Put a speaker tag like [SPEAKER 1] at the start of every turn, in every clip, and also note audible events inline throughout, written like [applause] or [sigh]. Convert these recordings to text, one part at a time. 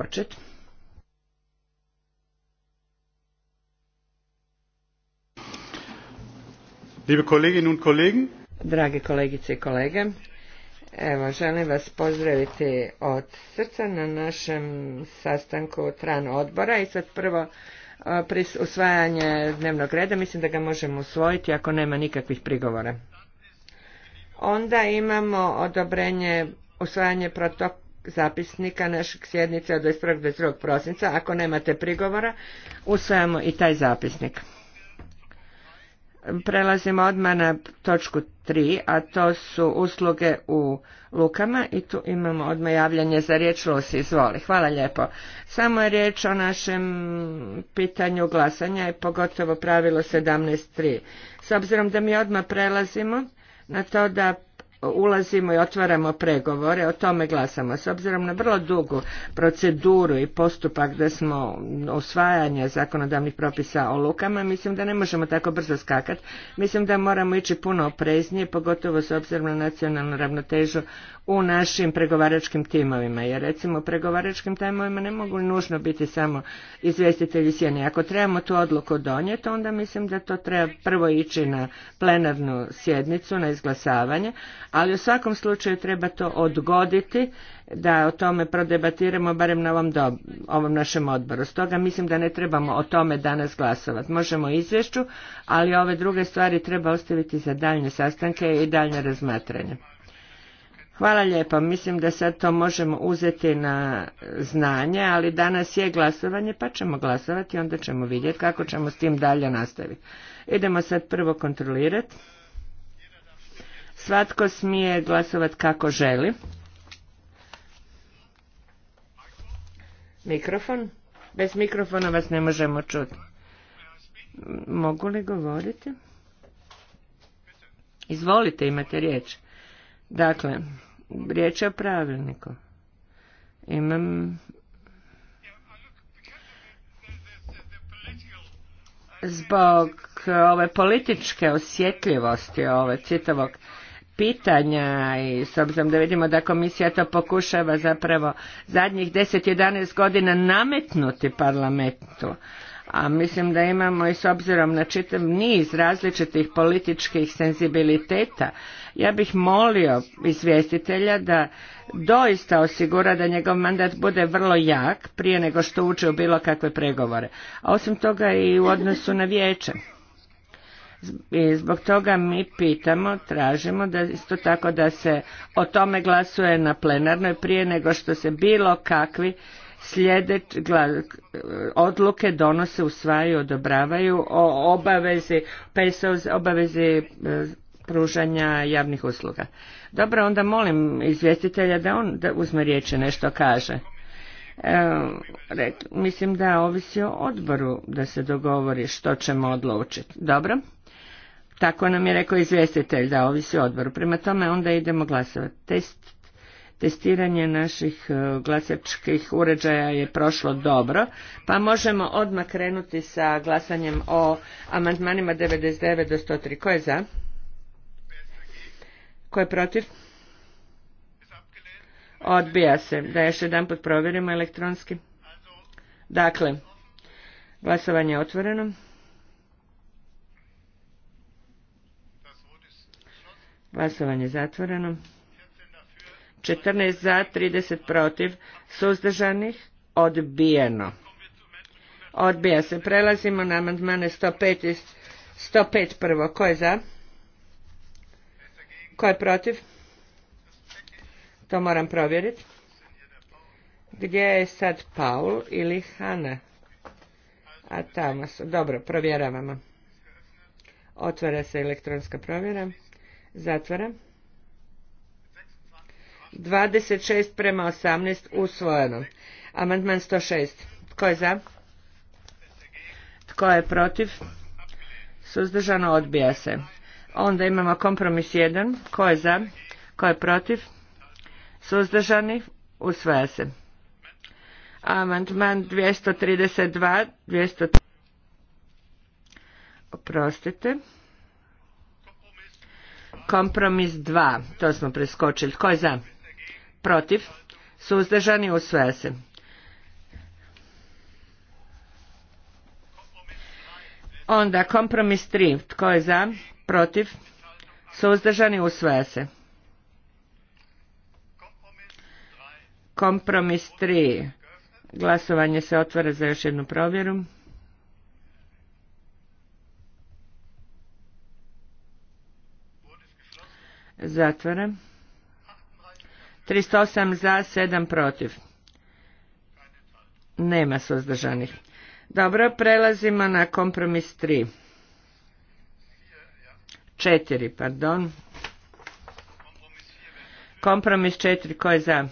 [SPEAKER 1] počet.
[SPEAKER 2] Liebe Kolleginnen und Drage kolegice i kolege, evo, želim vas pozdraviti od srca na našem sastanku TRAN odbora i sad prvo usvajanje dnevnog reda, mislim da ga možemo usvojiti ako nema nikakvih prigovora. Onda imamo odobrenje usvajanje protokola zapisnika našeg sjednice od 21. 22. prosinca. Ako nemate prigovora, usvajamo i taj zapisnik. Prelazimo odmah na točku 3, a to su usluge u lukama i tu imamo odmah javljanje za riječ Lusi. Izvoli, hvala lijepo. Samo je riječ o našem pitanju glasanja i pogotovo pravilo 17.3. S obzirom da mi odmah prelazimo na to da ulazimo i otvaramo pregovore, o tome glasamo. S obzirom na vrlo dugu proceduru i postupak da smo usvajanje zakonodavnih propisa o lukama, mislim da ne možemo tako brzo skakati. Mislim da moramo ići puno opreznije, pogotovo s obzirom na nacionalnu ravnotežu u našim pregovaračkim timovima. Jer recimo u pregovaračkim timovima ne mogu nužno biti samo izvjestitelji sjene. Ako trebamo tu odluku donijeti, onda mislim da to treba prvo ići na plenarnu sjednicu, na izglasavanje, ali u svakom slučaju treba to odgoditi da o tome prodebatiramo barem na ovom, ovom našem odboru. Stoga mislim da ne trebamo o tome danas glasovati. Možemo o izvješću, ali ove druge stvari treba ostaviti za daljnje sastanke i daljnje razmatranje. Hvala lijepo. Mislim da sad to možemo uzeti na znanje, ali danas je glasovanje, pa ćemo glasovati i onda ćemo vidjeti kako ćemo s tim dalje nastaviti. Idemo sad prvo kontrolirati. Svatko smije glasovati kako želi. Mikrofon? Bez mikrofona vas ne možemo čuti. Mogu li govoriti? Izvolite, imate riječ. Dakle, riječ je o pravilniku. Imam... Zbog ove političke osjetljivosti ove čitavog pitanja i s obzirom da vidimo da komisija to pokušava zapravo zadnjih 10-11 godina nametnuti parlamentu, a mislim da imamo i s obzirom na čitav niz različitih političkih senzibiliteta, ja bih molio izvjestitelja da doista osigura da njegov mandat bude vrlo jak prije nego što uče u bilo kakve pregovore. A osim toga i u odnosu na vijeće. I zbog toga mi pitamo, tražimo da isto tako da se o tome glasuje na plenarnoj prije nego što se bilo kakvi slijede odluke donose, usvajaju, odobravaju o obavezi, pesos, obavezi e, pružanja javnih usluga. Dobro, onda molim izvjestitelja da on da uzme riječ nešto kaže. E, mislim da ovisi o odboru da se dogovori što ćemo odlučiti. Dobro? Tako nam je rekao izvjestitelj da ovisi odboru. Prema tome onda idemo glasovati. Test, testiranje naših e, glasačkih uređaja je prošlo dobro, pa možemo odmah krenuti sa glasanjem o amandmanima 99 do 103. Ko je za? Ko je protiv? Odbija se. Da još jedan put provjerimo elektronski. Dakle, glasovanje je otvoreno. Glasovanje zatvoreno. 14 za, 30 protiv, suzdržanih, odbijeno. Odbija se. Prelazimo na amandmane 105 i 105 prvo. Ko je za? Ko je protiv? To moram provjeriti. Gdje je sad Paul ili Hana? A tamo su. Dobro, provjeravamo. Otvara se elektronska provjera. Zatvaram. 26 prema 18 usvojeno. Amandman 106. Tko je za? Tko je protiv? Suzdržano odbija se. Onda imamo kompromis 1. Ko je za? Ko je protiv? Suzdržani usvaja se. Amandman 232. 200... Oprostite. Kompromis 2, to smo preskočili. Tko je za? Protiv? Suzdržani usvaja se. Onda kompromis 3, tko je za? Protiv? Suzdržani usvaja se. Kompromis 3, glasovanje se otvara za još jednu provjeru. Zatvaram. 308 za, 7 protiv. Nema suzdržanih. Dobro, prelazimo na kompromis 3. 4, pardon. Kompromis 4, ko je za?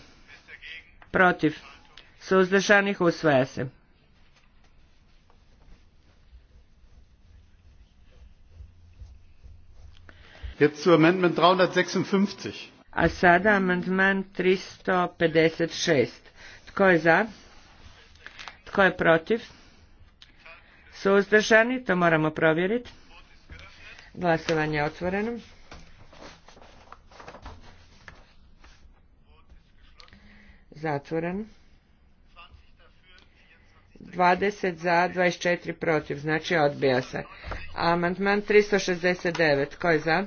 [SPEAKER 2] Protiv. Suzdržanih usvaja se. Jetzt zu Amendment 356. A sada amandman 356. Tko je za? Tko je protiv? Suzdržani? To moramo provjeriti. Glasovanje je otvoreno. Zatvoren. 20 za, 24 protiv, znači odbija se. Amendment 369, tko je za?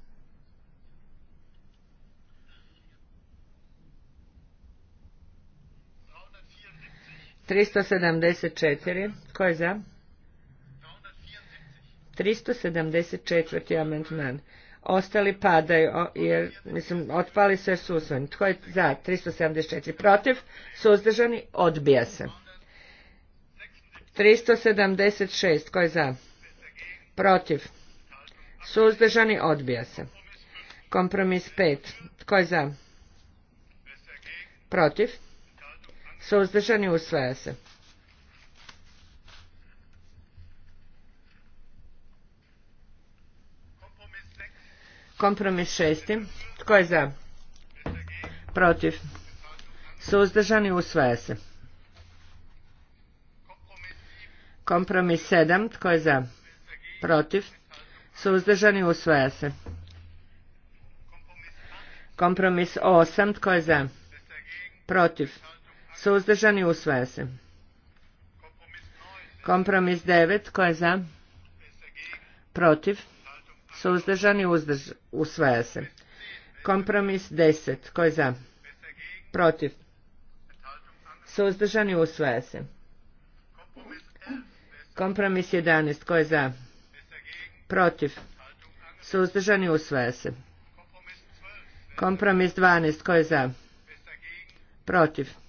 [SPEAKER 2] 374. Ko je za? 374. amandman. Ostali padaju, jer, mislim, otpali se su Tko je za? 374. Protiv? Suzdržani? Odbija se. 376. Tko je za? Protiv? Suzdržani? Odbija se. Kompromis 5. Tko je za? Protiv? Suzdržani usvaja se. Kompromis šesti. Tko je za? Protiv. Suzdržani usvaja se. Kompromis sedam. Tko je za? Protiv. Suzdržani usvaja se. Kompromis osam. Tko je za? Protiv. Suzdržani usvaja se. Kompromis 9. Ko je za? Protiv. Suzdržani i usvaja se. Kompromis 10. Ko je za? Protiv. Suzdržani usvaja se. Kompromis 11. Ko je za? Protiv. Suzdržani usvaja se. Kompromis 12. Ko je za? Protiv.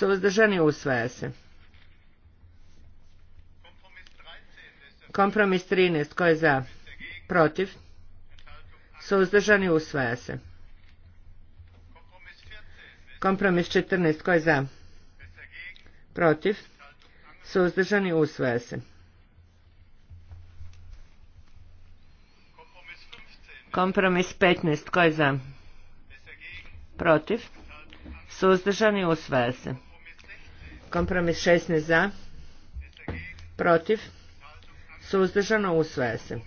[SPEAKER 2] Suzdržani usvaja se. Kompromis 13. Tko je za? Protiv? Suzdržani usvaja se. Kompromis 14. Tko je za? Protiv? Suzdržani usvaja se. Kompromis 15. Tko je za? Protiv? Suzdržani usvaja se. Kompromis 16 za, protiv, suzdržano, usvaja se.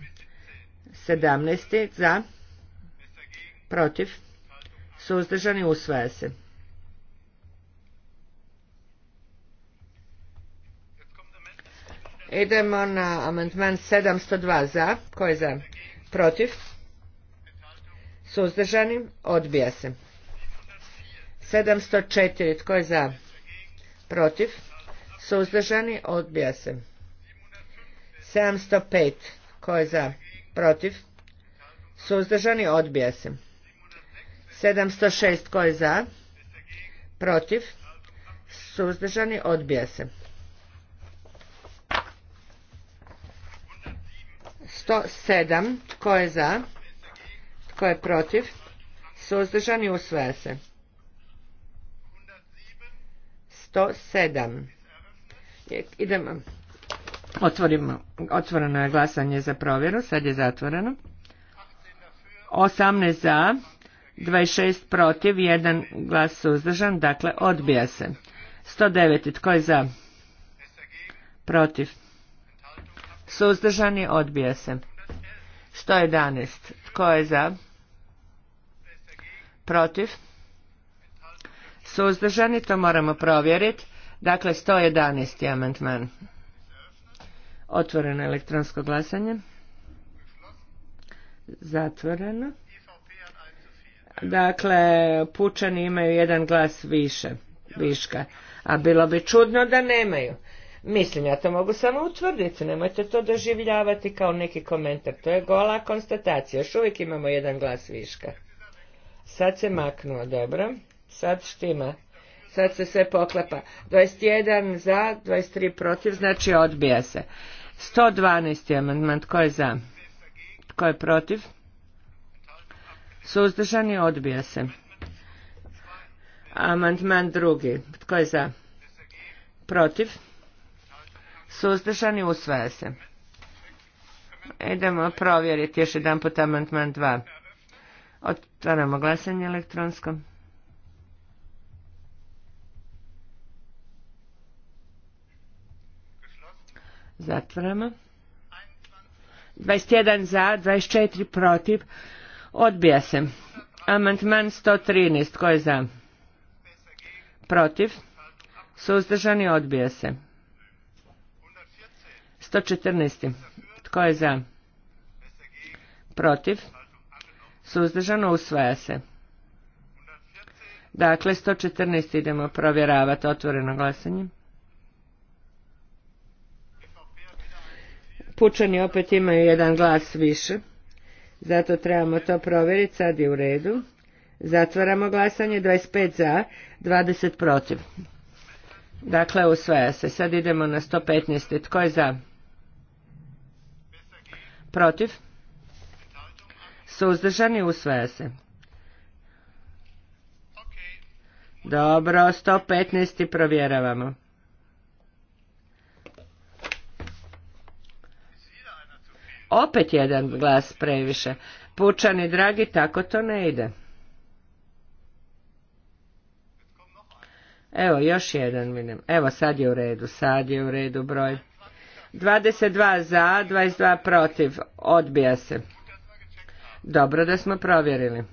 [SPEAKER 2] 17 za, protiv, suzdržani, usvaja se. Idemo na amandman 702 za, ko je za, protiv, suzdržani, odbija se. 704, tko je za, protiv, suzdržani, odbija se. 705, ko je za, protiv, suzdržani, odbija se. 706, ko je za, protiv, suzdržani, odbija se. 107, tko je za, tko je protiv, suzdržani, usvaja se. 107. Idemo. Otvorimo. Otvoreno je glasanje za provjeru. Sad je zatvoreno. 18 za, 26 protiv, 1 glas suzdržan, dakle odbija se. 109. Tko je za? Protiv. Suzdržan Suzdržani odbija se. 111. Tko je za? Protiv. Suzdržani, to moramo provjeriti. Dakle, 111. amandman. Otvoreno elektronsko glasanje. Zatvoreno. Dakle, pučani imaju jedan glas više, viška. A bilo bi čudno da nemaju. Mislim, ja to mogu samo utvrditi, nemojte to doživljavati kao neki komentar. To je gola konstatacija, još uvijek imamo jedan glas viška. Sad se maknuo, dobro. Sad štima. Sad se sve poklapa. 21 za, 23 protiv, znači odbija se. 112. amandman, tko je za? Tko je protiv? Suzdržani odbija se. Amandman drugi, tko je za? Protiv? Suzdržani usvaja se. Idemo provjeriti još jedan put amandman 2. Otvaramo glasanje elektronskom. Zatvaramo. 21 za, 24 protiv. Odbija se. Amantman 113. Tko je za? Protiv. Suzdržani odbija se. 114. Tko je za? Protiv. Suzdržano usvaja se. Dakle, 114. idemo provjeravati otvoreno glasanje. Pučani opet imaju jedan glas više, zato trebamo to provjeriti, sad je u redu. Zatvaramo glasanje, 25 za, 20 protiv. Dakle, usvaja se. Sad idemo na 115. Tko je za? Protiv? Suzdržani usvaja se. Dobro, 115. provjeravamo. Opet jedan glas previše. Pučani, dragi, tako to ne ide. Evo, još jedan minem. Evo, sad je u redu, sad je u redu broj. 22 za, 22 protiv. Odbija se. Dobro da smo provjerili.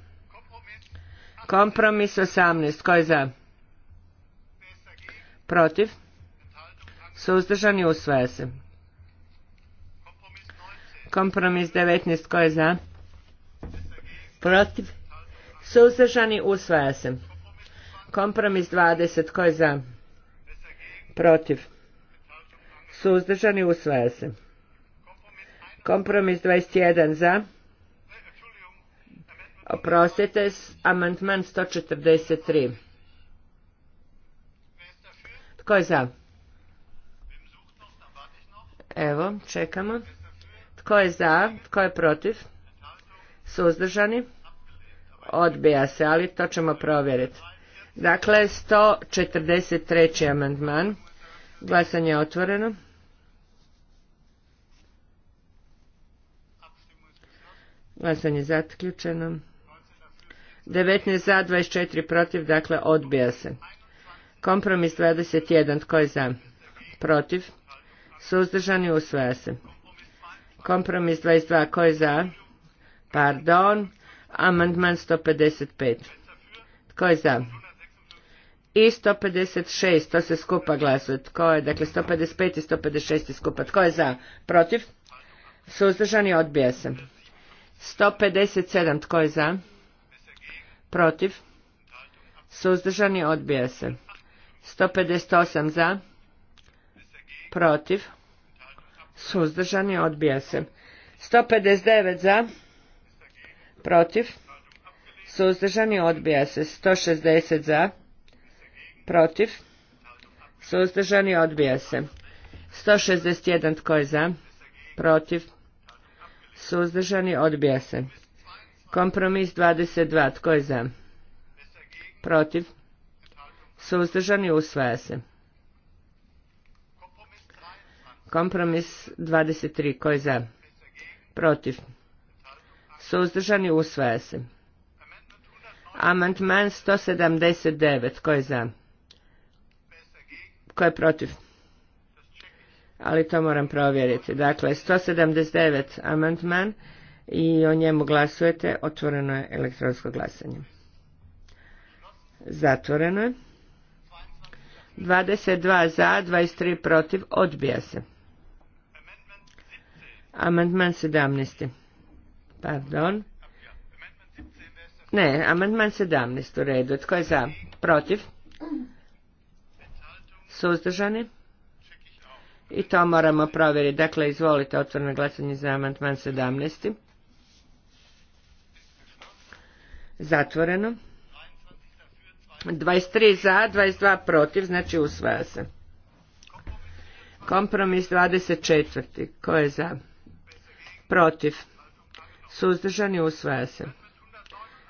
[SPEAKER 2] Kompromis 18. Ko je za? Protiv? i usvaja se. Kompromis 19 tko je za? Protiv? Suzdržani usvaja se. Kompromis 20 tko je za? Protiv? Suzdržani usvaja se. Kompromis 21 za? Oprostite, amantman 143. Tko je za? Evo, čekamo. Tko je za? Tko je protiv? Suzdržani? Odbija se, ali to ćemo provjeriti. Dakle, 143. amandman. Glasanje je otvoreno. Glasanje je zaključeno. 19 za, 24 protiv, dakle odbija se. Kompromis 21, tko je za? Protiv. Suzdržani usvaja se. Kompromis 22. Ko je za? Pardon. Amandman 155. Tko je za? I 156. To se skupa glasuje. Tko je? Dakle, 155 i 156 skupa. Tko je za? Protiv? Suzdržani odbija se. 157. Tko je za? Protiv? Suzdržani odbija se. 158 za? Protiv? Suzdržani odbija se. 159 za. Protiv. Suzdržani odbija se. 160 za. Protiv. Suzdržani odbija se. 161 tko je za? Protiv. Suzdržani odbija se. Kompromis 22 tko je za? Protiv. Suzdržani usvaja se. Kompromis 23. Ko je za? Protiv. Suzdržani usvaja se. Amantman 179. Ko je za? Ko je protiv? Ali to moram provjeriti. Dakle, 179 amantman i o njemu glasujete. Otvoreno je elektronsko glasanje. Zatvoreno je. 22 za, 23 protiv. Odbija se. Amandman 17. Pardon. Ne, amandman 17 u redu. Tko je za? Protiv? Suzdržani? I to moramo provjeriti. Dakle, izvolite otvorno glasanje za amandman 17. Zatvoreno. 23 za, 22 protiv, znači usvaja se. Kompromis 24. Ko je za? protiv, suzdržani, usvaja se.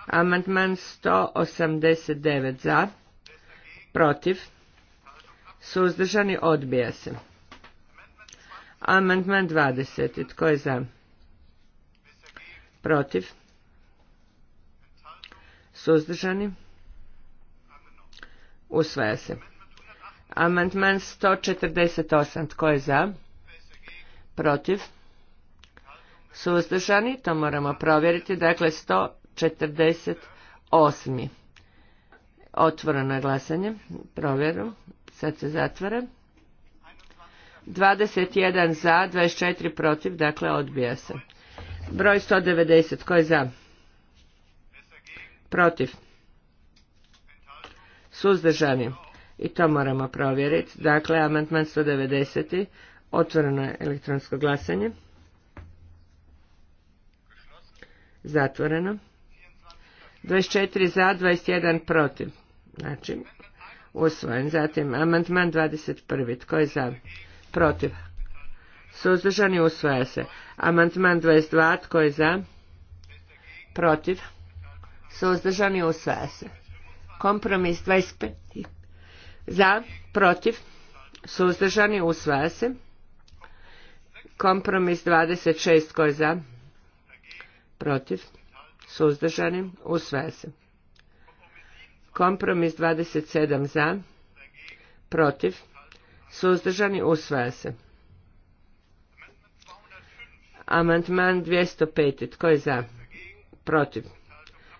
[SPEAKER 2] Amandman 189 za, protiv, suzdržani, odbija se. Amandman 20. Tko je za? Protiv? Suzdržani? Usvaja se. Amandman 148. Tko je za? Protiv? suzdržani, to moramo provjeriti, dakle 148. Otvoreno je glasanje, provjeru, sad se zatvara. 21 za, 24 protiv, dakle odbija se. Broj 190, ko je za? Protiv. Suzdržani. I to moramo provjeriti. Dakle, amantman 190. Otvoreno je elektronsko glasanje. Zatvoreno. 24 za, 21 protiv. Znači, usvojen. Zatim, amantman 21. Tko je za? Protiv. Suzdržani usvaja se. Amantman 22. Tko je za? Protiv. Suzdržani usvaja se. Kompromis 25. Za, protiv. Suzdržani usvaja se. Kompromis 26. Tko je za? protiv, suzdržani, usvaja se. Kompromis 27 za, protiv, suzdržani, usvaja se. Amantman 205. Tko je za? Protiv.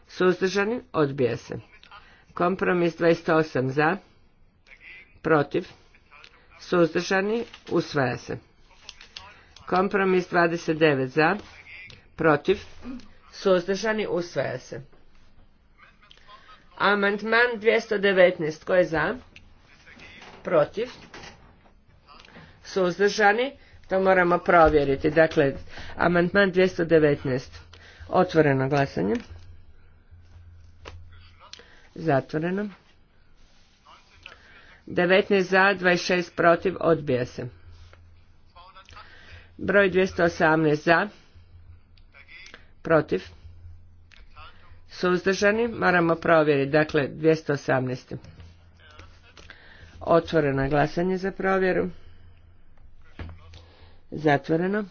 [SPEAKER 2] Suzdržani? Odbija se. Kompromis 28. Za? Protiv. Suzdržani? Usvaja se. Kompromis 29. Za? protiv, suzdržani, usvaja se. Amandman 219, tko je za, protiv, suzdržani, to moramo provjeriti. Dakle, amandman 219, otvoreno glasanje, zatvoreno. 19 za, 26 protiv, odbija se. Broj 218 za, protiv, suzdržani, moramo provjeriti, dakle 218. Otvoreno glasanje za provjeru, zatvoreno,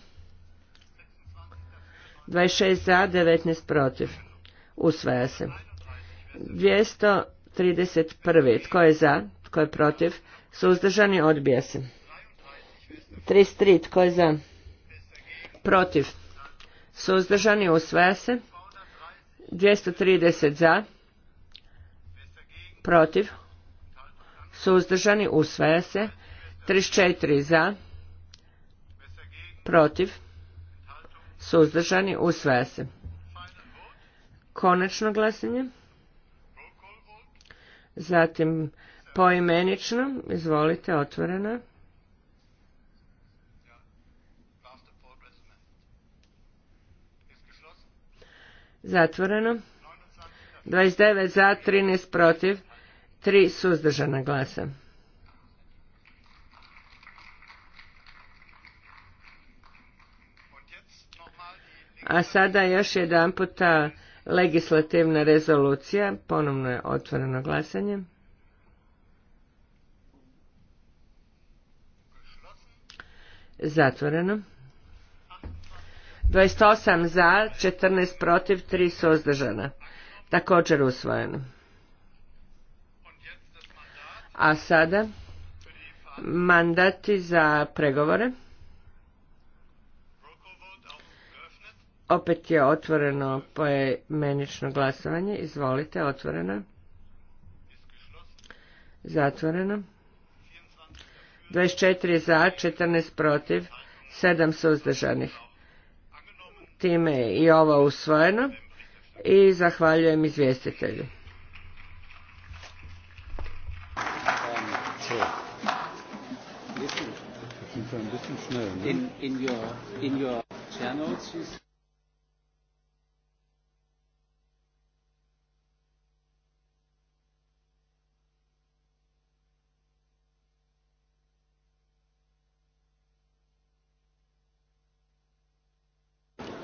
[SPEAKER 2] 26 za, 19 protiv, usvaja se. 231. Tko je za? Tko je protiv? Suzdržani odbija se. 33. Tko je za? Protiv. Suzdržani usvaja se. 230 za. Protiv. Suzdržani usvaja se. 34 za. Protiv. Suzdržani usvaja se. Konačno glasanje. Zatim poimenično. Izvolite, otvoreno. Zatvoreno. 29 za, 13 protiv, 3 suzdržana glasa. A sada još jedan puta legislativna rezolucija, ponovno je otvoreno glasanje. Zatvoreno. 28 za, 14 protiv, 3 suzdržana. Također usvojeno. A sada mandati za pregovore. Opet je otvoreno poimenično glasovanje. Izvolite, otvoreno. Zatvoreno. 24 za, 14 protiv, 7 suzdržanih. Time je i ovo usvojeno i zahvaljujem izvjestitelju. Um,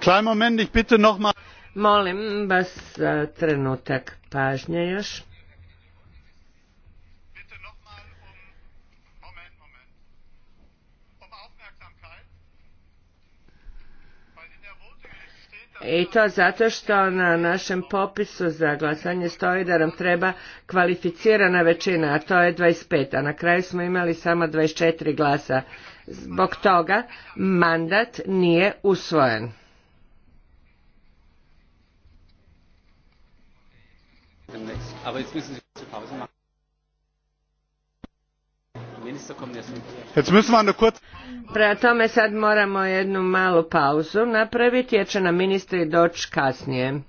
[SPEAKER 2] Kleinen moment, ich bitte noch mal. Molim vas e, trenutak pažnje još. I to zato što na našem popisu za glasanje stoji da nam treba kvalificirana većina, a to je 25, a na kraju smo imali samo 24 glasa. Zbog toga mandat nije usvojen.
[SPEAKER 1] demnächst. Aber jetzt müssen Sie kurze Pause machen. Minister Jetzt Jetzt müssen wir eine
[SPEAKER 2] kurze... Prema tome sad moramo jednu malu pauzu napraviti jer će nam ministri doći kasnije.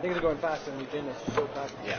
[SPEAKER 1] things are going faster than we've been. so fast. Yeah.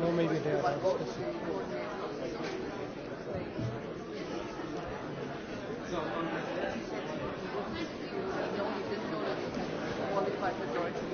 [SPEAKER 1] No, maybe they are. qualified majority.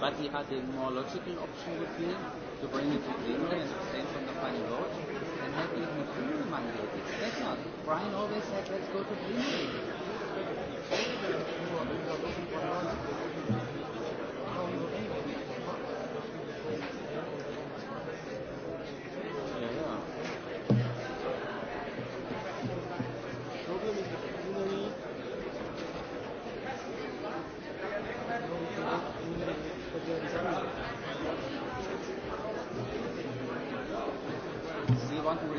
[SPEAKER 1] But he had a more logical option with him to bring it to England and abstain from the final vote and have even a funeral mandate. That's not. Brian always said, let's go to England.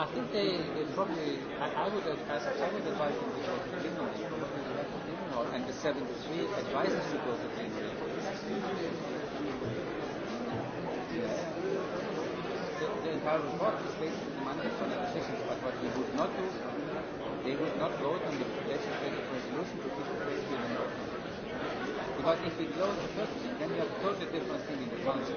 [SPEAKER 1] I think they, they probably, I, I would advise, I would advise them to go to Greenland, Greenland, and the 73 advises to go to Greenland. Yeah. The, the entire report is based on the management decisions, but what we would not do, they would not vote on the legislative resolution to keep the place in Because if we close the first thing, then you have a totally different thing in the council.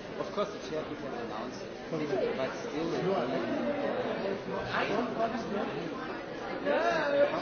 [SPEAKER 1] Of course, the chair people announce it, but still. Yeah.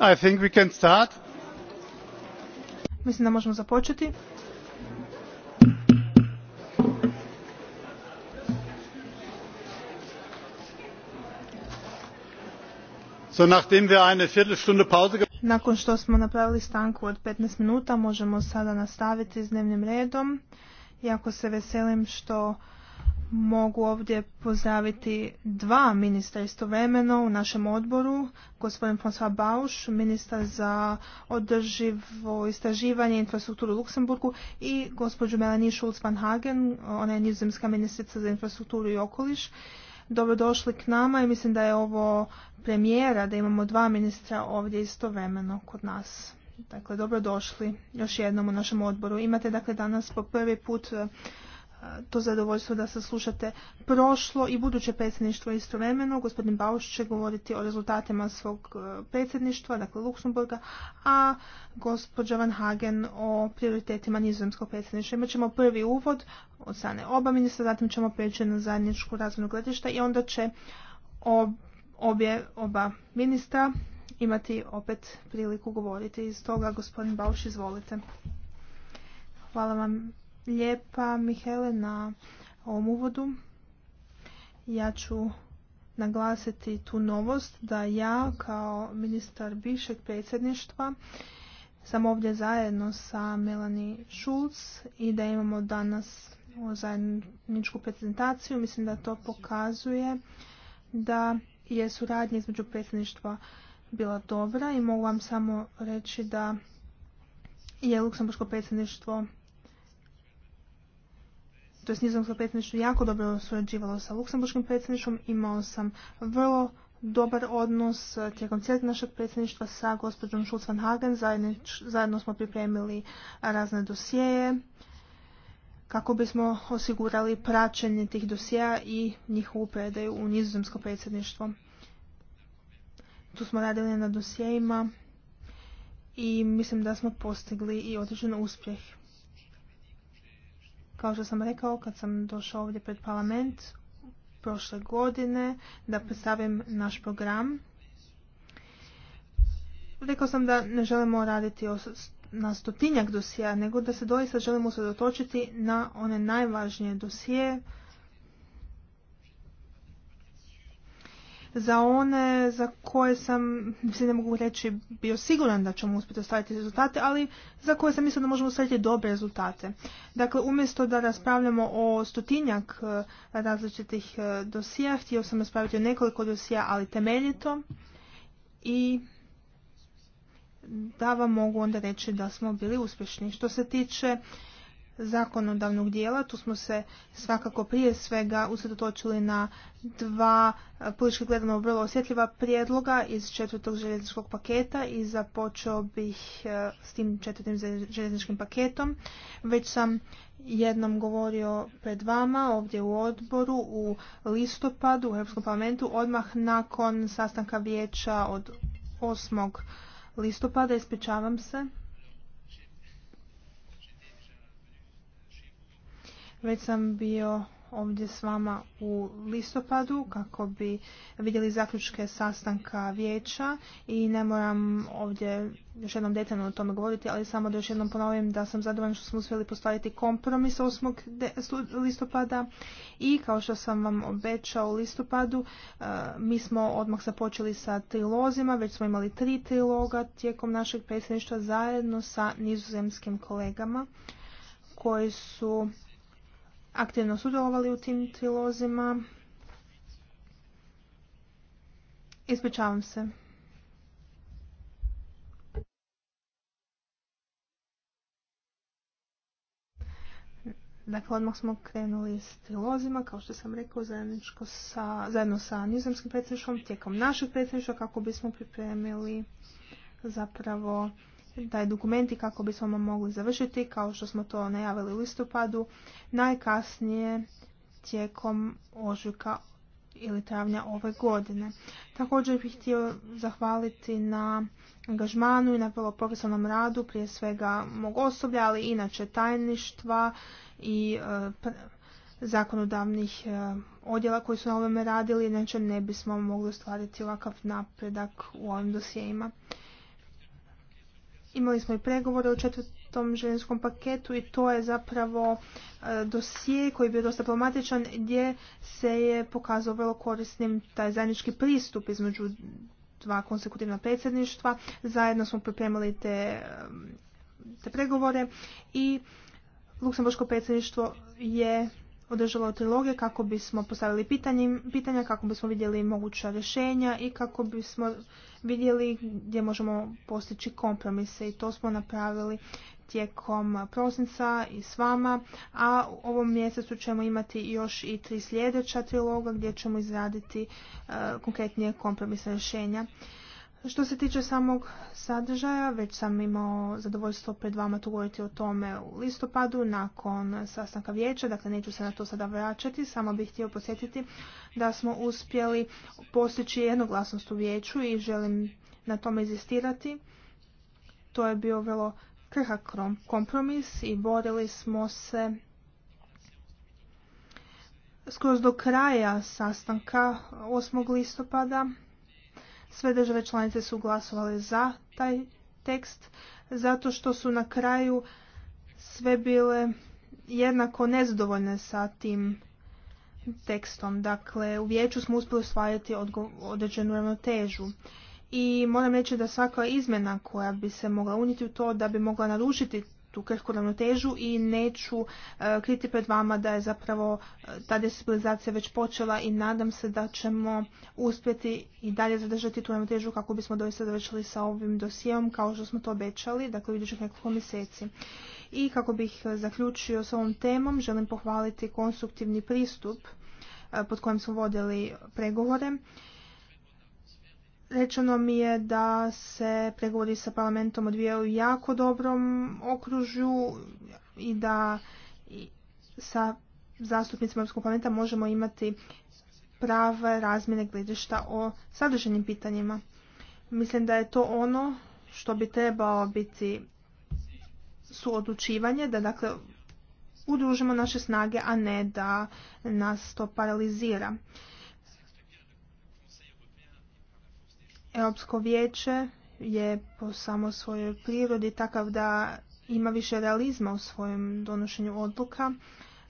[SPEAKER 1] I think we can start.
[SPEAKER 3] Mislim da možemo započeti.
[SPEAKER 1] So, nachdem wir eine Viertelstunde Pause
[SPEAKER 3] nakon što smo napravili stanku od 15 minuta možemo sada nastaviti s dnevnim redom. Jako se veselim što mogu ovdje pozdraviti dva ministra istovremeno u našem odboru. Gospodin François Bauš, ministar za održivo istraživanje i infrastrukturu u Luksemburgu i gospođu Melanie Schulz-Van ona je nizozemska ministrica za infrastrukturu i okoliš. Dobrodošli k nama i mislim da je ovo premijera, da imamo dva ministra ovdje istovremeno kod nas. Dakle, dobrodošli još jednom u našem odboru. Imate dakle danas po prvi put to zadovoljstvo da saslušate prošlo i buduće predsjedništvo istovremeno. Gospodin Bauš će govoriti o rezultatima svog e, predsjedništva, dakle Luksemburga, a gospođa Van Hagen o prioritetima nizozemskog predsjedništva. Imat ćemo prvi uvod od strane oba ministra, zatim ćemo prijeći na zajedničku razvojnu gledišta i onda će obje, oba ministra imati opet priliku govoriti. Iz toga, gospodin Bauš, izvolite. Hvala vam lijepa Mihele na ovom uvodu. Ja ću naglasiti tu novost da ja kao ministar bivšeg predsjedništva sam ovdje zajedno sa Melani Schulz i da imamo danas zajedničku prezentaciju. Mislim da to pokazuje da je suradnja između predsjedništva bila dobra i mogu vam samo reći da je Luksemburško predsjedništvo to je nizozemsko predsjedništvo jako dobro surađivalo sa luksemburškim predsjedništvom. Imao sam vrlo dobar odnos eh, tijekom cijelog našeg predsjedništva sa gospođom Schulz van Hagen. Zajedno smo pripremili razne dosjeje kako bismo osigurali praćenje tih dosija i njihovu predaju u nizozemsko predsjedništvo. Tu smo radili na dosjejima i mislim da smo postigli i određen uspjeh. Kao što sam rekao kad sam došao ovdje pred parlament prošle godine da predstavim naš program, rekao sam da ne želimo raditi na stotinjak dosija, nego da se doista želimo usredotočiti na one najvažnije dosije za one za koje sam, mislim ne mogu reći, bio siguran da ćemo uspjeti ostaviti rezultate, ali za koje sam mislio da možemo ostaviti dobre rezultate. Dakle, umjesto da raspravljamo o stotinjak e, različitih e, dosija, htio sam raspraviti o nekoliko dosija, ali temeljito i da vam mogu onda reći da smo bili uspješni. Što se tiče zakonodavnog dijela. Tu smo se svakako prije svega usredotočili na dva e, politički gledano vrlo osjetljiva prijedloga iz četvrtog željezničkog paketa i započeo bih e, s tim četvrtim željezničkim paketom. Već sam jednom govorio pred vama ovdje u odboru u listopadu u Europskom parlamentu odmah nakon sastanka vijeća od 8. listopada. Ispričavam se. Već sam bio ovdje s vama u listopadu kako bi vidjeli zaključke sastanka vijeća i ne moram ovdje još jednom detaljno o tome govoriti, ali samo da još jednom ponovim da sam zadovoljna što smo uspjeli postaviti kompromis 8. listopada i kao što sam vam obećao u listopadu e, mi smo odmah započeli sa trilozima, već smo imali tri triloga tijekom našeg predsjedništva zajedno sa nizozemskim kolegama koji su aktivno sudjelovali u tim trilozima. Ispričavam se. Dakle, odmah smo krenuli s trilozima, kao što sam rekao, sa, zajedno sa nizemskim predsjedništvom, tijekom našeg predsjedništva, kako bismo pripremili zapravo taj dokument i kako bismo mogli završiti, kao što smo to najavili u listopadu, najkasnije tijekom ožujka ili travnja ove godine. Također bih htio zahvaliti na angažmanu i na vrlo profesionalnom radu, prije svega mog osoblja, ali inače tajništva i e, zakonodavnih e, odjela koji su na ovome radili, inače ne bismo mogli ostvariti ovakav napredak u ovim dosjejima. Imali smo i pregovore u četvrtom željezničkom paketu i to je zapravo e, dosije koji je bio dosta problematičan gdje se je pokazao vrlo korisnim taj zajednički pristup između dva konsekutivna predsjedništva. Zajedno smo pripremili te, e, te pregovore i Luksemburško predsjedništvo je održalo triloge kako bismo postavili pitanje, pitanja, kako bismo vidjeli moguća rješenja i kako bismo vidjeli gdje možemo postići kompromise i to smo napravili tijekom prosinca i s vama, a u ovom mjesecu ćemo imati još i tri sljedeća triloga gdje ćemo izraditi e, konkretnije kompromise rješenja. Što se tiče samog sadržaja, već sam imao zadovoljstvo pred vama tu govoriti o tome u listopadu nakon sastanka vijeća, dakle neću se na to sada vraćati, samo bih htio posjetiti da smo uspjeli postići jednoglasnost u vijeću i želim na tome izistirati. To je bio vrlo krhak kompromis i borili smo se skroz do kraja sastanka 8. listopada sve države članice su glasovale za taj tekst zato što su na kraju sve bile jednako nezadovoljne sa tim tekstom. Dakle, u vijeću smo uspjeli osvajati određenu ravnotežu. I moram reći da svaka izmjena koja bi se mogla unijeti u to da bi mogla narušiti tu krhku ravnotežu i neću e, kriti pred vama da je zapravo e, ta destabilizacija već počela i nadam se da ćemo uspjeti i dalje zadržati tu ravnotežu kako bismo doista završili sa ovim dosijevom kao što smo to obećali, dakle u idućih nekoliko mjeseci. I kako bih e, zaključio s ovom temom, želim pohvaliti konstruktivni pristup pod kojim smo vodili pregovore Rečeno mi je da se pregovori sa parlamentom odvijaju u jako dobrom okružju i da sa zastupnicima Europskog parlamenta možemo imati prave razmjene gledišta o sadrženim pitanjima. Mislim da je to ono što bi trebao biti suodlučivanje, da dakle udružimo naše snage, a ne da nas to paralizira. Europsko vijeće je po samo svojoj prirodi takav da ima više realizma u svojem donošenju odluka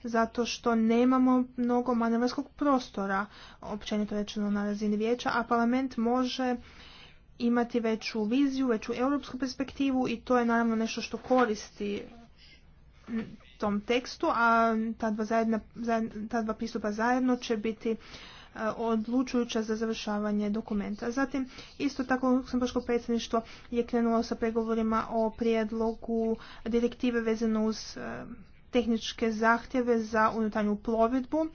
[SPEAKER 3] zato što nemamo mnogo manevarskog prostora, općenito rečeno na razini vijeća, a parlament može imati veću viziju, veću europsku perspektivu i to je naravno nešto što koristi tom tekstu, a ta dva, ta dva pristupa zajedno će biti Eh, odlučujuća za završavanje dokumenta. Zatim, isto tako Luksemburgsko predsjedništvo je krenulo sa pregovorima o prijedlogu direktive vezano uz eh, tehničke zahtjeve za unutarnju plovidbu.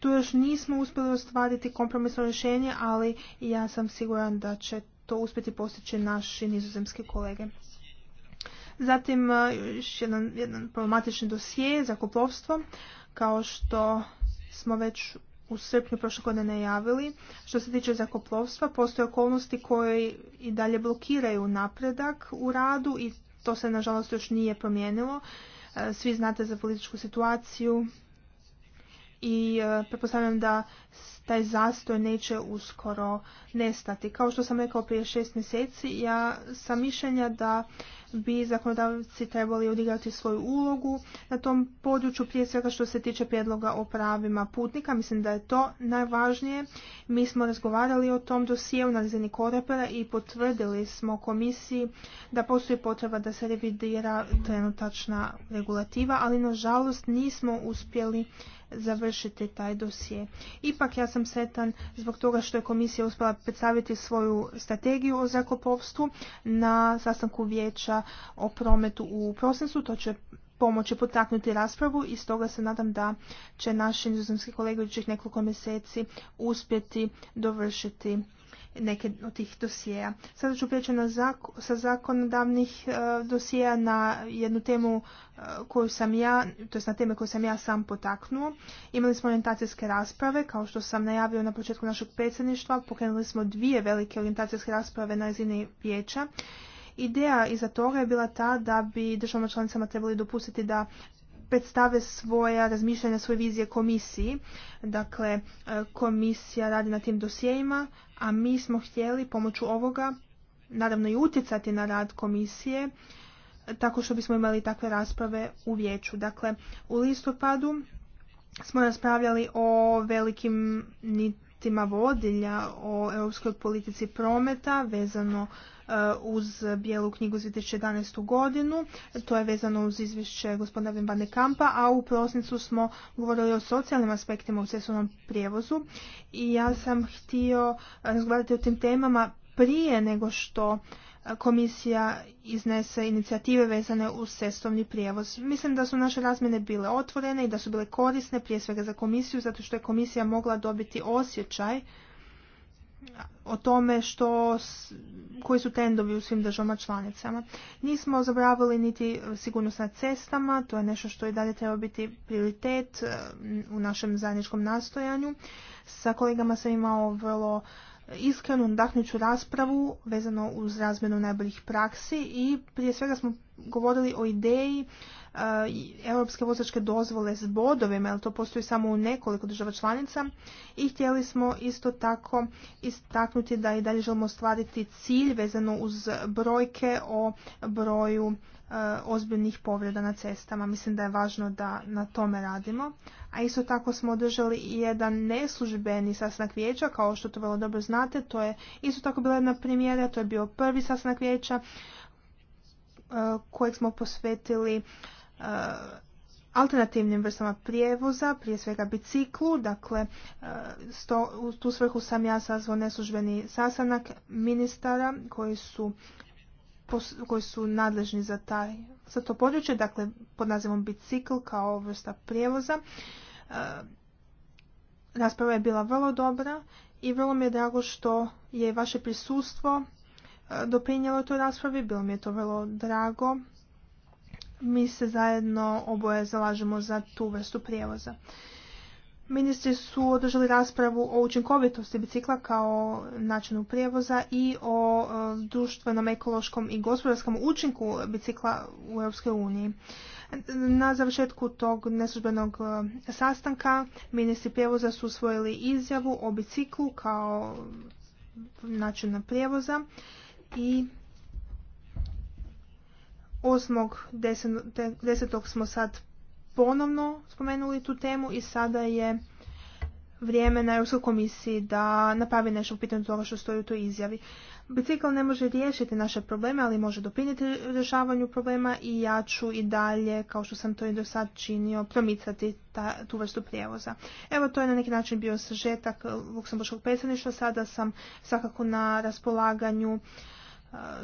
[SPEAKER 3] Tu još nismo uspjeli ostvariti kompromisno rješenje, ali ja sam siguran da će to uspjeti postići naši nizozemski kolege. Zatim eh, još jedan, jedan problematični dosije, zakoplovstvo. Kao što smo već u srpnju prošle godine najavili. Što se tiče zakoplovstva, postoje okolnosti koje i dalje blokiraju napredak u radu i to se nažalost još nije promijenilo. E, svi znate za političku situaciju i e, pretpostavljam da taj zastoj neće uskoro nestati. Kao što sam rekao prije šest mjeseci, ja sam mišljenja da bi zakonodavci trebali odigrati svoju ulogu na tom području, prije svega što se tiče prijedloga o pravima putnika. Mislim da je to najvažnije. Mi smo razgovarali o tom dosijeu na razini korepera i potvrdili smo komisiji da postoji potreba da se revidira trenutačna regulativa, ali nažalost nismo uspjeli završiti taj dosije. Ipak ja sam sam sretan zbog toga što je komisija uspjela predstaviti svoju strategiju o zrakoplovstvu na sastanku vijeća o prometu u prosincu. To će pomoći potaknuti raspravu i stoga se nadam da će naši nizozemski kolege u nekoliko mjeseci uspjeti dovršiti neke od tih dosijeja. Sada ću prijeći na sa zakonodavnih e, dosijeja na jednu temu e, koju sam ja, to na teme koju sam ja sam potaknuo. Imali smo orientacijske rasprave, kao što sam najavio na početku našeg predsjedništva, pokrenuli smo dvije velike orientacijske rasprave na razini vijeća. Ideja iza toga je bila ta da bi državama članicama trebali dopustiti da predstave svoja razmišljanja, svoje vizije komisiji. Dakle, e, komisija radi na tim dosjejima, a mi smo htjeli pomoću ovoga naravno i utjecati na rad komisije tako što bismo imali takve rasprave u vijeću. Dakle, u listopadu smo raspravljali o velikim nitima vodilja, o europskoj politici prometa vezano Eh, uz bijelu knjigu za 2011. godinu. To je vezano uz izvješće gospodina Vimbane Kampa, a u prosincu smo govorili o socijalnim aspektima u cestovnom prijevozu. I ja sam htio eh, razgovarati o tim temama prije nego što eh, komisija iznese inicijative vezane uz cestovni prijevoz. Mislim da su naše razmjene bile otvorene i da su bile korisne prije svega za komisiju, zato što je komisija mogla dobiti osjećaj o tome što, koji su tendovi u svim državama članicama. Nismo zabravili niti e, sigurnost na cestama, to je nešto što i dalje treba biti prioritet e, u našem zajedničkom nastojanju. Sa kolegama sam imao vrlo iskrenu udahnuću raspravu vezano uz razmjenu najboljih praksi i prije svega smo govorili o ideji E, europske vozačke dozvole s bodovima, jer to postoji samo u nekoliko država članica. I htjeli smo isto tako istaknuti da i dalje želimo ostvariti cilj vezano uz brojke o broju e, ozbiljnih povreda na cestama. Mislim da je važno da na tome radimo. A isto tako smo održali i jedan neslužbeni sastanak vijeća, kao što to vrlo dobro znate. To je isto tako bila jedna primjera, to je bio prvi sastanak vijeća e, kojeg smo posvetili Eh, alternativnim vrstama prijevoza, prije svega biciklu. Dakle, eh, u tu svrhu sam ja sazvao neslužbeni sastanak ministara koji su, koji su nadležni za, taj, za to područje, dakle pod nazivom bicikl kao vrsta prijevoza. Eh, rasprava je bila vrlo dobra i vrlo mi je drago što je vaše prisustvo doprinjelo toj raspravi, bilo mi je to vrlo drago mi se zajedno oboje zalažemo za tu vrstu prijevoza. Ministri su održali raspravu o učinkovitosti bicikla kao načinu prijevoza i o e, društvenom, ekološkom i gospodarskom učinku bicikla u EU. Na završetku tog neslužbenog e, sastanka ministri prijevoza su usvojili izjavu o biciklu kao načinu prijevoza i 8.10. smo sad ponovno spomenuli tu temu i sada je vrijeme na Europskoj komisiji da napravi nešto u pitanju toga što stoji u toj izjavi. Bicikl ne može riješiti naše probleme, ali može doprinijeti rješavanju problema i ja ću i dalje, kao što sam to i do sad činio, promicati tu vrstu prijevoza. Evo, to je na neki način bio sažetak Luksemburškog predsjedništva. Sada sam svakako na raspolaganju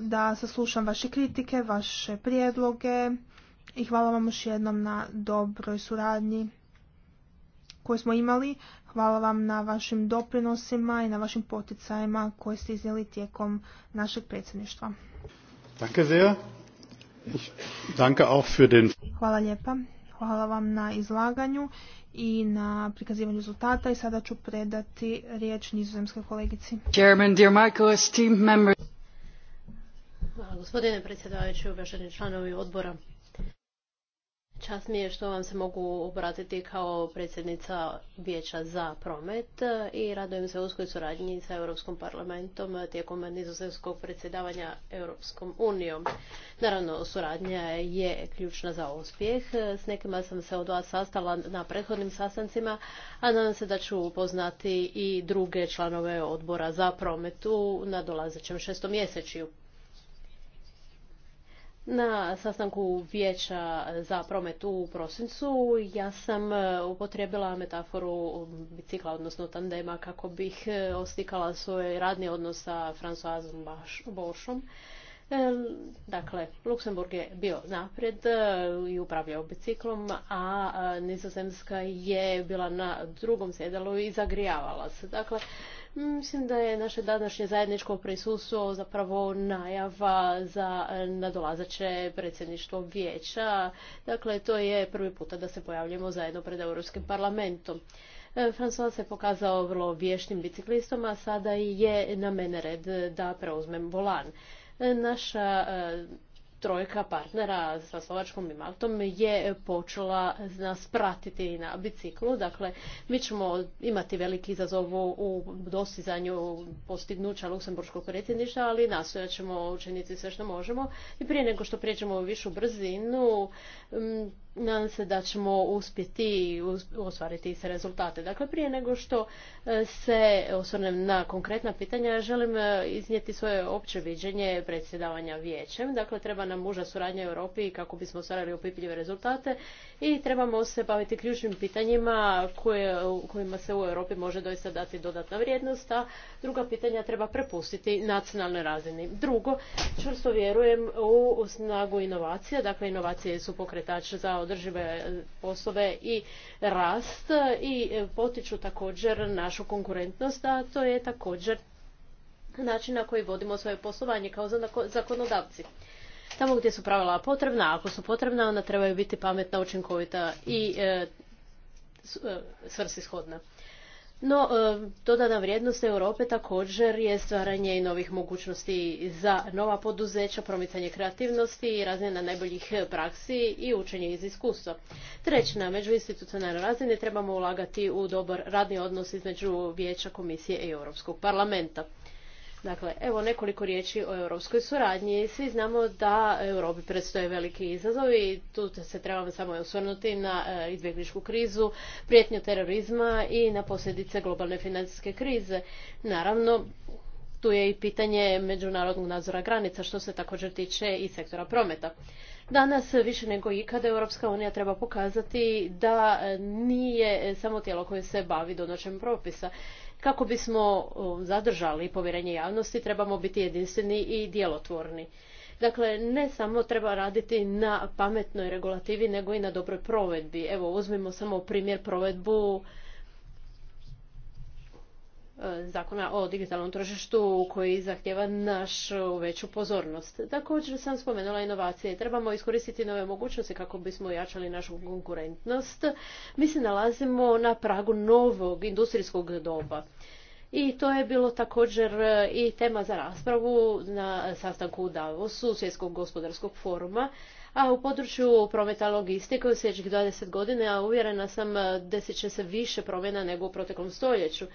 [SPEAKER 3] da saslušam vaše kritike, vaše prijedloge i hvala vam još jednom na dobroj suradnji koju smo imali. Hvala vam na vašim doprinosima i na vašim poticajima koje ste iznijeli tijekom našeg predsjedništva. Hvala lijepa. Hvala vam na izlaganju i na prikazivanju rezultata i sada ću predati riječ nizozemskoj kolegici.
[SPEAKER 1] Chairman, dear Michael,
[SPEAKER 4] Gospodine predsjedavajući, uvaženi članovi odbora, čast mi je što vam se mogu obratiti kao predsjednica Vijeća za promet i radujem se uskoj suradnji sa Europskim parlamentom tijekom nizozemskog predsjedavanja Europskom unijom. Naravno, suradnja je ključna za uspjeh. S nekima sam se od vas sastala na prethodnim sastancima, a nadam se da ću upoznati i druge članove odbora za promet u nadolazećem šestomjesečju. Na sastanku vijeća za promet u prosincu ja sam e, upotrijebila metaforu bicikla, odnosno tandema, kako bih e, ostikala svoj radni odnos sa Francoazom Bošom. E, dakle, Luksemburg je bio napred i upravljao biciklom, a Nizozemska je bila na drugom sjedalu i zagrijavala se. Dakle, Mislim da je naše današnje zajedničko prisustvo zapravo najava za nadolazeće predsjedništvo vijeća. Dakle, to je prvi puta da se pojavljamo zajedno pred Europskim parlamentom. E, François se pokazao vrlo vješnim biciklistom, a sada je na mene red da preuzmem volan. E, Naša e, trojka partnera sa Slovačkom i Maltom je počela nas pratiti na biciklu. Dakle, mi ćemo imati veliki izazov u dostizanju postignuća Luksemburškog predsjedništva, ali nastojat ćemo učiniti sve što možemo. I prije nego što prijeđemo u višu brzinu, Mm, nadam se da ćemo uspjeti ostvariti se rezultate. Dakle, prije nego što e, se osvrnem na konkretna pitanja, želim e, iznijeti svoje opće viđenje predsjedavanja vijećem. Dakle, treba nam uža suradnja u Europi kako bismo ostvarili opipljive rezultate i trebamo se baviti ključnim pitanjima kojima se u Europi može doista dati dodatna vrijednost, a druga pitanja treba prepustiti nacionalnoj razini. Drugo, čvrsto vjerujem u snagu inovacija. Dakle, inovacije su pokret pokretač za održive poslove i rast i potiču također našu konkurentnost, a to je također način na koji vodimo svoje poslovanje kao zakonodavci. Tamo gdje su pravila potrebna, ako su potrebna, ona trebaju biti pametna, učinkovita i e, e, svrsishodna. No, e, dodana vrijednost Europe također je stvaranje i novih mogućnosti za nova poduzeća, promicanje kreativnosti i razmjena najboljih praksi i učenje iz iskustva. Treće, na međuinstitucionalnoj razini trebamo ulagati u dobar radni odnos između Vijeća, Komisije i Europskog parlamenta. Dakle, evo nekoliko riječi o europskoj suradnji. Svi znamo da Europi predstoje veliki izazovi. Tu se trebamo samo osvrnuti na e, izbjegličku krizu, prijetnju terorizma i na posljedice globalne financijske krize. Naravno, tu je i pitanje međunarodnog nadzora granica, što se također tiče i sektora prometa. Danas više nego ikada Europska unija treba pokazati da e, nije samo tijelo koje se bavi donošenjem propisa. Kako bismo zadržali povjerenje javnosti, trebamo biti jedinstveni i djelotvorni. Dakle, ne samo treba raditi na pametnoj regulativi, nego i na dobroj provedbi. Evo, uzmimo samo primjer provedbu E, zakona o digitalnom tržištu koji zahtjeva našu veću pozornost. Također sam spomenula inovacije. Trebamo iskoristiti nove mogućnosti kako bismo ojačali našu konkurentnost. Mi se nalazimo na pragu novog industrijskog doba. I to je bilo također e, i tema za raspravu na sastanku u Davosu Svjetskog gospodarskog foruma a u području prometa logistike u sljedećih 20 godina uvjerena sam e, desit će se više promjena nego u proteklom stoljeću.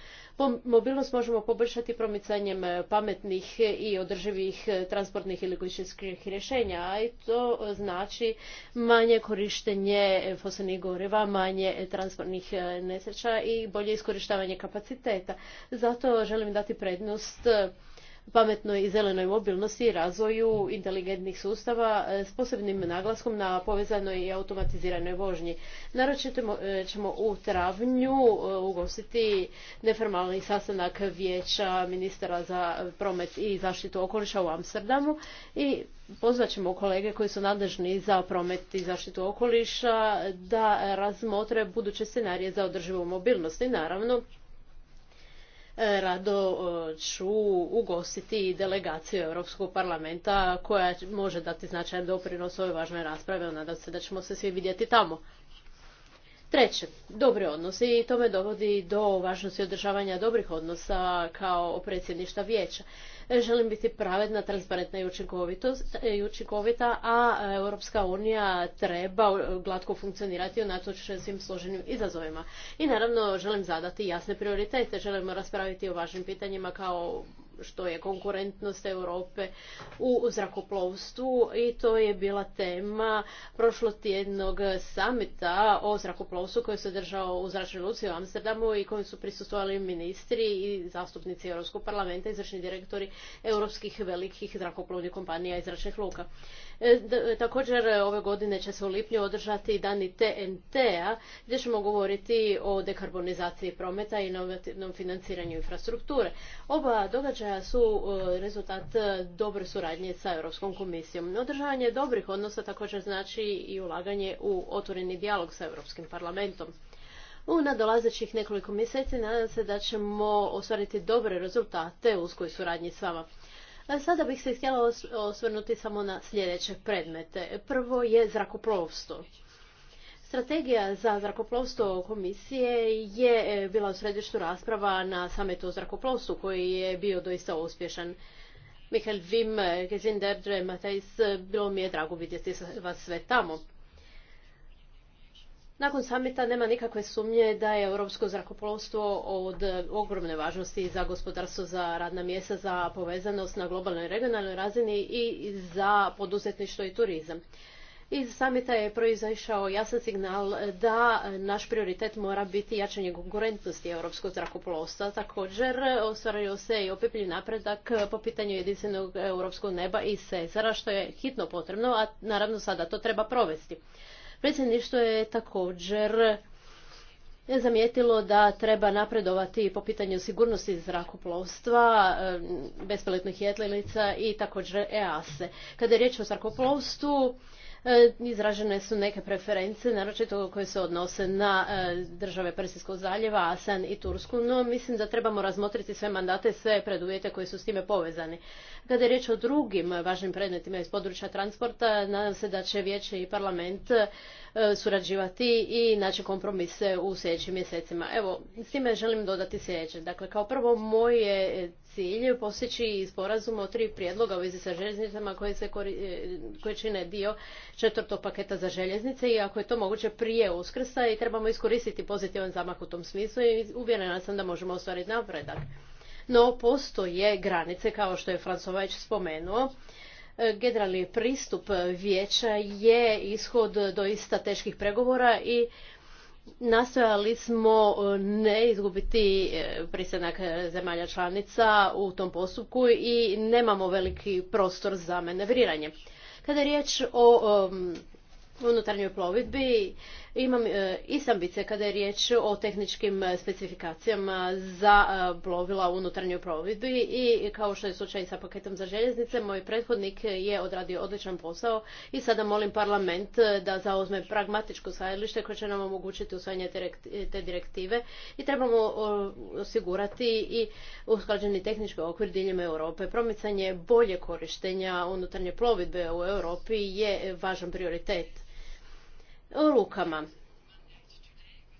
[SPEAKER 4] Mobilnost možemo poboljšati promicanjem e, pametnih e, i održivih transportnih i kućinskih rješenja, a i to znači manje korištenje fosilnih goriva, manje transportnih nesreća i bolje iskorištavanje kapaciteta. Zato želim dati prednost pametnoj i zelenoj mobilnosti i razvoju inteligentnih sustava e, s posebnim naglaskom na povezanoj i automatiziranoj vožnji. Naročito e, ćemo u travnju e, ugostiti neformalni sastanak vijeća ministara za promet i zaštitu okoliša u Amsterdamu i pozvat ćemo kolege koji su nadležni za promet i zaštitu okoliša da razmotre buduće scenarije za održivu mobilnost i naravno rado eh, ću ugostiti delegaciju Europskog parlamenta koja može dati značajan doprinos ovoj važnoj raspravi. Nadam se da ćemo se svi vidjeti tamo. Treće, dobri odnosi i to me dovodi do važnosti održavanja dobrih odnosa kao predsjedništa vijeća želim biti pravedna, transparentna i e, učinkovita, a e, Europska unija treba glatko funkcionirati unatoč svim složenim izazovima. I naravno želim zadati jasne prioritete, želimo raspraviti o važnim pitanjima kao što je konkurentnost Europe u zrakoplovstvu i to je bila tema prošlotjednog samita o zrakoplovstvu koji se održao u Zračnoj luci u Amsterdamu i kojem su prisustvovali ministri i zastupnici Europskog parlamenta, izvršni direktori europskih velikih zrakoplovnih kompanija i zračnih luka. E, također e, ove godine će se u lipnju održati dani TNT-a gdje ćemo govoriti o dekarbonizaciji prometa i inovativnom financiranju infrastrukture. Oba događaja su e, rezultat dobre suradnje sa Europskom komisijom. Održavanje dobrih odnosa također znači i ulaganje u otvoreni dijalog sa Europskim parlamentom. U nadolazećih nekoliko mjeseci nadam se da ćemo ostvariti dobre rezultate u uskoj suradnji s vama. Sada bih se htjela osvrnuti samo na sljedeće predmete. Prvo je zrakoplovstvo. Strategija za zrakoplovstvo komisije je e, bila u središtu rasprava na sametu o zrakoplovstvu koji je bio doista uspješan. Mihael Vim, Gesinderdre, Matejs, bilo mi je drago vidjeti vas sve tamo. Nakon samita nema nikakve sumnje da je europsko zrakoplovstvo od ogromne važnosti za gospodarstvo, za radna mjesta, za povezanost na globalnoj i regionalnoj razini i za poduzetništvo i turizam. Iz samita je proizašao jasan signal da naš prioritet mora biti jačanje konkurentnosti europskog zrakoplovstva. Također ostvario se i opipljiv napredak po pitanju jedinstvenog europskog neba i sezara, što je hitno potrebno, a naravno sada to treba provesti. Predsjedništvo je također zamijetilo da treba napredovati po pitanju sigurnosti zrakoplovstva, bespeletnih jetlilica i također EASE. Kada je riječ o zrakoplovstvu, E, izražene su neke preference, naročito koje se odnose na e, države Persijskog zaljeva, Asan i Tursku, no mislim da trebamo razmotriti sve mandate, sve preduvjete koji su s time povezani. Kada je riječ o drugim važnim predmetima iz područja transporta, nadam se da će vijeće i parlament e, surađivati i naći kompromise u sljedećim mjesecima. Evo, s time želim dodati sljedeće. Dakle, kao prvo, moje cilj postići sporazum o tri prijedloga u vezi sa željeznicama e, koje, čine dio četvrtog paketa za željeznice i ako je to moguće prije uskrsa i trebamo iskoristiti pozitivan zamah u tom smislu i uvjerena sam da možemo ostvariti napredak. No, postoje granice, kao što je Francova spomenuo, e, generalni pristup vijeća je ishod doista teških pregovora i Nastojali smo e, ne izgubiti e, pristanak e, zemalja članica u tom postupku i nemamo veliki prostor za manevriranje. Kada je riječ o unutarnjoj plovidbi, imam e, isambice ambicije kada je riječ o tehničkim e, specifikacijama za e, plovila u unutarnjoj plovidbi i kao što je slučaj sa paketom za željeznice, moj prethodnik je odradio odličan posao i sada molim parlament da zauzme pragmatičko stajalište koje će nam omogućiti usvajanje te direktive i trebamo osigurati i usklađeni tehnički okvir diljem Europe. Promicanje bolje korištenja unutarnje plovidbe u Europi je važan prioritet. Rukama. lukama.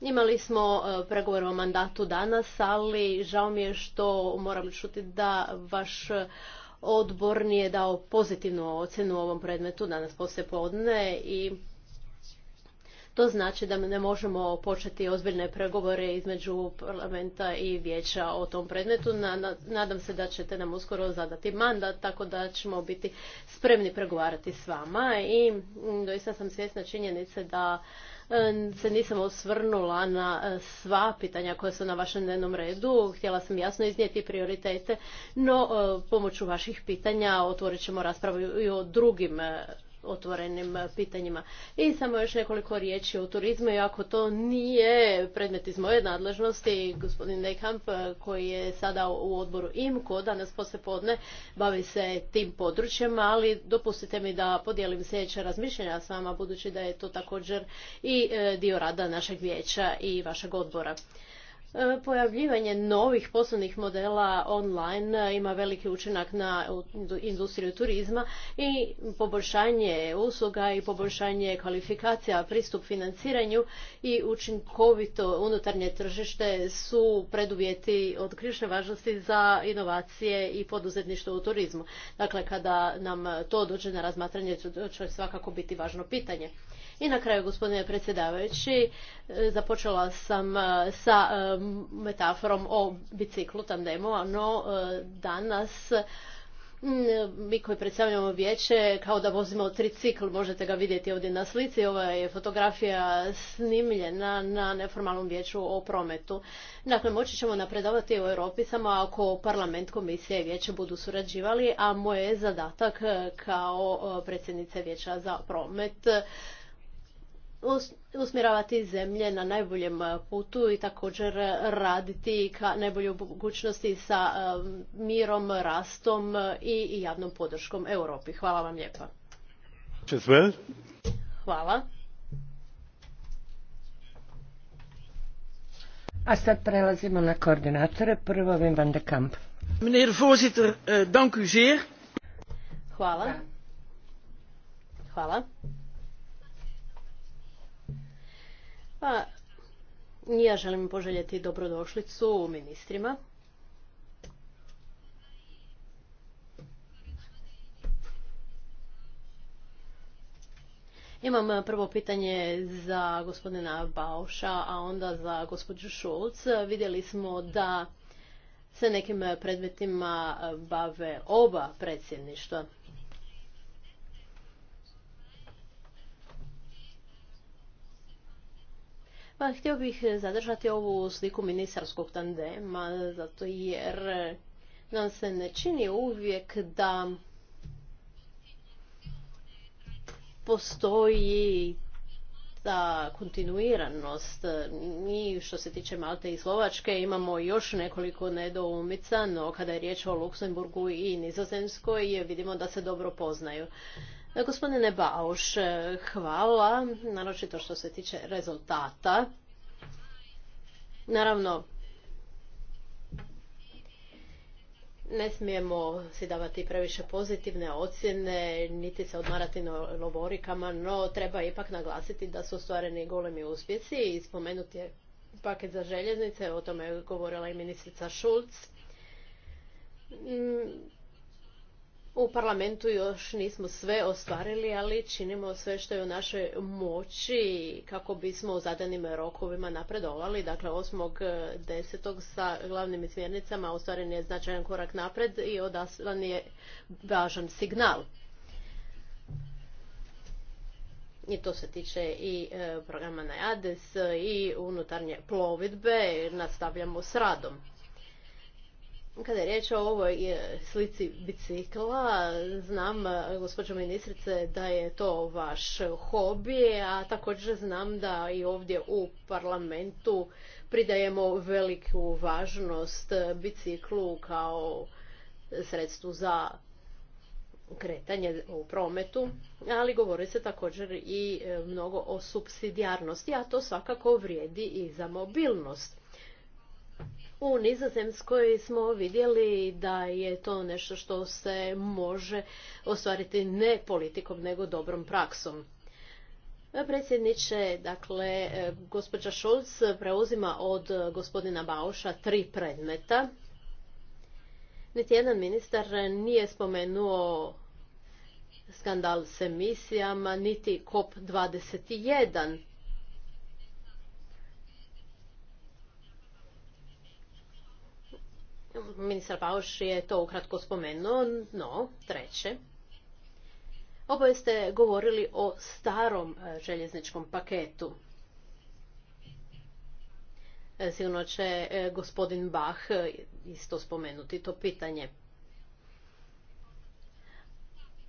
[SPEAKER 4] Imali smo e, pregovor o mandatu danas, ali žao mi je što moram čuti da vaš odbor nije dao pozitivnu ocjenu ovom predmetu danas poslije i to znači da ne možemo početi ozbiljne pregovore između parlamenta i vijeća o tom predmetu. Nadam se da ćete nam uskoro zadati mandat, tako da ćemo biti spremni pregovarati s vama. I mm, doista sam svjesna činjenice da se nisam osvrnula na e, sva pitanja koja su na vašem dnevnom redu. Htjela sam jasno iznijeti prioritete, no e, pomoću vaših pitanja otvorit ćemo raspravu i o drugim e, otvorenim e, pitanjima. I samo još nekoliko riječi o turizmu, i ako to nije predmet iz moje nadležnosti, gospodin Dekamp e, koji je sada u odboru ko danas posle podne bavi se tim područjem, ali dopustite mi da podijelim sljedeće razmišljenja s vama, budući da je to također i e, dio rada našeg vijeća i vašeg odbora. E, pojavljivanje novih poslovnih modela online e, ima veliki učinak na industriju turizma i poboljšanje usluga i poboljšanje kvalifikacija, pristup financiranju i učinkovito unutarnje tržište su preduvjeti od ključne važnosti za inovacije i poduzetništvo u turizmu. Dakle, kada nam to dođe na razmatranje, to će svakako biti važno pitanje. I na kraju, gospodine predsjedavajući, e, započela sam e, sa e, metaforom o biciklu tandemu, no danas mi koji predstavljamo vijeće kao da vozimo tricikl, možete ga vidjeti ovdje na slici, ova je fotografija snimljena na neformalnom vijeću o prometu. Dakle, moći ćemo napredavati u Europi samo ako parlament, komisija i vijeće budu surađivali, a moj je zadatak kao predsjednice vijeća za promet usmjeravati zemlje na najboljem e, putu i također raditi ka najboljoj mogućnosti sa e, mirom, rastom e, i javnom podrškom Europi. Hvala vam lijepa. Hvala.
[SPEAKER 2] A sad prelazimo na koordinatore. Prvo Wim van de Kamp. Meneer voorzitter, eh, dank u zeer. Hvala. Hvala.
[SPEAKER 4] Pa, ja želim poželjeti dobrodošlicu ministrima. Imam eh, prvo pitanje za gospodina Bauša, a onda za gospođu Šulc. Vidjeli smo da se nekim predmetima bave oba predsjedništva. Pa, htio bih eh, zadržati ovu sliku ministarskog tandema, zato jer eh, nam se ne čini uvijek da postoji ta kontinuiranost. Mi što se tiče Malte i Slovačke imamo još nekoliko nedoumica, no kada je riječ o Luksemburgu i Nizozemskoj vidimo da se dobro poznaju. E, gospodine Bauš, e, hvala, naročito što se tiče rezultata. Naravno, ne smijemo si davati previše pozitivne ocjene, niti se odmarati na lovorikama, no treba ipak naglasiti da su ostvareni golemi uspjeci. i spomenuti je paket za željeznice, o tome je govorila i ministrica Šulc. Mm, u parlamentu još nismo sve ostvarili, ali činimo sve što je u našoj moći kako bismo u zadanim rokovima napredovali. Dakle, 8.10. sa glavnim smjernicama ostvaren je značajan korak napred i odaslan je važan signal. I to se tiče i e, programa naiades i unutarnje plovidbe. Nastavljamo s radom. Kada je riječ o ovoj e, slici bicikla, znam, e, gospođo ministrice, da je to vaš hobi, a također znam da i ovdje u parlamentu pridajemo veliku važnost biciklu kao sredstvu za kretanje u prometu, ali govori se također i e, mnogo o subsidijarnosti, a to svakako vrijedi i za mobilnost. U Nizozemskoj smo vidjeli da je to nešto što se može ostvariti ne politikom, nego dobrom praksom. Predsjedniče, dakle, e, gospođa Šulc preuzima od gospodina Bauša tri predmeta. Niti jedan ministar nije spomenuo skandal s emisijama, niti COP21. Ministar Pauš je to ukratko spomenuo, no, treće. Oboje ste govorili o starom e, željezničkom paketu. E, sigurno će e, gospodin Bach isto spomenuti to pitanje.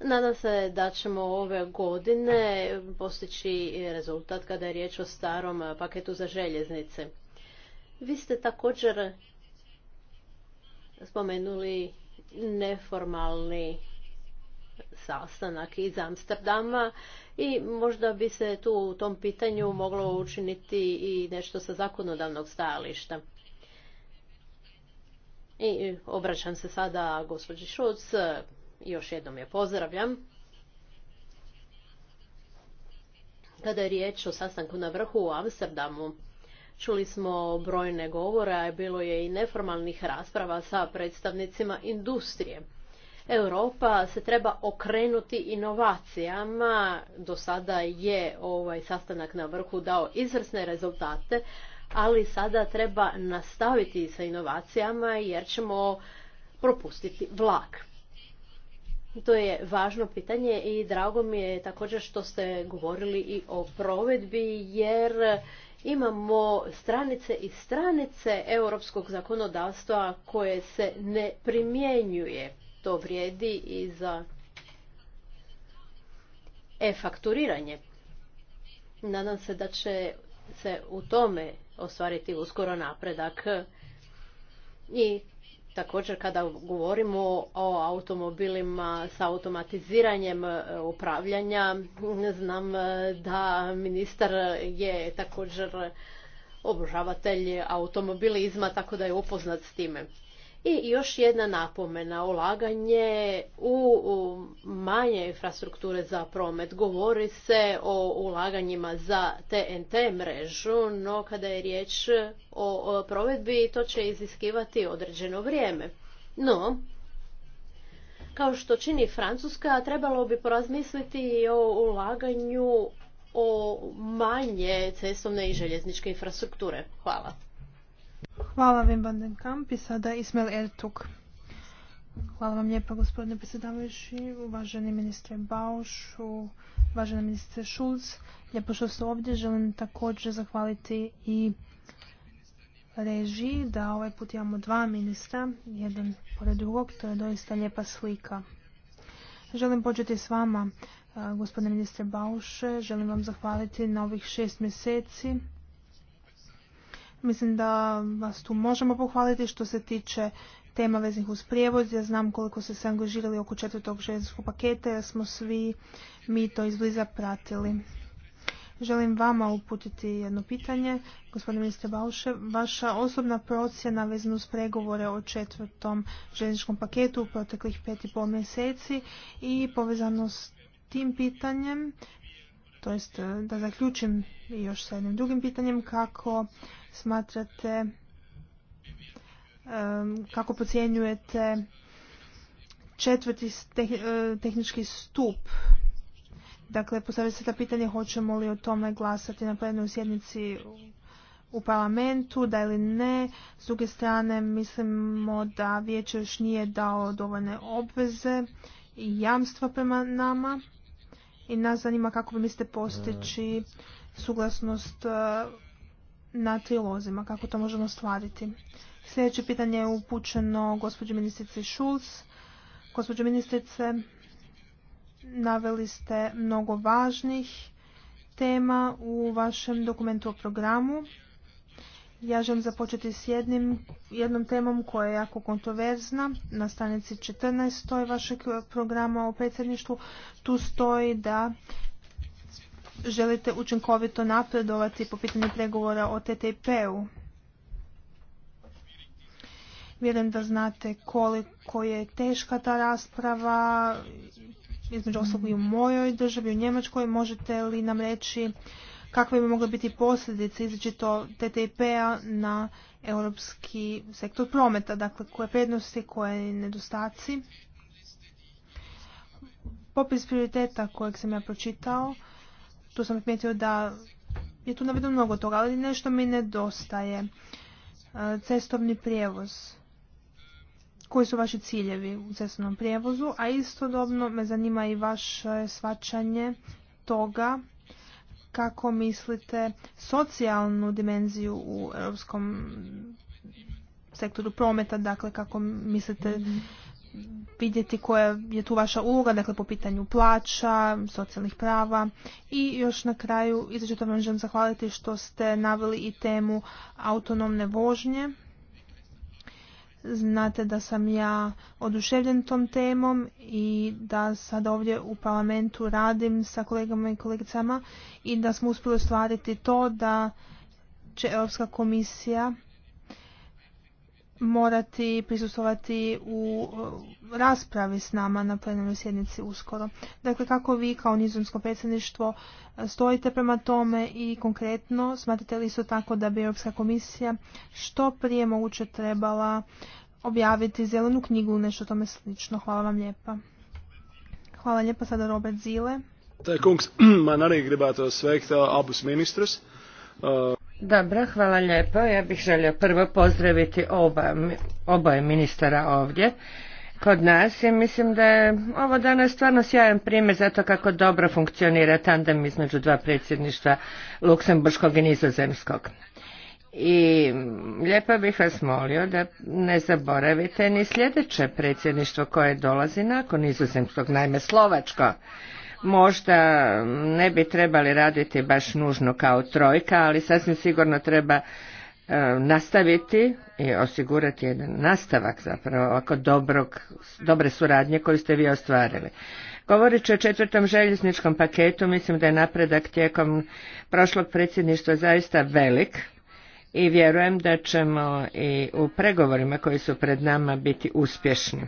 [SPEAKER 4] Nadam se da ćemo ove godine postići rezultat kada je riječ o starom paketu za željeznice. Vi ste također spomenuli neformalni sastanak iz Amsterdama i možda bi se tu u tom pitanju moglo učiniti i nešto sa zakonodavnog stajališta. I e, obraćam se sada gospođi Šuc, još jednom je pozdravljam. Kada je riječ o sastanku na vrhu u Amsterdamu, Čuli smo brojne govore, a bilo je i neformalnih rasprava sa predstavnicima industrije. Europa se treba okrenuti inovacijama. Do sada je ovaj sastanak na vrhu dao izvrsne rezultate, ali sada treba nastaviti sa inovacijama jer ćemo propustiti vlak. To je važno pitanje i drago mi je također što ste govorili i o provedbi jer imamo stranice i stranice europskog zakonodavstva koje se ne primjenjuje. To vrijedi i za e-fakturiranje. Nadam se da će se u tome ostvariti uskoro napredak. I Također kada govorimo o automobilima sa automatiziranjem e, upravljanja, znam e, da ministar je također obožavatelj automobilizma, tako da je upoznat s time. I još jedna napomena, ulaganje u manje infrastrukture za promet. Govori se o ulaganjima za TNT mrežu, no kada je riječ o provedbi, to će iziskivati određeno vrijeme. No, kao što čini Francuska, trebalo bi porazmisliti i o ulaganju o manje cestovne i željezničke infrastrukture. Hvala.
[SPEAKER 3] Hvala Vim van den Kamp i sada Ismail Ertug. Hvala vam lijepa gospodine predsjedavajući, uvaženi ministre Bauš, uvaženi ministre Schulz. Lijepo što ste ovdje, želim također zahvaliti i režiji da ovaj put imamo dva ministra, jedan pored drugog, to je doista lijepa slika. Želim početi s vama, gospodine ministre Bauše, želim vam zahvaliti na ovih šest mjeseci Mislim da vas tu možemo pohvaliti što se tiče tema veznih uz prijevoz. Ja znam koliko ste se angažirali oko četvrtog željezničkog paketa jer smo svi mi to izbliza pratili. Želim vama uputiti jedno pitanje. Gospodine ministre Bauše, vaša osobna procjena vezana uz pregovore o četvrtom željezničkom paketu u proteklih pet i pol mjeseci i povezano s tim pitanjem, to jest da zaključim još sa jednim drugim pitanjem, kako smatrate, kako pocijenjujete četvrti e, tehnički stup. Dakle, postavlja se ta pitanje hoćemo li o tome glasati na plenoj sjednici u parlamentu, da ili ne. S druge strane, mislimo da vijeće još nije dao dovoljne obveze i jamstva prema nama. I nas zanima kako bi mislite postići suglasnost e, na trilozima, kako to možemo stvariti? Sljedeće pitanje je upućeno gospođi ministrici Šulc. Gospođo ministrice, naveli ste mnogo važnih tema u vašem dokumentu o programu. Ja želim započeti s jednim, jednom temom koja je jako kontroverzna. Na stranici 14. vašeg programa o predsjedništvu tu stoji da želite učinkovito napredovati po pitanju pregovora o TTIP-u. Vjerujem da znate koliko je teška ta rasprava, između ostalog i u mojoj državi, u Njemačkoj. Možete li nam reći kakve bi mogle biti posljedice izričito TTIP-a na europski sektor prometa, dakle koje prednosti, koje nedostaci. Popis prioriteta kojeg sam ja pročitao tu sam primijetio da je tu navedeno mnogo toga, ali nešto mi nedostaje. E, cestovni prijevoz. Koji su vaši ciljevi u cestovnom prijevozu? A istodobno me zanima i vaše svačanje toga kako mislite socijalnu dimenziju u europskom sektoru prometa, dakle kako mislite mhm vidjeti koja je tu vaša uloga, dakle po pitanju plaća, socijalnih prava i još na kraju izrečito vam želim zahvaliti što ste naveli i temu autonomne vožnje. Znate da sam ja oduševljen tom temom i da sad ovdje u parlamentu radim sa kolegama i kolegicama i da smo uspjeli ostvariti to da će Europska komisija morati prisustovati u e, raspravi s nama na plenarnoj sjednici uskoro. Dakle, kako vi kao nizomsko predsjedništvo e, stojite prema tome i konkretno smatrate li isto tako da bi Europska komisija što prije moguće trebala objaviti zelenu knjigu ili nešto tome slično. Hvala vam lijepa. Hvala lijepa sada Robert Zile.
[SPEAKER 1] [clears throat]
[SPEAKER 2] Dobro, hvala lijepo. Ja bih želio prvo pozdraviti oba, oboje ministara ovdje kod nas i mislim da je ovo danas stvarno sjajan primjer zato kako dobro funkcionira tandem između dva predsjedništva Luksemburskog i Nizozemskog. I lijepo bih vas molio da ne zaboravite ni sljedeće predsjedništvo koje dolazi nakon Nizozemskog, naime Slovačko možda ne bi trebali raditi baš nužno kao trojka, ali sasvim sigurno treba e, nastaviti i osigurati jedan nastavak zapravo ako dobrog, dobre suradnje koju ste vi ostvarili. Govoreći o četvrtom željezničkom paketu, mislim da je napredak tijekom prošlog predsjedništva zaista velik i vjerujem da ćemo i u pregovorima koji su pred nama biti uspješni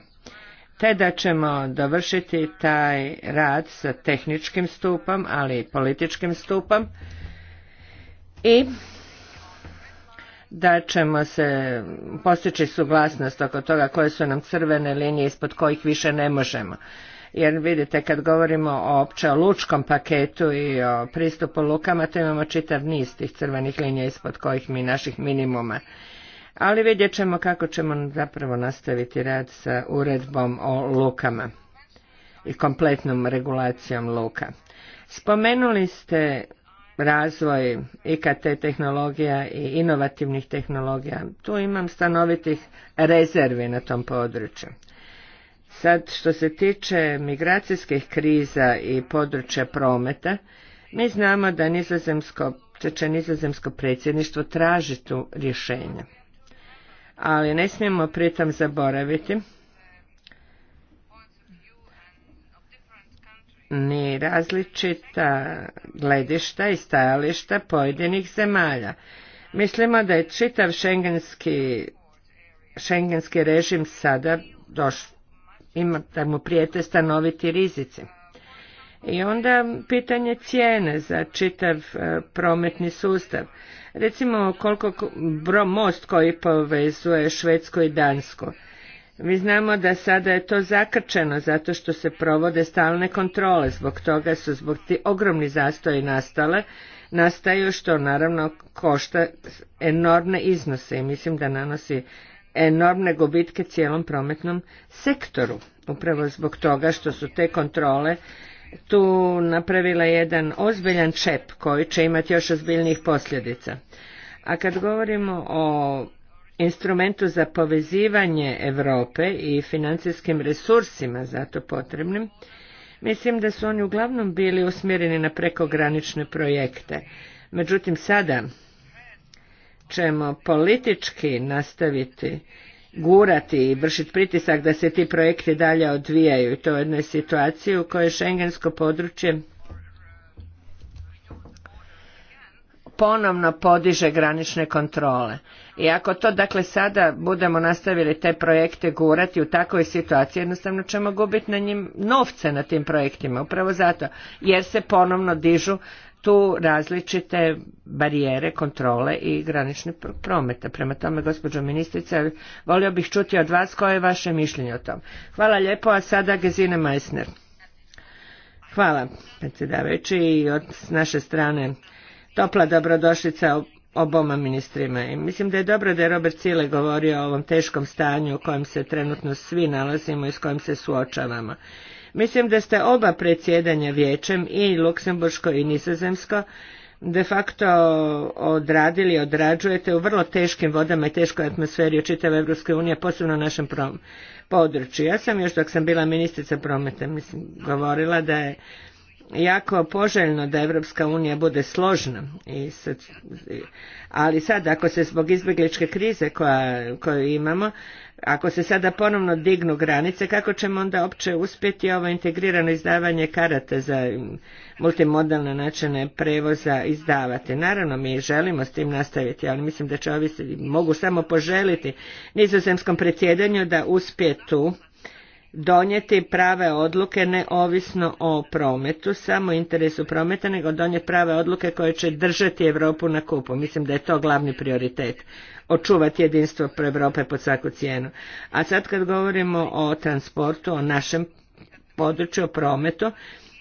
[SPEAKER 2] te da ćemo dovršiti taj rad sa tehničkim stupom, ali i političkim stupom i da ćemo se postići suglasnost oko toga koje su nam crvene linije ispod kojih više ne možemo. Jer vidite kad govorimo o opće o lučkom paketu i o pristupu lukama, to imamo čitav niz tih crvenih linija ispod kojih mi naših minimuma ali vidjet ćemo kako ćemo zapravo nastaviti rad sa uredbom o lukama i kompletnom regulacijom luka. Spomenuli ste razvoj IKT tehnologija i inovativnih tehnologija. Tu imam stanovitih rezervi na tom području. Sad, što se tiče migracijskih kriza i područja prometa, mi znamo da nizozemsko, će nizozemsko predsjedništvo tražiti tu rješenja ali ne smijemo pritom zaboraviti ni različita gledišta i stajališta pojedinih zemalja. Mislimo da je čitav šengenski, šengenski režim sada došao ima da mu prijete stanoviti rizici. I onda pitanje cijene za čitav e, prometni sustav. Recimo koliko most koji povezuje Švedsko i Dansko. Mi znamo da sada je to zakrčeno zato što se provode stalne kontrole, zbog toga su zbog ti ogromni zastoji nastale, nastaju što naravno košta enormne iznose i mislim da nanosi enormne gubitke cijelom prometnom sektoru, upravo zbog toga što su te kontrole tu napravila jedan ozbiljan čep koji će imati još ozbiljnijih posljedica. A kad govorimo o instrumentu za povezivanje Europe i financijskim resursima za to potrebnim, mislim da su oni uglavnom bili usmjereni na prekogranične projekte. Međutim, sada ćemo politički nastaviti gurati i vršiti pritisak da se ti projekti dalje odvijaju. To je jednoj situaciji u kojoj šengensko područje ponovno podiže granične kontrole. I ako to dakle sada budemo nastavili te projekte gurati u takvoj situaciji, jednostavno ćemo gubiti na njim novce na tim projektima, upravo zato, jer se ponovno dižu tu različite barijere, kontrole i granične promete. Prema tome, gospođo ministrice, volio bih čuti od vas koje je vaše mišljenje o tom. Hvala lijepo, a sada Gezine Meissner. Hvala, predsjedavajući, i od naše strane topla dobrodošlica oboma ministrima. I mislim da je dobro da je Robert Cile govorio o ovom teškom stanju u kojem se trenutno svi nalazimo i s kojim se suočavamo. Mislim da ste oba predsjedanja vijećem i Luksemburško i Nizozemsko de facto odradili, odrađujete u vrlo teškim vodama i teškoj atmosferi u čitave Evropske unije, posebno u našem području. Ja sam još dok sam bila ministrica prometa mislim, govorila da je jako poželjno da Evropska unija bude složna, I ali sad ako se zbog izbjegličke krize koja, koju imamo, ako se sada ponovno dignu granice, kako ćemo onda opće uspjeti ovo integrirano izdavanje karata za mm, multimodalne načine prevoza izdavati? Naravno, mi želimo s tim nastaviti, ali mislim da će ovi, mogu samo poželiti nizozemskom predsjedanju da uspije tu donijeti prave odluke neovisno o prometu, samo interesu prometa, nego donijeti prave odluke koje će držati Europu na kupu. Mislim da je to glavni prioritet očuvati jedinstvo Europe pod svaku cijenu. A sad kad govorimo o transportu, o našem području, o prometu,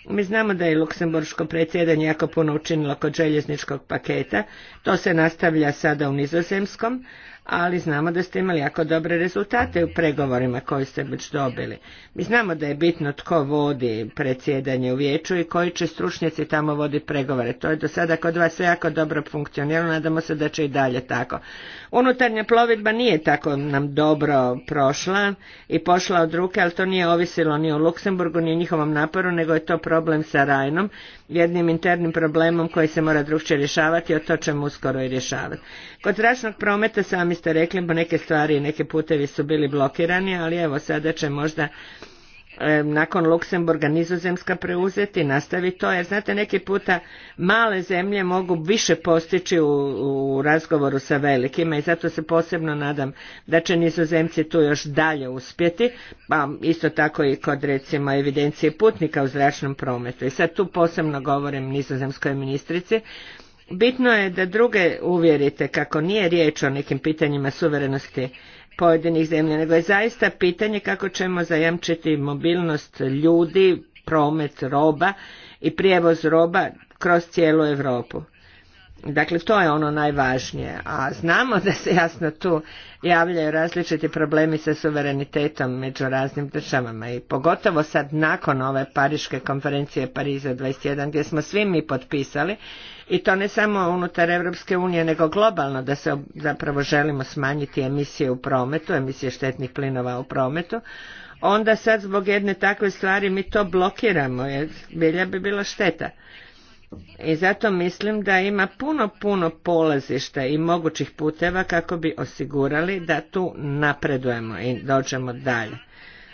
[SPEAKER 2] mi znamo da je luksemburško predsjedanje jako puno učinilo kod željezničkog paketa, to se nastavlja sada u nizozemskom, ali znamo da ste imali jako dobre rezultate u pregovorima koje ste već dobili. Mi znamo da je bitno tko vodi predsjedanje u vijeću i koji će stručnjaci tamo voditi pregovore. To je do sada kod vas sve jako dobro funkcioniralo, nadamo se da će i dalje tako. Unutarnja plovidba nije tako nam dobro prošla i pošla od ruke, ali to nije ovisilo ni o Luksemburgu ni o njihovom naporu, nego je to problem sa Rajnom, jednim internim problemom koji se mora drugčije rješavati, o to ćemo uskoro i rješavati. Kod zračnog prometa sami ste rekli, bo neke stvari, neke putevi su bili blokirani, ali evo sada će možda e, nakon Luksemburga nizozemska preuzeti, nastavi to, jer znate neki puta male zemlje mogu više postići u, u razgovoru sa velikima i zato se posebno nadam da će nizozemci tu još dalje uspjeti, pa isto tako i kod recimo evidencije putnika u zračnom prometu. I sad tu posebno govorim nizozemskoj ministrici, Bitno je da druge uvjerite kako nije riječ o nekim pitanjima suverenosti pojedinih zemlja, nego je zaista pitanje kako ćemo zajamčiti mobilnost ljudi, promet roba i prijevoz roba kroz cijelu Europu. Dakle, to je ono najvažnije, a znamo da se jasno tu javljaju različiti problemi sa suverenitetom među raznim državama i pogotovo sad nakon ove Pariške konferencije Pariza 21 gdje smo svi mi potpisali i to ne samo unutar Europske unije nego globalno da se zapravo želimo smanjiti emisije u prometu, emisije štetnih plinova u prometu, onda sad zbog jedne takve stvari mi to blokiramo jer bilja bi bila šteta. I zato mislim da ima puno, puno polazišta i mogućih puteva kako bi osigurali da tu napredujemo i dođemo dalje.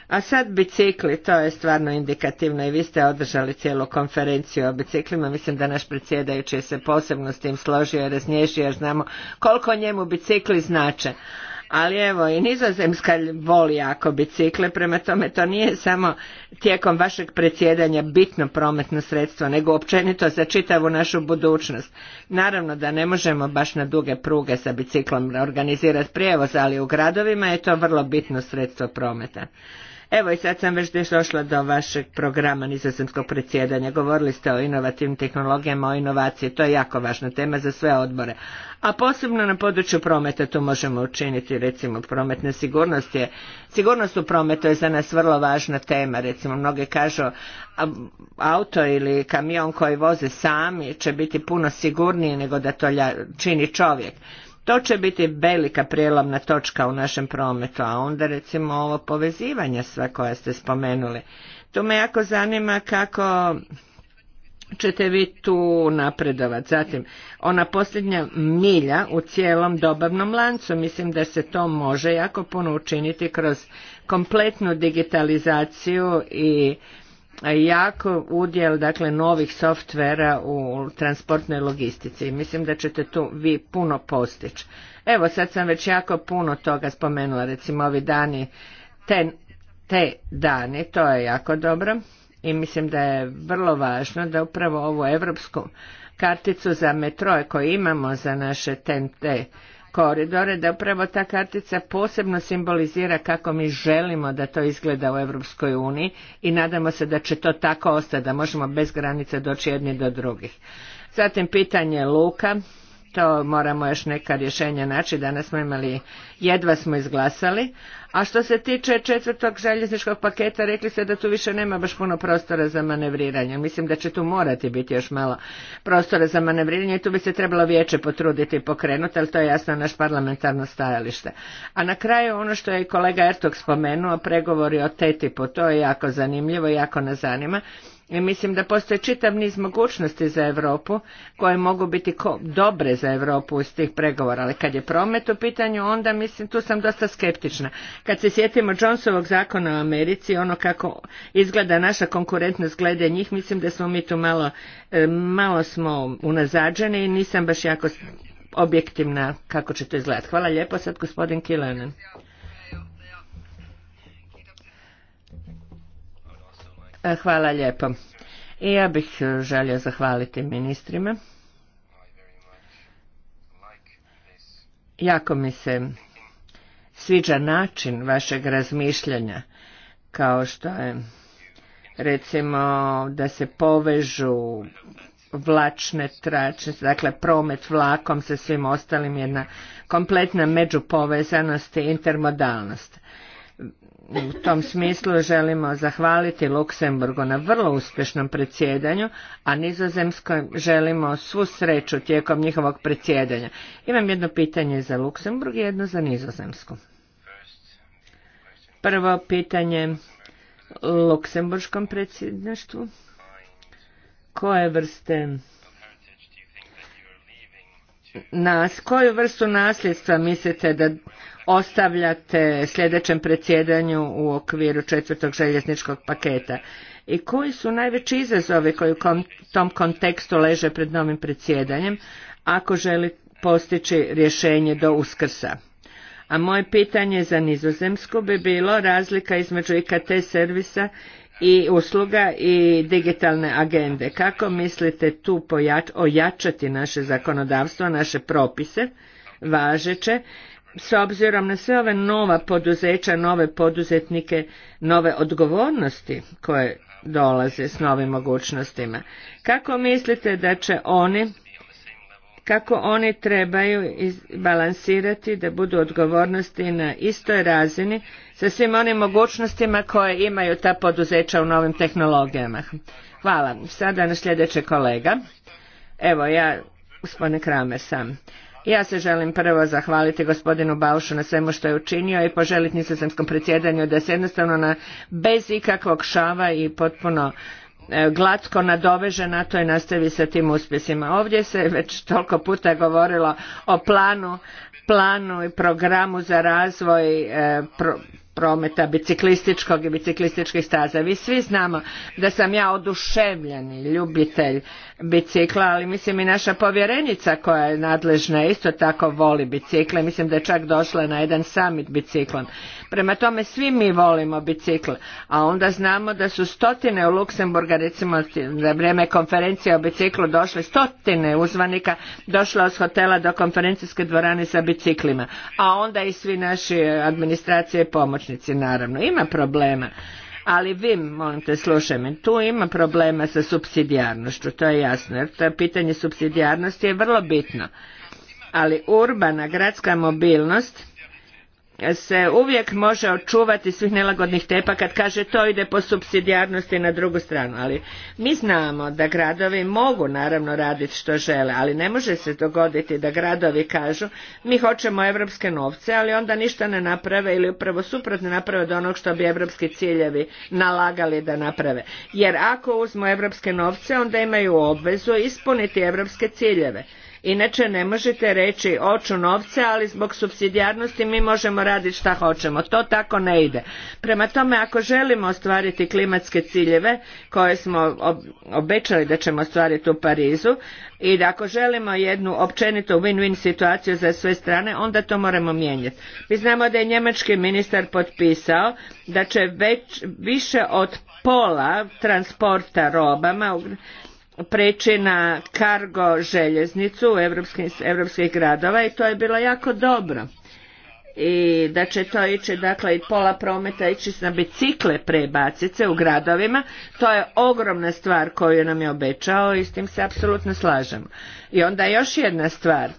[SPEAKER 2] A sad bicikli, to je stvarno indikativno i vi ste održali cijelu konferenciju o biciklima. Mislim da naš predsjedajući se posebno s tim složio i raznježio, jer znamo koliko njemu bicikli znače. Ali evo, i nizozemska voli jako bicikle, prema tome to nije samo tijekom vašeg predsjedanja bitno prometno sredstvo, nego općenito za čitavu našu budućnost. Naravno da ne možemo baš na duge pruge sa biciklom organizirati prijevoz, ali u gradovima je to vrlo bitno sredstvo prometa. Evo i sad sam već došla do vašeg programa nizozemskog predsjedanja. Govorili ste o inovativnim tehnologijama, o inovaciji. To je jako važna tema za sve odbore. A posebno na području prometa to možemo učiniti. Recimo, prometna sigurnost je... Sigurnost u prometu je za nas vrlo važna tema. Recimo, mnoge kažu auto ili kamion koji voze sami će biti puno sigurniji nego da to čini čovjek. To će biti velika prijelomna točka u našem prometu, a onda recimo ovo povezivanje sva koja ste spomenuli. To me jako zanima kako ćete vi tu napredovati. Zatim, ona posljednja milja u cijelom dobavnom lancu, mislim da se to može jako puno učiniti kroz kompletnu digitalizaciju i jako udjel dakle novih softvera u transportnoj logistici i mislim da ćete tu vi puno postići. Evo sad sam već jako puno toga spomenula, recimo ovi dani, te, te dani, to je jako dobro i mislim da je vrlo važno da upravo ovu europsku karticu za metroje koju imamo za naše TNT koridore, da upravo ta kartica posebno simbolizira kako mi želimo da to izgleda u Europskoj uniji i nadamo se da će to tako ostati, da možemo bez granica doći jedni do drugih. Zatim pitanje luka, to moramo još neka rješenja naći, danas smo imali, jedva smo izglasali. A što se tiče četvrtog željezničkog paketa, rekli ste da tu više nema baš puno prostora za manevriranje. Mislim da će tu morati biti još malo prostora za manevriranje i tu bi se trebalo vijeće potruditi pokrenuti, ali to je jasno naš parlamentarno stajalište. A na kraju ono što je kolega Ertog spomenuo, pregovori o TTIP-u, to je jako zanimljivo i jako nas zanima i mislim da postoje čitav niz mogućnosti za Europu koje mogu biti ko dobre za Europu iz tih pregovora, ali kad je promet u pitanju, onda mislim, tu sam dosta skeptična. Kad se sjetimo Johnsonovog zakona u Americi, ono kako izgleda naša konkurentnost glede njih, mislim da smo mi tu malo, e, malo smo unazađeni i nisam baš jako objektivna kako će to izgledati. Hvala lijepo, sad gospodin Kilanen. E, hvala lijepo. I ja bih e, želio zahvaliti ministrima. Jako mi se sviđa način vašeg razmišljanja, kao što je recimo da se povežu vlačne trače, dakle promet vlakom sa svim ostalim, jedna kompletna međupovezanost i intermodalnost u tom smislu želimo zahvaliti Luksemburgu na vrlo uspješnom predsjedanju, a Nizozemskoj želimo svu sreću tijekom njihovog predsjedanja. Imam jedno pitanje za Luksemburg i jedno za Nizozemsku. Prvo pitanje Luksemburškom predsjedništvu. Koje vrste nas, koju vrstu nasljedstva mislite da ostavljate sljedećem predsjedanju u okviru četvrtog željezničkog paketa i koji su najveći izazovi koji u tom kontekstu leže pred novim predsjedanjem ako želi postići rješenje do uskrsa. A moje pitanje za nizozemsku bi bilo razlika između IKT servisa i usluga i digitalne agende. Kako mislite tu pojač, ojačati naše zakonodavstvo, naše propise važeće, s obzirom na sve ove nova poduzeća, nove poduzetnike, nove odgovornosti koje dolaze s novim mogućnostima. Kako mislite da će oni kako oni trebaju balansirati da budu odgovornosti na istoj razini sa svim onim mogućnostima koje imaju ta poduzeća u novim tehnologijama. Hvala. Sada na sljedeće kolega. Evo ja, gospodine Kramer sam. Ja se želim prvo zahvaliti gospodinu Baušu na svemu što je učinio i poželiti nizozemskom predsjedanju da se jednostavno na, bez ikakvog šava i potpuno E, glatko nadoveže na to i nastavi sa tim uspjesima. Ovdje se već toliko puta govorilo o planu, planu i programu za razvoj e, prometa biciklističkog i biciklističkih staza. Vi svi znamo da sam ja oduševljeni ljubitelj bicikla, ali mislim i naša povjerenica koja je nadležna isto tako voli bicikle, mislim da je čak došla na jedan summit biciklom. Prema tome svi mi volimo bicikle, a onda znamo da su stotine u Luksemburga recimo za vrijeme konferencije o biciklu došli stotine uzvanika došla od hotela do konferencijske dvorane sa biciklima, a onda i svi naši administracije i pomoćnici naravno. Ima problema. Ali vi, molim te, slušaj me, tu ima problema sa subsidijarnošću, to je jasno, jer to pitanje subsidijarnosti je vrlo bitno. Ali urbana gradska mobilnost se uvijek može očuvati svih nelagodnih tepa kad kaže to ide po subsidijarnosti na drugu stranu, ali mi znamo da gradovi mogu naravno raditi što žele, ali ne može se dogoditi da gradovi kažu mi hoćemo evropske novce, ali onda ništa ne naprave ili upravo suprotno naprave od onog što bi evropski ciljevi nalagali da naprave. Jer ako uzmu evropske novce, onda imaju obvezu ispuniti evropske ciljeve Inače ne možete reći oču novce, ali zbog subsidijarnosti mi možemo raditi šta hoćemo. To tako ne ide. Prema tome, ako želimo ostvariti klimatske ciljeve koje smo obećali da ćemo ostvariti u Parizu i da ako želimo jednu općenitu win-win situaciju za sve strane, onda to moramo mijenjati. Mi znamo da je njemački ministar potpisao da će već više od pola transporta robama preći na kargo željeznicu europskih evropskih gradova i to je bilo jako dobro i da će to ići, dakle i pola prometa ići na bicikle prebacice u gradovima, to je ogromna stvar koju nam je obećao i s tim se apsolutno slažem. I onda još jedna stvar,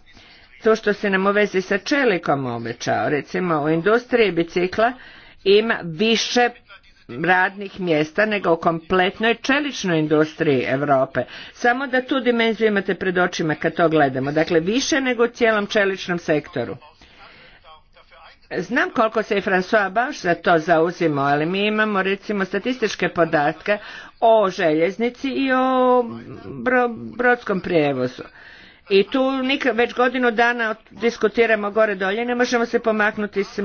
[SPEAKER 2] to što se nam u vezi sa čelikom obećao, recimo u industriji bicikla ima više radnih mjesta nego o kompletnoj čeličnoj industriji Europe. Samo da tu dimenziju imate pred očima kad to gledamo. Dakle, više nego u cijelom čeličnom sektoru. Znam koliko se i François Baš za to zauzimo, ali mi imamo recimo statističke podatke o željeznici i o brodskom prijevozu. I tu nikad, već godinu dana diskutiramo gore dolje, ne možemo se pomaknuti s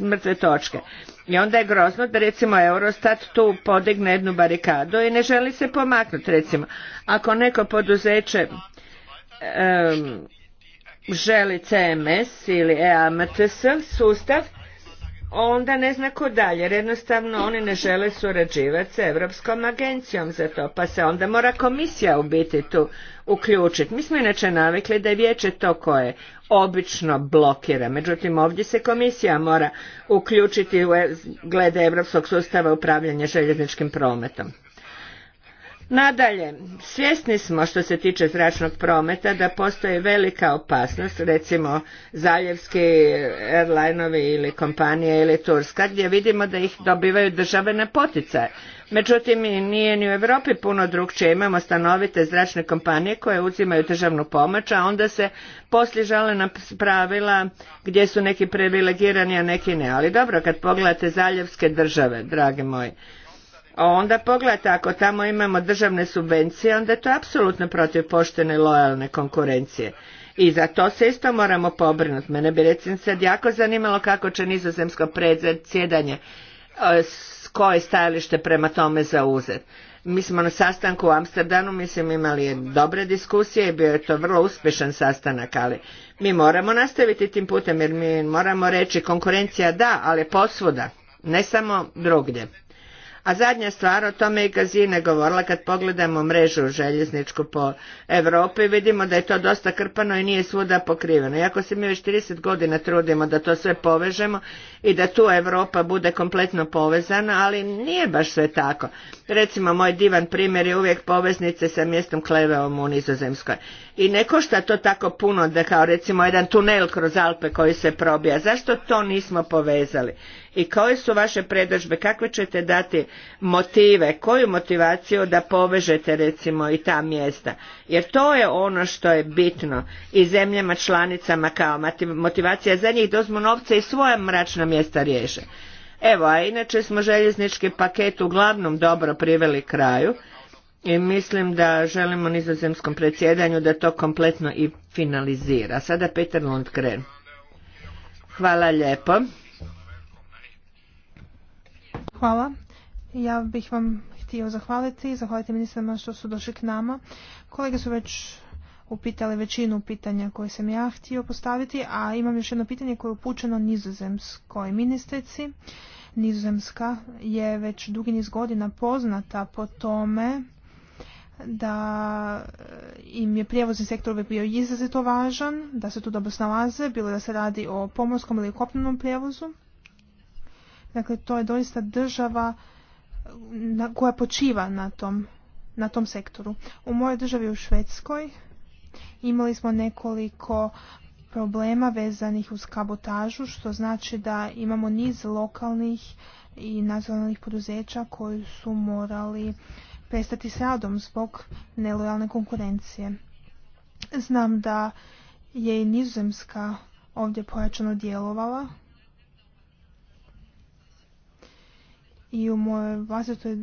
[SPEAKER 2] mrtve točke. I onda je grozno da recimo Eurostat tu podigne jednu barikadu i ne želi se pomaknuti recimo. Ako neko poduzeće želi CMS ili EAMTS sustav, onda ne zna ko dalje, jer jednostavno oni ne žele surađivati sa Europskom agencijom za to, pa se onda mora komisija u biti tu uključiti. Mi smo inače navikli da je vijeće to koje obično blokira, međutim ovdje se komisija mora uključiti u e, glede Europskog sustava upravljanja željezničkim prometom. Nadalje, svjesni smo što se tiče zračnog prometa da postoji velika opasnost, recimo zaljevski airline-ovi ili kompanije ili Turska, gdje vidimo da ih dobivaju države na poticaj. Međutim, nije ni u Europi puno drugčije. Imamo stanovite zračne kompanije koje uzimaju državnu pomoć, a onda se poslije žale na pravila gdje su neki privilegirani, a neki ne. Ali dobro, kad pogledate zaljevske države, dragi moji, onda pogledajte ako tamo imamo državne subvencije onda je to apsolutno protiv poštene lojalne konkurencije i za to se isto moramo pobrinuti. Mene bi recimo sad jako zanimalo kako će nizozemsko predsjedanje e, koje stajalište prema tome zauzet. Mi smo na sastanku u Amsterdamu, mislim, imali dobre diskusije i bio je to vrlo uspješan sastanak, ali mi moramo nastaviti tim putem jer mi moramo reći konkurencija da, ali posvuda, ne samo drugdje. A zadnja stvar, o tome je Gazina govorila, kad pogledamo mrežu željezničku po Europi, vidimo da je to dosta krpano i nije svuda pokriveno. Iako se mi već 30 godina trudimo da to sve povežemo i da tu Europa bude kompletno povezana, ali nije baš sve tako. Recimo, moj divan primjer je uvijek poveznice sa mjestom Kleveom u Nizozemskoj. I ne košta to tako puno da kao recimo jedan tunel kroz Alpe koji se probija. Zašto to nismo povezali? i koje su vaše predržbe, kakve ćete dati motive, koju motivaciju da povežete recimo i ta mjesta. Jer to je ono što je bitno i zemljama članicama kao motivacija za njih da uzmu novce i svoja mračna mjesta riješe. Evo, a inače smo željeznički paket uglavnom dobro priveli kraju i mislim da želimo nizozemskom predsjedanju da to kompletno i finalizira. Sada Peter Lundgren. Hvala lijepo.
[SPEAKER 3] Hvala. Ja bih vam htio zahvaliti i zahvaliti ministrima što su došli k nama. Kolege su već upitali većinu pitanja koje sam ja htio postaviti, a imam još jedno pitanje koje je upućeno nizozemskoj ministrici. Nizozemska je već dugi niz godina poznata po tome da im je prijevozni sektor bio izrazito važan, da se tu dobro snalaze, bilo da se radi o pomorskom ili kopnenom prijevozu. Dakle, to je doista država eh, koja počiva na tom, na tom sektoru. U mojoj državi u Švedskoj imali smo nekoliko problema vezanih uz kabotažu, što znači da imamo niz lokalnih i nacionalnih poduzeća koji su morali prestati s radom zbog nelojalne konkurencije. Znam da je i nizozemska ovdje pojačano djelovala i u mojoj vlastitoj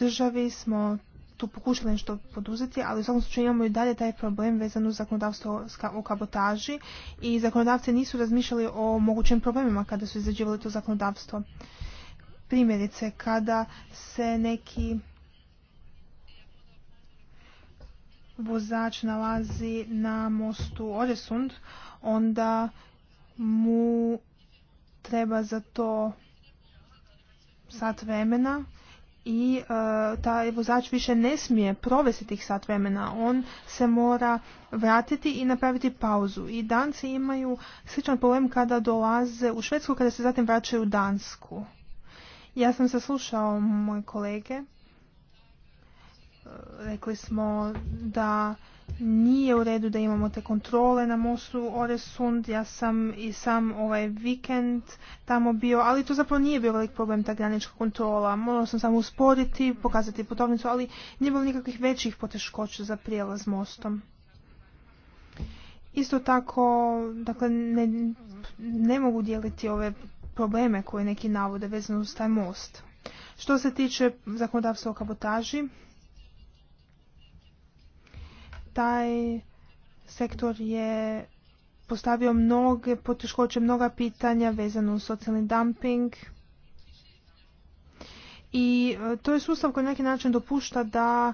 [SPEAKER 3] državi smo tu pokušali nešto poduzeti, ali u svakom slučaju imamo i dalje taj problem vezan uz zakonodavstvo o kabotaži i zakonodavci nisu razmišljali o mogućim problemima kada su izrađivali to zakonodavstvo. Primjerice, kada se neki vozač nalazi na mostu Oresund, onda mu treba za to sat vremena i e, taj vozač više ne smije provesti tih sat vremena. On se mora vratiti i napraviti pauzu. I Danci imaju sličan problem kada dolaze u Švedsku, kada se zatim vraćaju u Dansku. Ja sam saslušao moje kolege. E, rekli smo da nije u redu da imamo te kontrole na mostu Oresund. Ja sam i sam ovaj vikend tamo bio, ali to zapravo nije bio velik problem ta granička kontrola. Morao sam samo usporiti, pokazati putovnicu, ali nije bilo nikakvih većih poteškoća za prijelaz mostom. Isto tako, dakle, ne, ne mogu dijeliti ove probleme koje neki navode vezano uz taj most. Što se tiče zakonodavstva o kabotaži, taj sektor je postavio mnoge poteškoće, mnoga pitanja vezano uz socijalni dumping. I e, to je sustav koji na neki način dopušta da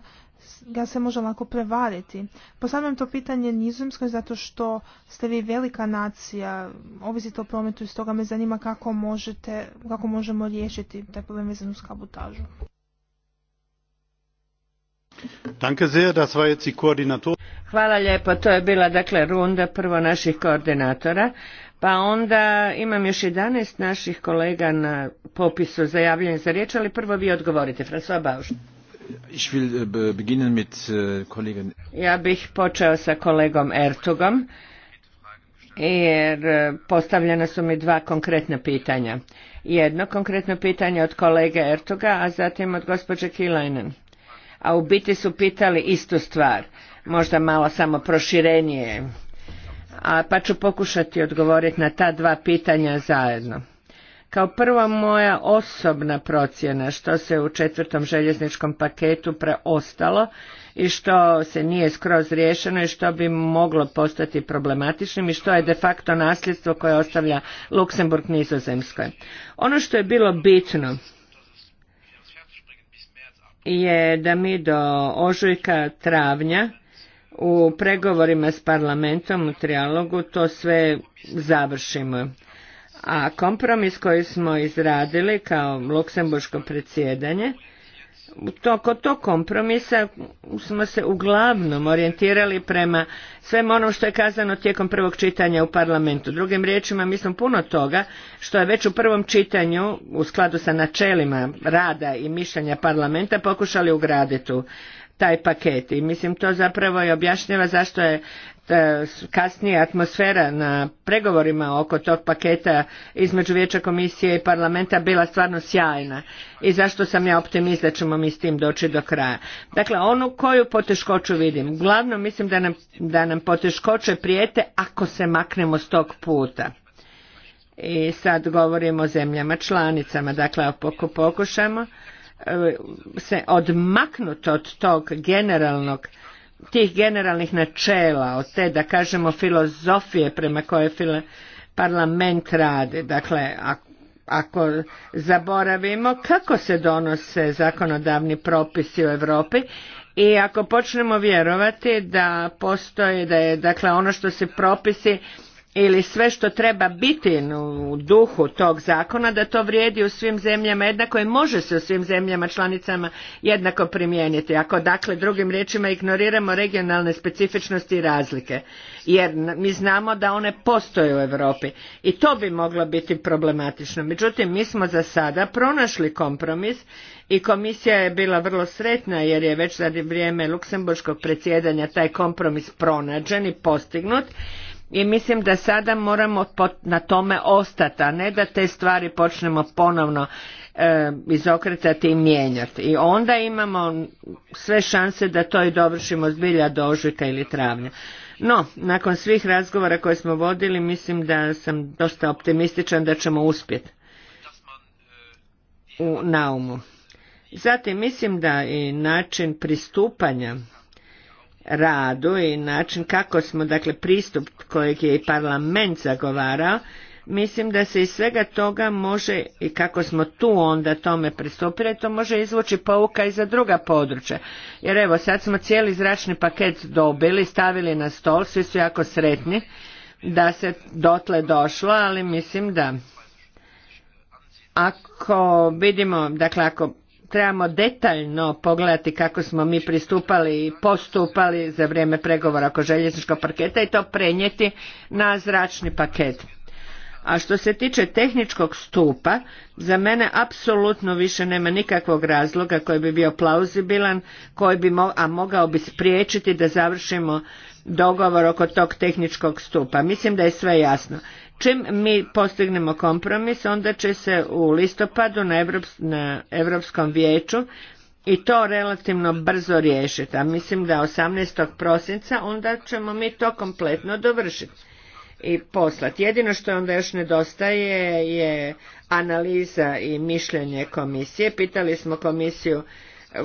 [SPEAKER 3] ga se može lako prevariti. Postavljam to pitanje nizozemskoj zato što ste vi velika nacija, ovisite o prometu i stoga me zanima kako, možete, kako možemo riješiti taj problem vezan uz kabutažu.
[SPEAKER 2] Hvala lijepo, to je bila dakle runda prvo naših koordinatora, pa onda imam još jedanaest naših kolega na popisu za javljanje za riječ, ali prvo vi odgovorite, François Bauš.
[SPEAKER 1] Äh, äh,
[SPEAKER 2] ja bih počeo sa kolegom Ertugom, jer e, postavljena su mi dva konkretna pitanja. Jedno konkretno pitanje od kolege Ertuga, a zatim od gospođe Kilajnen a u biti su pitali istu stvar, možda malo samo proširenije, a, pa ću pokušati odgovoriti na ta dva pitanja zajedno. Kao prva moja osobna procjena što se u četvrtom željezničkom paketu preostalo i što se nije skroz riješeno i što bi moglo postati problematičnim i što je de facto nasljedstvo koje ostavlja Luksemburg nizozemskoj. Ono što je bilo bitno je da mi do ožujka travnja u pregovorima s parlamentom u trialogu to sve završimo. A kompromis koji smo izradili kao luksemburško predsjedanje to, kod tog kompromisa smo se uglavnom orijentirali prema svemu onom što je kazano tijekom prvog čitanja u parlamentu. Drugim riječima, mislim puno toga što je već u prvom čitanju u skladu sa načelima rada i mišljenja parlamenta pokušali ugraditi taj paket i mislim to zapravo i objašnjava zašto je E, kasnije atmosfera na pregovorima oko tog paketa između Vijeća komisije i parlamenta bila stvarno sjajna i zašto sam ja optimist da ćemo mi s tim doći do kraja. Dakle, onu koju poteškoću vidim, Glavno mislim da nam, da nam poteškoće prijete ako se maknemo s tog puta. I sad govorimo o zemljama članicama, dakle ako pokušamo e, se odmaknuti od tog generalnog tih generalnih načela, od te da kažemo filozofije prema kojoj parlament radi, dakle ako zaboravimo kako se donose zakonodavni propisi u Europi i ako počnemo vjerovati da postoji da je dakle ono što se propisi ili sve što treba biti u duhu tog zakona da to vrijedi u svim zemljama jednako i može se u svim zemljama članicama jednako primijeniti. Ako dakle drugim riječima ignoriramo regionalne specifičnosti i razlike jer mi znamo da one postoje u Europi i to bi moglo biti problematično. Međutim, mi smo za sada pronašli kompromis i komisija je bila vrlo sretna jer je već za vrijeme luksemburškog predsjedanja taj kompromis pronađen i postignut i mislim da sada moramo na tome ostati, a ne da te stvari počnemo ponovno e, izokretati i mijenjati. I onda imamo sve šanse da to i dovršimo zbilja do ožujka ili travnja. No, nakon svih razgovora koje smo vodili, mislim da sam dosta optimističan da ćemo uspjeti u naumu. Zatim mislim da i način pristupanja radu i način kako smo, dakle pristup kojeg je i parlament zagovarao, mislim da se iz svega toga može i kako smo tu onda tome pristupili, to može izvući pouka i za druga područja. Jer evo sad smo cijeli zračni paket dobili, stavili na stol, svi su jako sretni da se dotle došlo, ali mislim da ako vidimo, dakle ako trebamo detaljno pogledati kako smo mi pristupali i postupali za vrijeme pregovora oko željezničkog paketa i to prenijeti na zračni paket. A što se tiče tehničkog stupa, za mene apsolutno više nema nikakvog razloga koji bi bio plauzibilan, koji bi a mogao bi spriječiti da završimo dogovor oko tog tehničkog stupa. Mislim da je sve jasno. Čim mi postignemo kompromis, onda će se u listopadu na, Europskom Evropskom vijeću i to relativno brzo riješiti, a mislim da 18. prosinca onda ćemo mi to kompletno dovršiti i poslati. Jedino što onda još nedostaje je analiza i mišljenje komisije. Pitali smo komisiju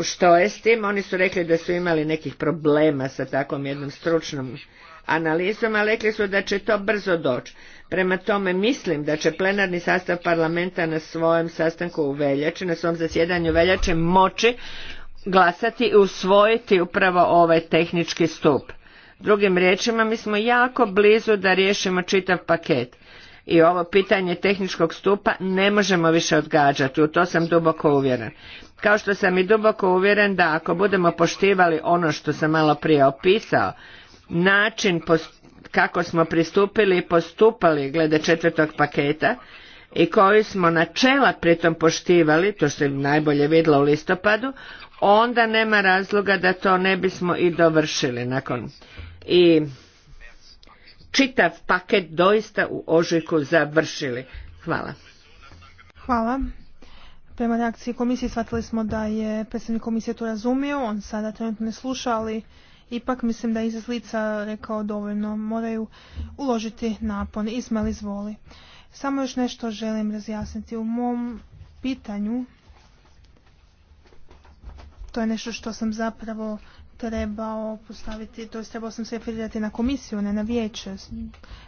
[SPEAKER 2] što je s tim, oni su rekli da su imali nekih problema sa takvom jednom stručnom analizama, rekli su da će to brzo doći. Prema tome mislim da će plenarni sastav parlamenta na svojem sastanku u veljači, na svom zasjedanju veljače moći glasati i usvojiti upravo ovaj tehnički stup. Drugim riječima mi smo jako blizu da riješimo čitav paket i ovo pitanje tehničkog stupa ne možemo više odgađati, u to sam duboko uvjeren. Kao što sam i duboko uvjeren da ako budemo poštivali ono što sam malo prije opisao, način kako smo pristupili i postupali glede četvrtog paketa i koji smo načela pritom poštivali, to se najbolje vidjelo u listopadu, onda nema razloga da to ne bismo i dovršili nakon. I čitav paket doista u ožujku završili. Hvala.
[SPEAKER 3] Hvala. Prema reakciji komisije shvatili smo da je predsjednik komisije to razumio, on sada trenutno ne sluša, ali ipak mislim da je iz lica rekao dovoljno, moraju uložiti napon. Ismail izvoli. Samo još nešto želim razjasniti. U mom pitanju, to je nešto što sam zapravo trebao postaviti, to je trebao sam se referirati na komisiju, ne na vijeće.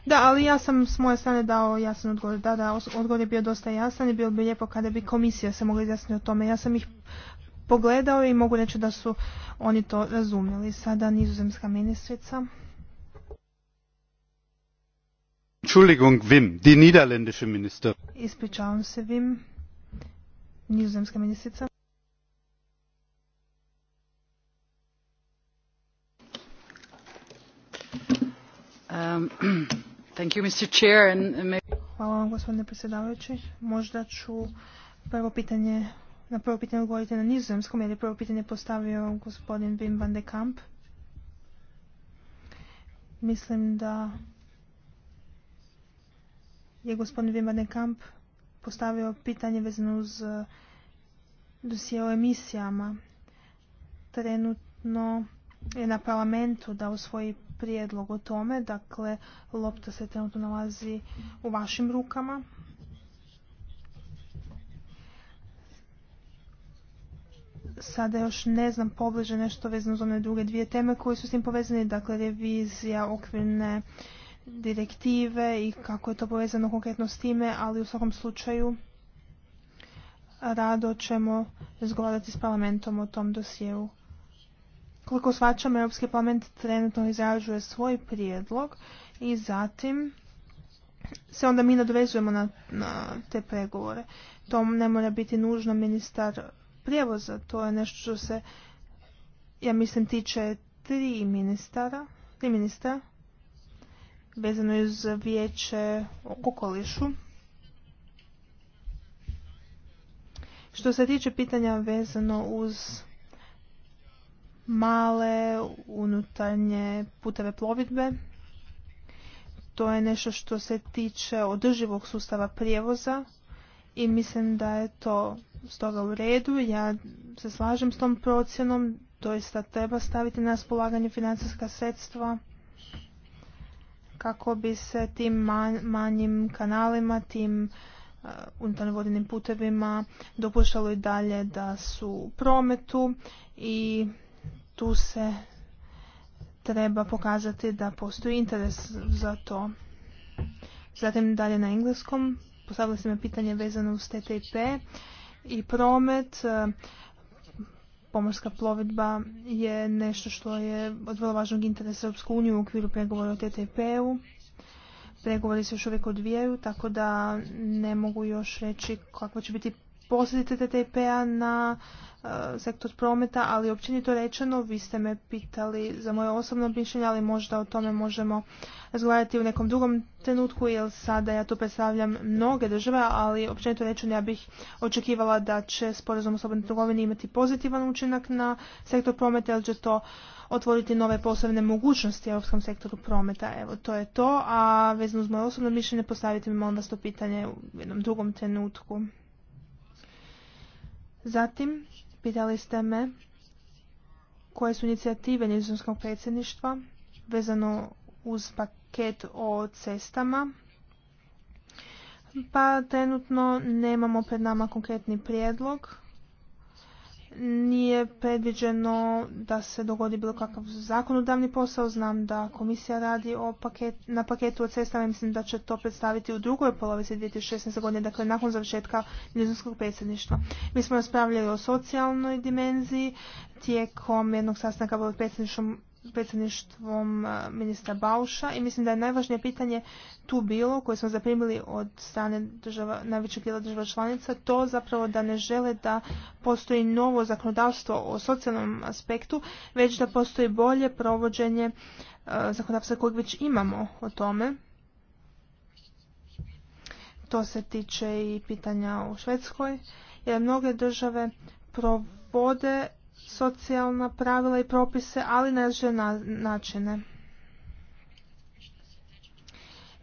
[SPEAKER 3] Da, ali ja sam s moje strane dao jasan odgovor. Da, da, odgovor je bio dosta jasan i bilo bi lijepo kada bi komisija se mogla izjasniti o tome. Ja sam ih pogledao i mogu reći da su oni to razumjeli. Sada nizozemska ministrica.
[SPEAKER 1] Entschuldigung, Wim, die niederländische Minister.
[SPEAKER 3] Ispričavam se, Wim, nizozemska ministrica. Um, [clears throat] thank you, Mr. Chair, Hvala vam, gospodine predsjedavajući. Možda ću prvo pitanje na prvo pitanje odgovorite na nizozemskom, jer je prvo pitanje postavio gospodin Wim van de Kamp. Mislim da je gospodin Wim van de Kamp postavio pitanje vezano uz eh, dosije o emisijama. Trenutno je na parlamentu da usvoji prijedlog o tome, dakle lopta se trenutno nalazi u vašim rukama. sada još ne znam pobliže nešto vezano za one druge dvije teme koje su s tim povezane, dakle revizija okvirne direktive i kako je to povezano konkretno s time, ali u svakom slučaju rado ćemo razgovarati s parlamentom o tom dosjeu. Koliko svačam, Europski parlament trenutno izražuje svoj prijedlog i zatim se onda mi nadovezujemo na, na te pregovore. To ne mora biti nužno ministar prijevoza. To je nešto što se, ja mislim, tiče tri ministara, tri ministra, vezano iz vijeće okolišu. Što se tiče pitanja vezano uz male unutarnje puteve plovidbe, to je nešto što se tiče održivog sustava prijevoza i mislim da je to stoga u redu. Ja se slažem s tom procjenom. Doista treba staviti na raspolaganje financijska sredstva kako bi se tim manjim kanalima, tim e, unutarnjim putevima dopuštalo i dalje da su u prometu i tu se treba pokazati da postoji interes za to. Zatim dalje na engleskom postavili ste me pitanje vezano uz TTIP i promet. E, pomorska plovidba je nešto što je od vrlo važnog interesa Europske unije u okviru pregovora o TTP-u. Pregovori se još uvijek odvijaju, tako da ne mogu još reći kakva će biti posljedice ttp a na e, sektor prometa, ali općenito rečeno, vi ste me pitali za moje osobno mišljenje, ali možda o tome možemo razgovarati u nekom drugom trenutku, jer sada ja tu predstavljam mnoge države, ali općenito rečeno ja bih očekivala da će sporazum o slobodnoj trgovini imati pozitivan učinak na sektor prometa, jer će to otvoriti nove posebne mogućnosti u europskom sektoru prometa. Evo, to je to, a vezano uz moje osobno mišljenje postavite mi onda to pitanje u jednom drugom trenutku. Zatim, pitali ste me koje su inicijative nizozemskog predsjedništva vezano uz paket o cestama. Pa trenutno nemamo pred nama konkretni prijedlog nije predviđeno da se dogodi bilo kakav zakonodavni posao. Znam da komisija radi o na paketu od cestama i mislim da će to predstaviti u drugoj polovici 2016. godine, dakle nakon završetka ljudskog predsjedništva. Mi smo raspravljali o socijalnoj dimenziji tijekom jednog sastanka pod predsjedništvom predsjedništvom eh, ministra Bauša i mislim da je najvažnije pitanje tu bilo koje smo zaprimili od strane država, najvećeg dijela država članica to zapravo da ne žele da postoji novo zakonodavstvo o socijalnom aspektu već da postoji bolje provođenje eh, zakonodavstva kojeg već imamo o tome. To se tiče i pitanja u Švedskoj jer mnoge države provode socijalna pravila i propise, ali na različite načine.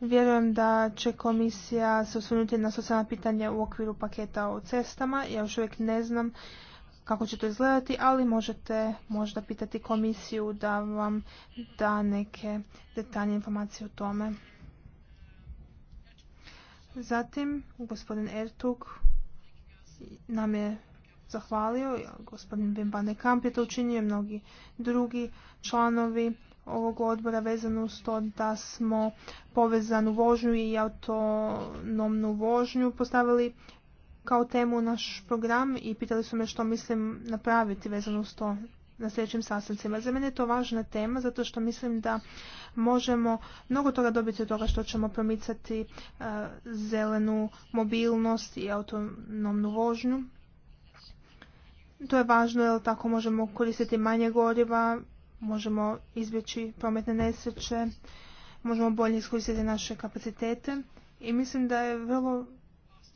[SPEAKER 3] Vjerujem da će komisija se osvrnuti na socijalna pitanja u okviru paketa o cestama. Ja još uvijek ne znam kako će to izgledati, ali možete možda pitati komisiju da vam da neke detaljne informacije o tome. Zatim, gospodin Ertug nam je zahvalio. Gospodin Bimbane je to učinio i mnogi drugi članovi ovog odbora vezano uz to da smo povezanu vožnju i autonomnu vožnju postavili kao temu naš program i pitali su me što mislim napraviti vezano uz to na sljedećim sastancima. Za mene je to važna tema zato što mislim da možemo mnogo toga dobiti od toga što ćemo promicati eh, zelenu mobilnost i autonomnu vožnju to je važno jer tako možemo koristiti manje goriva, možemo izbjeći prometne nesreće, možemo bolje iskoristiti naše kapacitete i mislim da je vrlo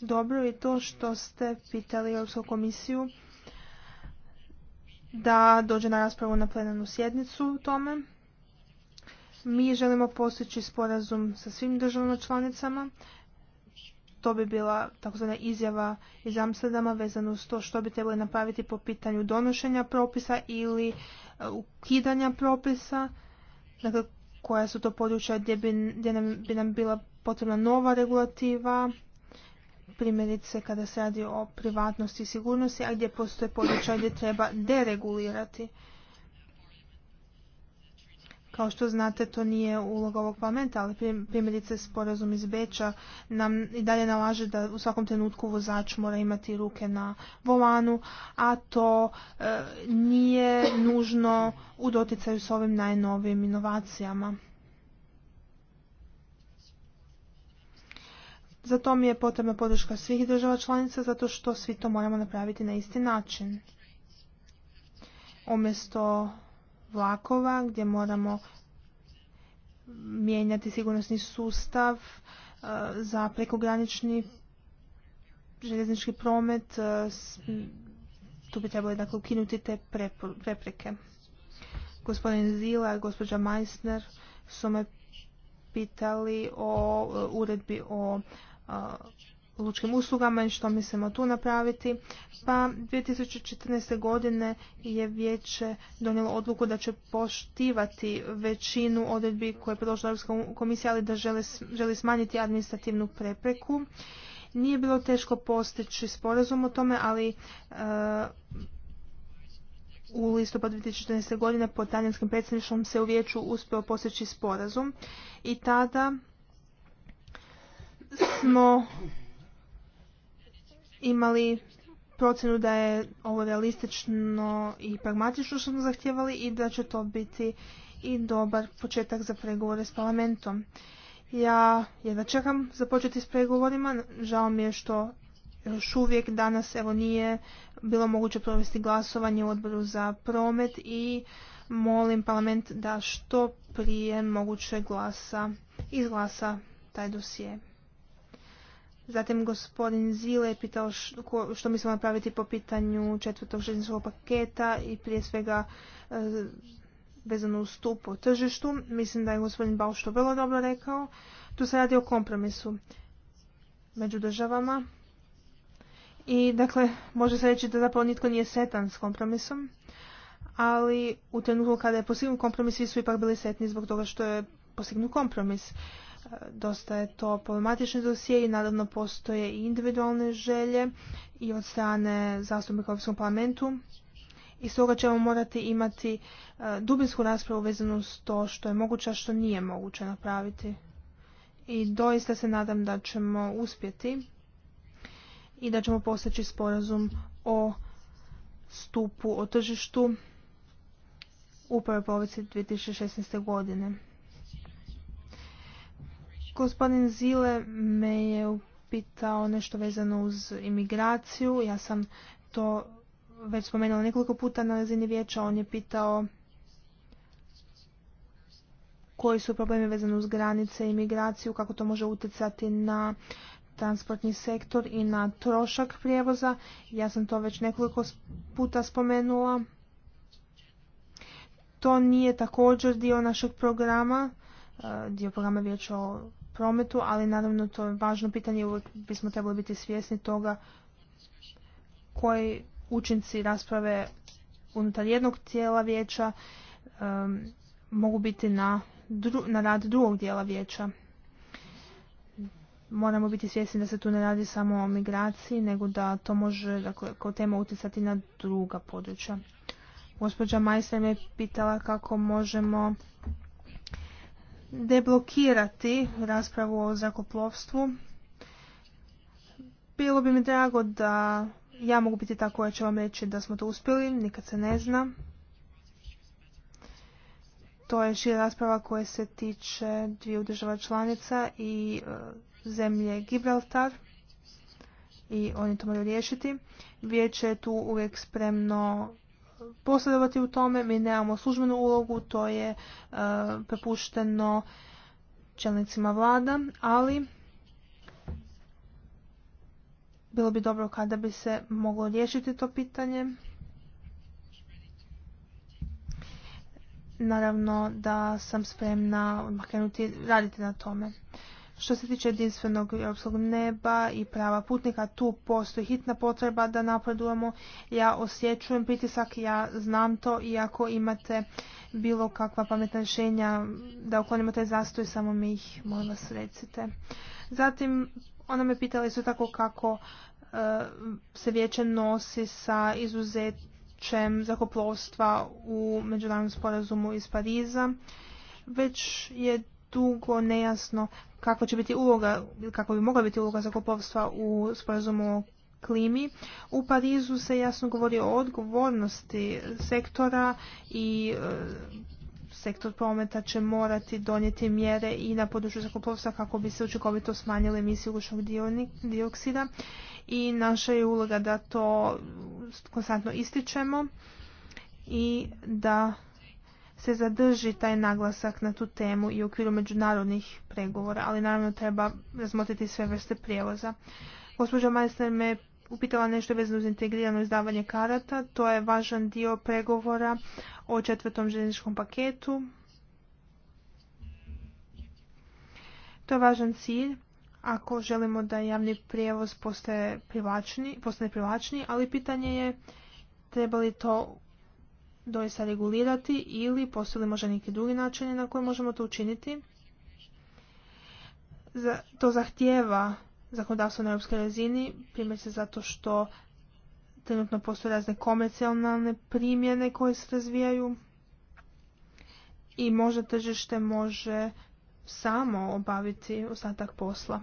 [SPEAKER 3] dobro i to što ste pitali Europsku komisiju da dođe na raspravu na plenarnu sjednicu u tome. Mi želimo postići sporazum sa svim državama članicama to bi bila takozvana izjava iz Amsterdama vezano uz to što bi trebali napraviti po pitanju donošenja propisa ili e, ukidanja propisa, dakle koja su to područja gdje bi, gdje nam, bi nam bila potrebna nova regulativa, primjerice kada se radi o privatnosti i sigurnosti, a gdje postoje područja gdje treba deregulirati. Kao što znate, to nije uloga ovog parlamenta, ali primjerice sporazum iz Beča nam i dalje nalaže da u svakom trenutku vozač mora imati ruke na volanu, a to e, nije nužno u doticaju s ovim najnovim inovacijama. Za to mi je potrebna podrška svih država članica, zato što svi to moramo napraviti na isti način. Umjesto vlakova gdje moramo mijenjati sigurnosni sustav e, za prekogranični željeznički promet. E, tu bi trebali dakle ukinuti te prepreke. Gospodin Zila i gospođa Meissner su me pitali o e, uredbi o lučkim uslugama i što mislimo tu napraviti. Pa 2014. godine je vijeće donijelo odluku da će poštivati većinu odredbi koje je predložila Europska komisija, ali da želi smanjiti administrativnu prepreku. Nije bilo teško postići sporazum o tome, ali e, u listopadu 2014. godine pod talijanskim predsjedništvom se u vijeću uspio postići sporazum i tada smo imali procjenu da je ovo realistično i pragmatično što smo zahtjevali i da će to biti i dobar početak za pregovore s parlamentom. Ja jedva čekam započeti s pregovorima, žao mi je što još uvijek danas evo nije bilo moguće provesti glasovanje u odboru za promet i molim parlament da što prije moguće glasa, izglasa taj dosije. Zatim gospodin Zile je pitao što mislimo napraviti po pitanju četvrtog željezničkog paketa i prije svega e, vezano uz stup tržištu. Mislim da je gospodin Bauš to vrlo dobro rekao. Tu se radi o kompromisu među državama. I dakle, može se reći da zapravo nitko nije setan s kompromisom, ali u trenutku kada je postignut kompromis, svi su ipak bili setni zbog toga što je postignut kompromis dosta je to problematični dosije i naravno postoje i individualne želje i od strane zastupnika u Europskom parlamentu. I stoga ćemo morati imati e, dubinsku raspravu vezanu s to što je moguće, a što nije moguće napraviti. I doista se nadam da ćemo uspjeti i da ćemo postići sporazum o stupu o tržištu u prvoj polovici 2016. godine. Gospodin Zile me je upitao nešto vezano uz imigraciju. Ja sam to već spomenula nekoliko puta na razini vijeća. On je pitao koji su problemi vezani uz granice i imigraciju, kako to može utjecati na transportni sektor i na trošak prijevoza. Ja sam to već nekoliko puta spomenula. To nije također dio našeg programa, eh, dio programa vijeća o prometu, ali naravno to je važno pitanje, uvijek bismo trebali biti svjesni toga koji učinci rasprave unutar jednog tijela vijeća mogu biti na, na rad drugog dijela vijeća. Moramo biti svjesni da se tu ne radi samo o migraciji, nego da to može dakle, kao tema utjecati na druga područja. Gospođa majstor me pitala kako možemo deblokirati raspravu o zrakoplovstvu. Bilo bi mi drago da ja mogu biti ta koja će vam reći da smo to uspjeli, nikad se ne zna. To je šira rasprava koja se tiče dviju država članica i e, zemlje Gibraltar i oni to moraju riješiti. Vijeće je tu uvijek spremno posredovati u tome, mi nemamo službenu ulogu, to je e, prepušteno čelnicima vlada, ali bilo bi dobro kada bi se moglo riješiti to pitanje. Naravno da sam spremna raditi na tome. Što se tiče jedinstvenog europskog neba i prava putnika, tu postoji hitna potreba da napredujemo. Ja osjećujem pritisak, ja znam to i ako imate bilo kakva pametna rješenja da uklonimo te zastoj, samo mi ih molim vas recite. Zatim, ona me pitala isto tako kako e, se vijeće nosi sa izuzećem zakoplovstva u međunarodnom sporazumu iz Pariza. Već je dugo nejasno kako će biti uloga, kako bi mogla biti uloga zakupovstva u sporazumu o klimi. U Parizu se jasno govori o odgovornosti sektora i e, sektor prometa će morati donijeti mjere i na području zakupovstva kako bi se učinkovito smanjile emisije ugljičnog dioksida i naša je uloga da to konstantno ističemo i da se zadrži taj naglasak na tu temu i u okviru međunarodnih pregovora, ali naravno treba razmotriti sve vrste prijevoza. Gospođa Majster me upitala nešto vezano uz integrirano izdavanje karata. To je važan dio pregovora o četvrtom željezničkom paketu. To je važan cilj ako želimo da javni prijevoz postaje privlačni, postane privlačni, ali pitanje je treba li to doista regulirati ili postoji li možda neki drugi način na koji možemo to učiniti. To zahtjeva zakonodavstvo na europskoj razini, primjer se zato što trenutno postoje razne komercijalne primjene koje se razvijaju i možda tržište može samo obaviti ostatak posla.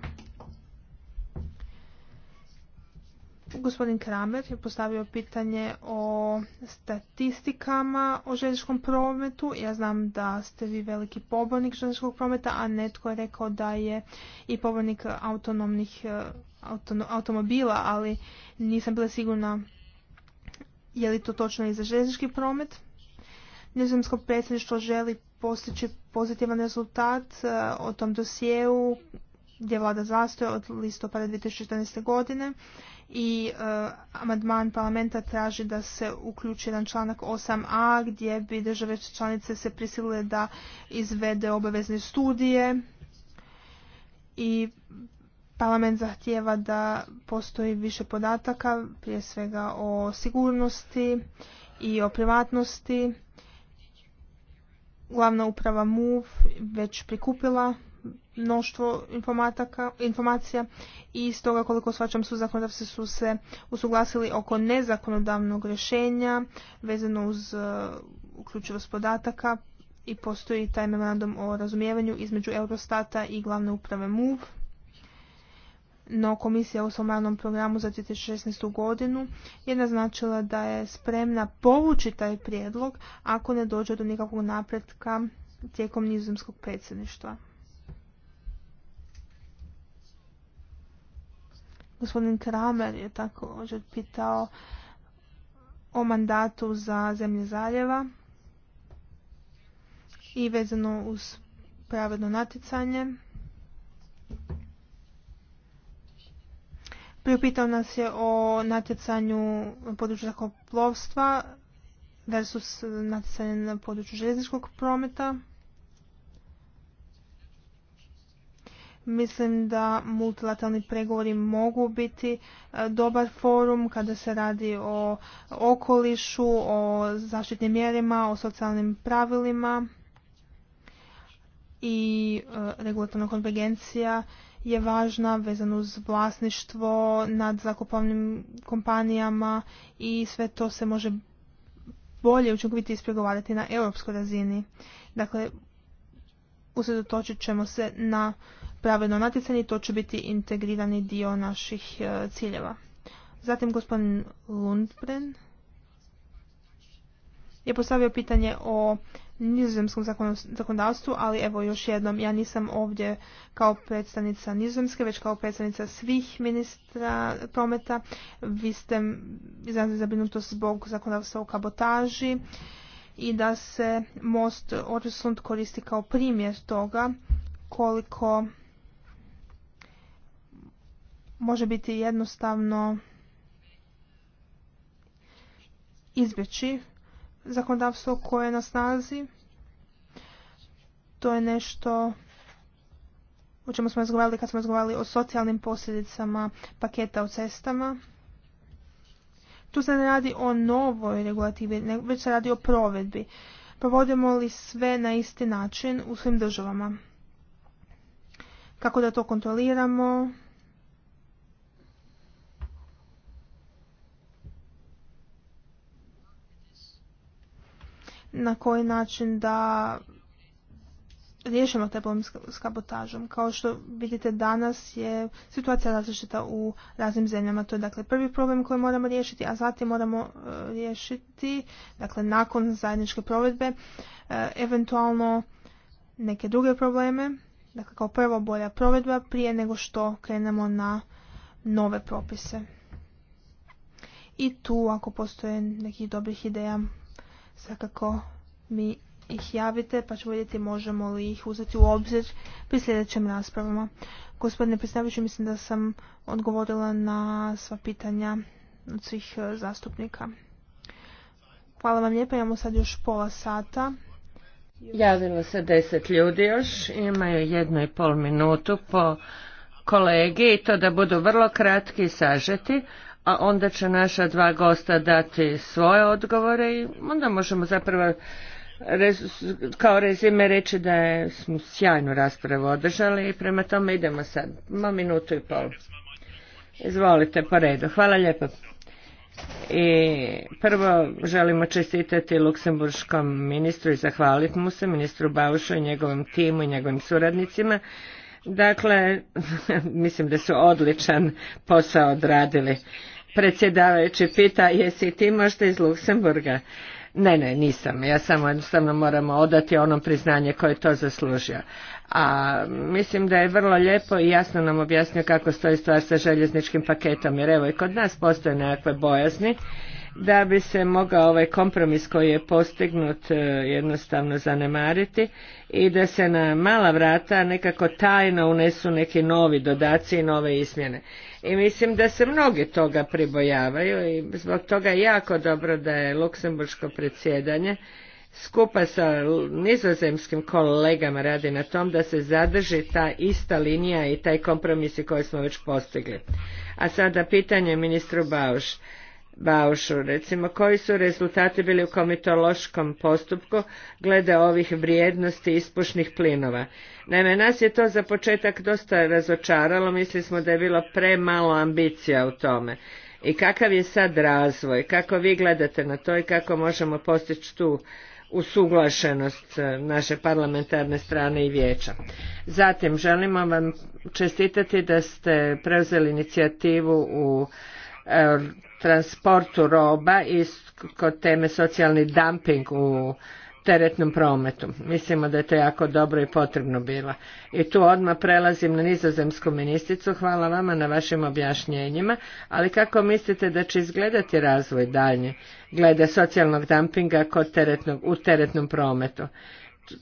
[SPEAKER 3] Gospodin Kramer je postavio pitanje o statistikama o željezničkom prometu. Ja znam da ste vi veliki pobornik željezničkog prometa, a netko je rekao da je i pobornik autonomnih e, automobila, ali nisam bila sigurna je li to točno i za željeznički promet. Nizozemsko predsjedništvo želi postići pozitivan rezultat e, o tom dosjeu gdje vlada zastoje od listopada 2014. godine i e, amandman parlamenta traži da se uključi jedan članak 8a gdje bi države članice se prisilile da izvede obavezne studije i parlament zahtjeva da postoji više podataka, prije svega o sigurnosti i o privatnosti. Glavna uprava MUV već prikupila mnoštvo informacija i stoga koliko svačam su zakonodavci su se usuglasili oko nezakonodavnog rješenja vezano uz e, uključivost podataka i postoji taj memorandum o razumijevanju između Eurostata i glavne uprave MUV. No komisija u svom programu za 2016. godinu je naznačila da je spremna povući taj prijedlog ako ne dođe do nikakvog napretka tijekom nizozemskog predsjedništva. Gospodin Kramer je također pitao o mandatu za zemlje zaljeva i vezano uz pravedno natjecanje. Priupitao nas je o natjecanju područja zrakoplovstva versus natjecanje na području željezničkog prometa. Mislim da multilateralni pregovori mogu biti e, dobar forum kada se radi o okolišu, o zaštitnim mjerima, o socijalnim pravilima i e, regulatorna konvergencija je važna vezano uz vlasništvo nad zakupovnim kompanijama i sve to se može bolje učinkoviti ispregovarati na europskoj razini. Dakle, usredotočit ćemo se na pravedno natjecanje i to će biti integrirani dio naših e, ciljeva. Zatim gospodin Lundgren je postavio pitanje o nizozemskom zakonodavstvu, ali evo još jednom, ja nisam ovdje kao predstavnica nizozemske, već kao predstavnica svih ministra prometa. Vi ste izrazili zabrinutost zbog zakonodavstva o kabotaži i da se most Orsund koristi kao primjer toga koliko može biti jednostavno izbjeći zakonodavstvo koje je na snazi. To je nešto o čemu smo razgovarali kad smo razgovarali o socijalnim posljedicama paketa o cestama tu se ne radi o novoj regulativi, već se radi o provedbi. Provodimo li sve na isti način u svim državama? Kako da to kontroliramo? Na koji način da riješimo taj problem s kabotažom. Kao što vidite danas je situacija različita u raznim zemljama. To je dakle prvi problem koji moramo riješiti, a zatim moramo e, riješiti, dakle nakon zajedničke provedbe, e, eventualno neke druge probleme. Dakle, kao prvo bolja provedba prije nego što krenemo na nove propise. I tu, ako postoje nekih dobrih ideja, svakako mi ih javite pa ćemo vidjeti možemo li ih uzeti u obzir pri sljedećim raspravama. Gospodine predstavljajući, mislim da sam odgovorila na sva pitanja od svih e, zastupnika. Hvala vam lijepo, imamo sad još pola sata.
[SPEAKER 2] Javilo se deset ljudi još, imaju jednu i pol minutu po kolegi i to da budu vrlo kratki i sažeti, a onda će naša dva gosta dati svoje odgovore i onda možemo zapravo kao rezime reći da smo sjajnu raspravu održali i prema tome idemo sad. Ma minutu i pol. Izvolite po redu. Hvala lijepo. I prvo želimo čestitati luksemburškom ministru i zahvaliti mu se, ministru Baušu i njegovom timu i njegovim suradnicima. Dakle, [laughs] mislim da su odličan posao odradili. Predsjedavajući pita, jesi ti možda iz Luksemburga? Ne, ne, nisam. Ja samo jednostavno moram odati onom priznanje koje je to zaslužio. A mislim da je vrlo lijepo i jasno nam objasnio kako stoji stvar sa željezničkim paketom. Jer evo i kod nas postoje nekakve bojazni da bi se mogao ovaj kompromis koji je postignut e, jednostavno zanemariti i da se na mala vrata nekako tajno unesu neki novi dodaci i nove izmjene. I mislim da se mnogi toga pribojavaju i zbog toga je jako dobro da je luksemburško predsjedanje skupa sa nizozemskim kolegama radi na tom da se zadrži ta ista linija i taj kompromisi koji smo već postigli. A sada pitanje ministru Bauš. Baušu, recimo, koji su rezultati bili u komitološkom postupku glede ovih vrijednosti ispušnih plinova. Naime, nas je to za početak dosta razočaralo, mislili smo da je bilo premalo ambicija u tome. I kakav je sad razvoj, kako vi gledate na to i kako možemo postići tu usuglašenost e, naše parlamentarne strane i vijeća. Zatim, želimo vam čestitati da ste preuzeli inicijativu u e, transportu roba i kod teme socijalni dumping u teretnom prometu. Mislimo da je to jako dobro i potrebno bilo. I tu odmah prelazim na nizozemsku ministricu. Hvala vama na vašim objašnjenjima. Ali kako mislite da će izgledati razvoj dalje glede socijalnog dumpinga kod u teretnom prometu?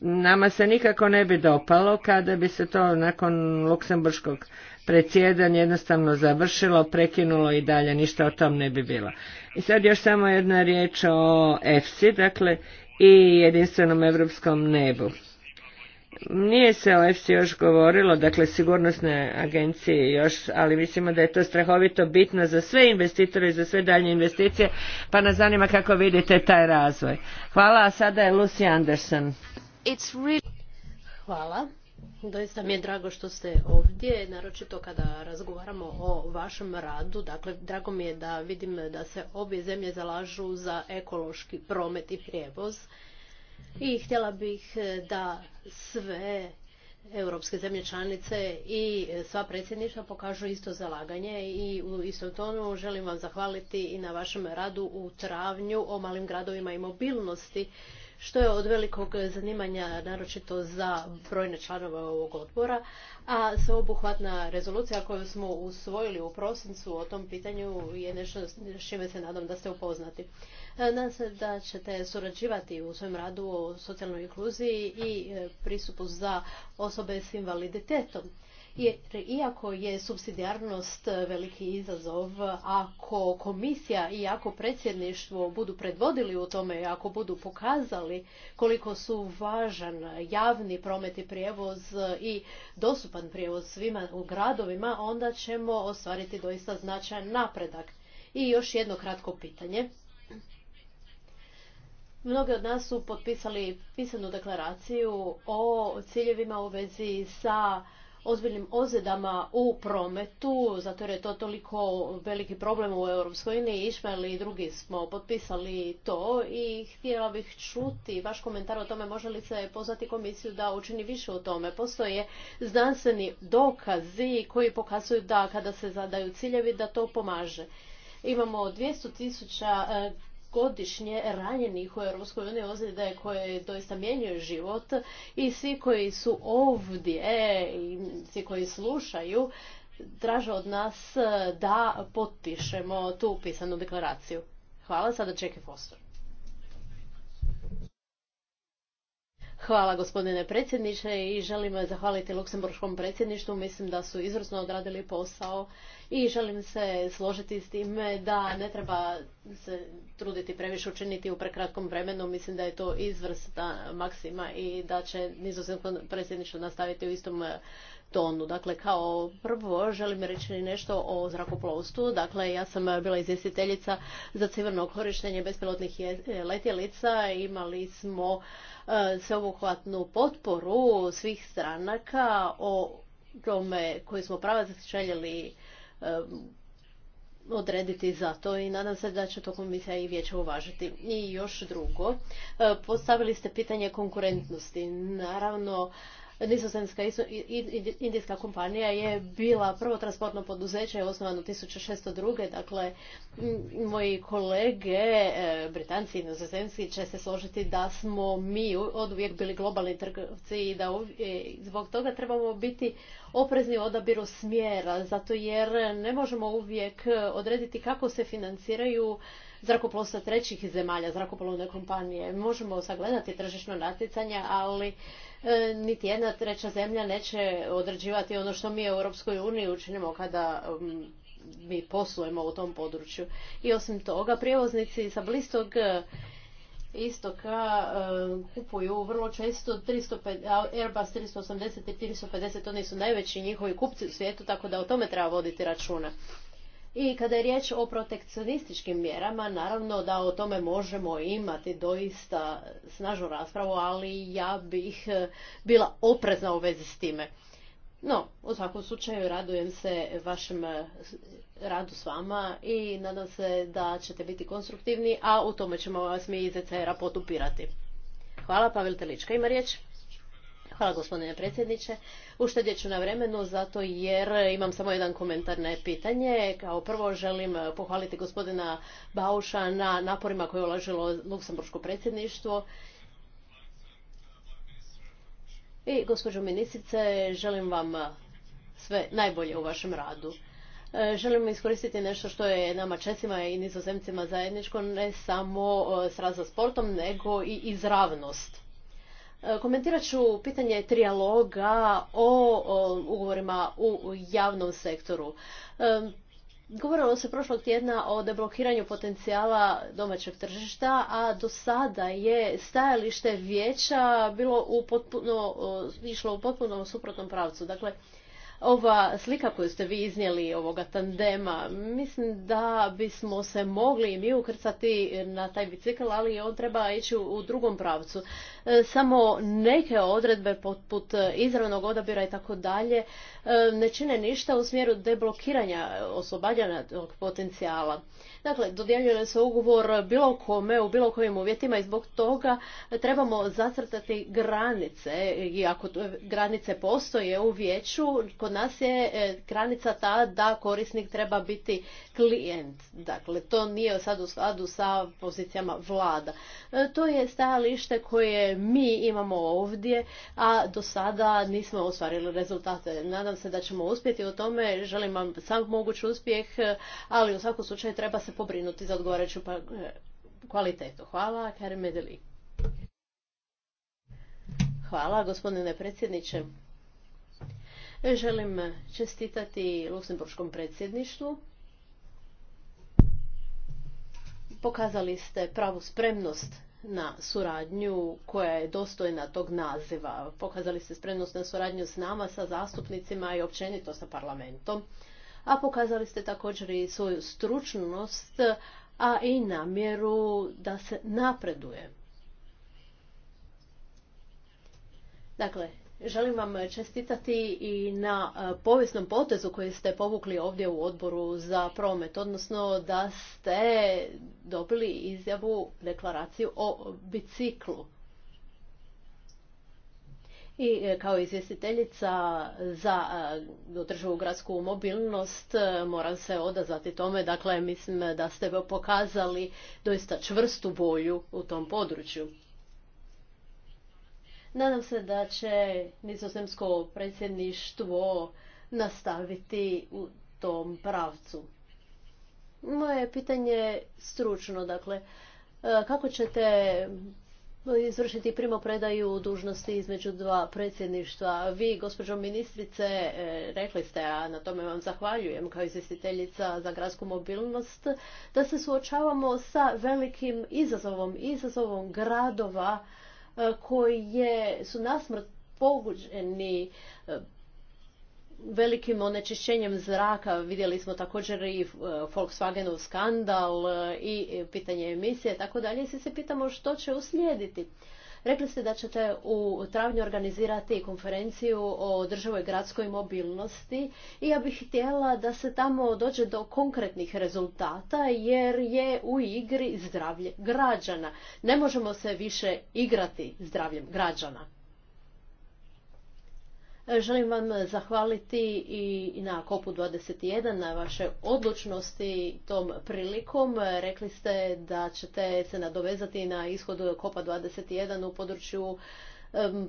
[SPEAKER 2] nama se nikako ne bi dopalo kada bi se to nakon luksemburškog predsjedanja jednostavno završilo, prekinulo i dalje, ništa o tom ne bi bilo. I sad još samo jedna riječ o EFSI, dakle i jedinstvenom europskom nebu. Nije se o EFSI još govorilo, dakle sigurnosne agencije još, ali mislimo da je to strahovito bitno za sve investitore i za sve dalje investicije, pa nas zanima kako vidite taj razvoj. Hvala, a sada je Lucy Anderson.
[SPEAKER 4] Hvala. Doista mi je drago što ste ovdje, naročito kada razgovaramo o vašem radu. Dakle, drago mi je da vidim da se obje zemlje zalažu za ekološki promet i prijevoz. I htjela bih eh, da sve europske zemlje članice i sva predsjedništva pokažu isto zalaganje i u istom tonu želim vam zahvaliti i na vašem radu u travnju o malim gradovima i mobilnosti što je od velikog zanimanja naročito za brojne članove ovog odbora, a sveobuhvatna rezolucija koju smo usvojili u prosincu o tom pitanju je nešto s čime se nadam da ste upoznati. E, nadam se da ćete surađivati u svojem radu o socijalnoj inkluziji i e, pristupu za osobe s invaliditetom. Jer iako je subsidijarnost veliki izazov, ako komisija i ako predsjedništvo budu predvodili u tome, i ako budu pokazali koliko su važan javni promet i prijevoz i dostupan prijevoz svima u gradovima, onda ćemo ostvariti doista značajan napredak. I još jedno kratko pitanje. Mnogi od nas su potpisali pisanu deklaraciju o ciljevima u vezi sa ozbiljnim ozljedama u prometu, zato jer je to toliko veliki problem u Europskoj uniji. Išmael i drugi smo potpisali to i htjela bih čuti vaš komentar o tome može li se pozvati komisiju da učini više o tome. Postoje znanstveni dokazi koji pokazuju da kada se zadaju ciljevi da to pomaže. Imamo dvjesto tisuća godišnje ranjenih u Europskoj uniji ozljede koje doista mijenjaju život i svi koji su ovdje i svi koji slušaju traže od nas da potpišemo tu pisanu deklaraciju. Hvala, sada Čeke Foster. Hvala gospodine predsjedniče i želim zahvaliti Luksemburškom predsjedništvu. Mislim da su izvrsno odradili posao i želim se složiti s time da ne treba se truditi previše učiniti u prekratkom vremenu. Mislim da je to izvrsna maksima i da će nizozemsko predsjedništvo nastaviti u istom tonu. Dakle, kao prvo želim reći nešto o zrakoplovstvu. Dakle, ja sam bila izvjestiteljica za civilno korištenje bespilotnih letjelica. Imali smo E, sveobuhvatnu potporu svih stranaka o tome koji smo prava željeli e, odrediti za to i nadam se da će to komisija i vijeće uvažiti. I još drugo, e, postavili ste pitanje konkurentnosti. Naravno, Nizozemska indijska kompanija je bila prvo transportno poduzeće osnovano 1602. Dakle, moji kolege, e, Britanci i Nizozemci, će se složiti da smo mi od uvijek bili globalni trgovci i da e, zbog toga trebamo biti oprezni u odabiru smjera, zato jer ne možemo uvijek e, odrediti kako se financiraju zrakoplovstva trećih zemalja, zrakoplovne kompanije. Možemo sagledati tržišno natjecanje, ali E, niti jedna treća zemlja neće određivati ono što mi u Europskoj uniji učinimo kada um, mi poslujemo u tom području. I osim toga, prijevoznici sa blistog e, istoka e, kupuju vrlo često 350, Airbus 380 i 350, oni su najveći njihovi kupci u svijetu, tako da o tome treba voditi računa. I kada je riječ o protekcionističkim mjerama, naravno da o tome možemo imati doista snažnu raspravu, ali ja bih eh, bila oprezna u vezi s time. No, u svakom slučaju radujem se vašem eh, radu s vama i nadam se da ćete biti konstruktivni, a u tome ćemo vas mi iz ECR-a potupirati. Hvala, Pavel Telička ima riječ. Hvala gospodine predsjedniče. Uštedjet ću na vremenu zato jer imam samo jedan komentar na pitanje. Kao prvo želim pohvaliti gospodina Bauša na naporima koje je uložilo Luksemburško predsjedništvo. I gospođo ministrice, želim vam sve najbolje u vašem radu. E, želim iskoristiti nešto što je nama Česima i nizozemcima zajedničko, ne samo e, sraz za sportom, nego i izravnost. E, komentirat ću pitanje trijaloga o, ugovorima u javnom sektoru. E, govorilo se prošlog tjedna o deblokiranju potencijala domaćeg tržišta, a do sada je stajalište vijeća bilo potpuno, e, išlo u potpuno suprotnom pravcu. Dakle, ova slika koju ste vi iznijeli ovoga tandema, mislim da bismo se mogli i mi ukrcati na taj bicikl, ali on treba ići u drugom pravcu. E, samo neke odredbe poput izravnog odabira i tako dalje e, ne čine ništa u smjeru deblokiranja oslobađanja tog potencijala. Dakle, dodjeljuje se ugovor bilo kome u bilo kojim uvjetima i zbog toga trebamo zacrtati granice. I ako granice postoje u vijeću, kod nas je e, granica ta da korisnik treba biti klijent. Dakle, to nije sad u skladu sa pozicijama vlada. E, to je stajalište koje mi imamo ovdje, a do sada nismo ostvarili rezultate. Nadam se da ćemo uspjeti u tome, želim vam sam moguć uspjeh, ali u svakom slučaju treba se pobrinuti za odgovarajuću pa, e, kvalitetu. Hvala, Karim Medeli. Hvala, gospodine predsjedniče. Želim čestitati Luksemburškom predsjedništvu. Pokazali ste pravu spremnost na suradnju koja je dostojna tog naziva. Pokazali ste spremnost na suradnju s nama, sa zastupnicima i općenito sa parlamentom. A pokazali ste također i svoju stručnost, a i namjeru da se napreduje. Dakle, Želim vam čestitati i na e, povijesnom potezu koji ste povukli ovdje u odboru za promet, odnosno da ste dobili izjavu deklaraciju o biciklu. I e, kao izvjestiteljica za e, održavu gradsku mobilnost moram se odazvati tome, dakle mislim da ste pokazali doista čvrstu bolju u tom području. Nadam se da će nizozemsko predsjedništvo nastaviti u tom pravcu. Moje pitanje je stručno, dakle, e, kako ćete izvršiti primopredaju dužnosti između dva predsjedništva. Vi, gospođo ministrice, e, rekli ste, a na tome vam zahvaljujem kao izvjestiteljica za gradsku mobilnost, da se suočavamo sa velikim izazovom, izazovom gradova E, koje su nasmrt poguđeni e, velikim onečišćenjem zraka. Vidjeli smo također i e, Volkswagenov skandal i pitanje emisije, tako dalje. se pitamo što će uslijediti. Rekli ste da ćete u travnju organizirati konferenciju o državoj gradskoj mobilnosti i ja bih htjela da se tamo dođe do konkretnih rezultata jer je u igri zdravlje građana. Ne možemo se više igrati zdravljem građana. Želim vam zahvaliti i na kopu 21 na vaše odlučnosti tom prilikom. Rekli ste da ćete se nadovezati na ishod kopa 21 u području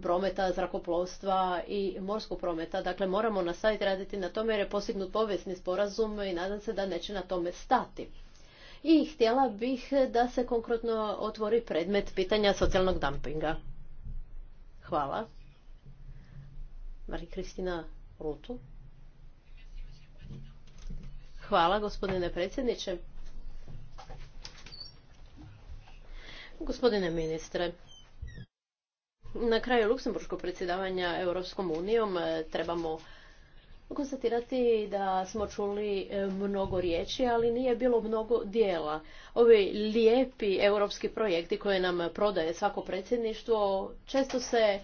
[SPEAKER 4] prometa, zrakoplovstva i morskog prometa. Dakle, moramo nastaviti raditi na tome jer je postignut povijesni sporazum i nadam se da neće na tome stati. I htjela bih da se konkretno otvori predmet pitanja socijalnog dumpinga. Hvala. Marija kristina Rutu. Hvala gospodine predsjedniče. Gospodine ministre, na kraju luksemburškog predsjedavanja Europskom unijom e, trebamo konstatirati da smo čuli e, mnogo riječi, ali nije bilo mnogo dijela. Ovi lijepi europski projekti koje nam prodaje svako predsjedništvo često se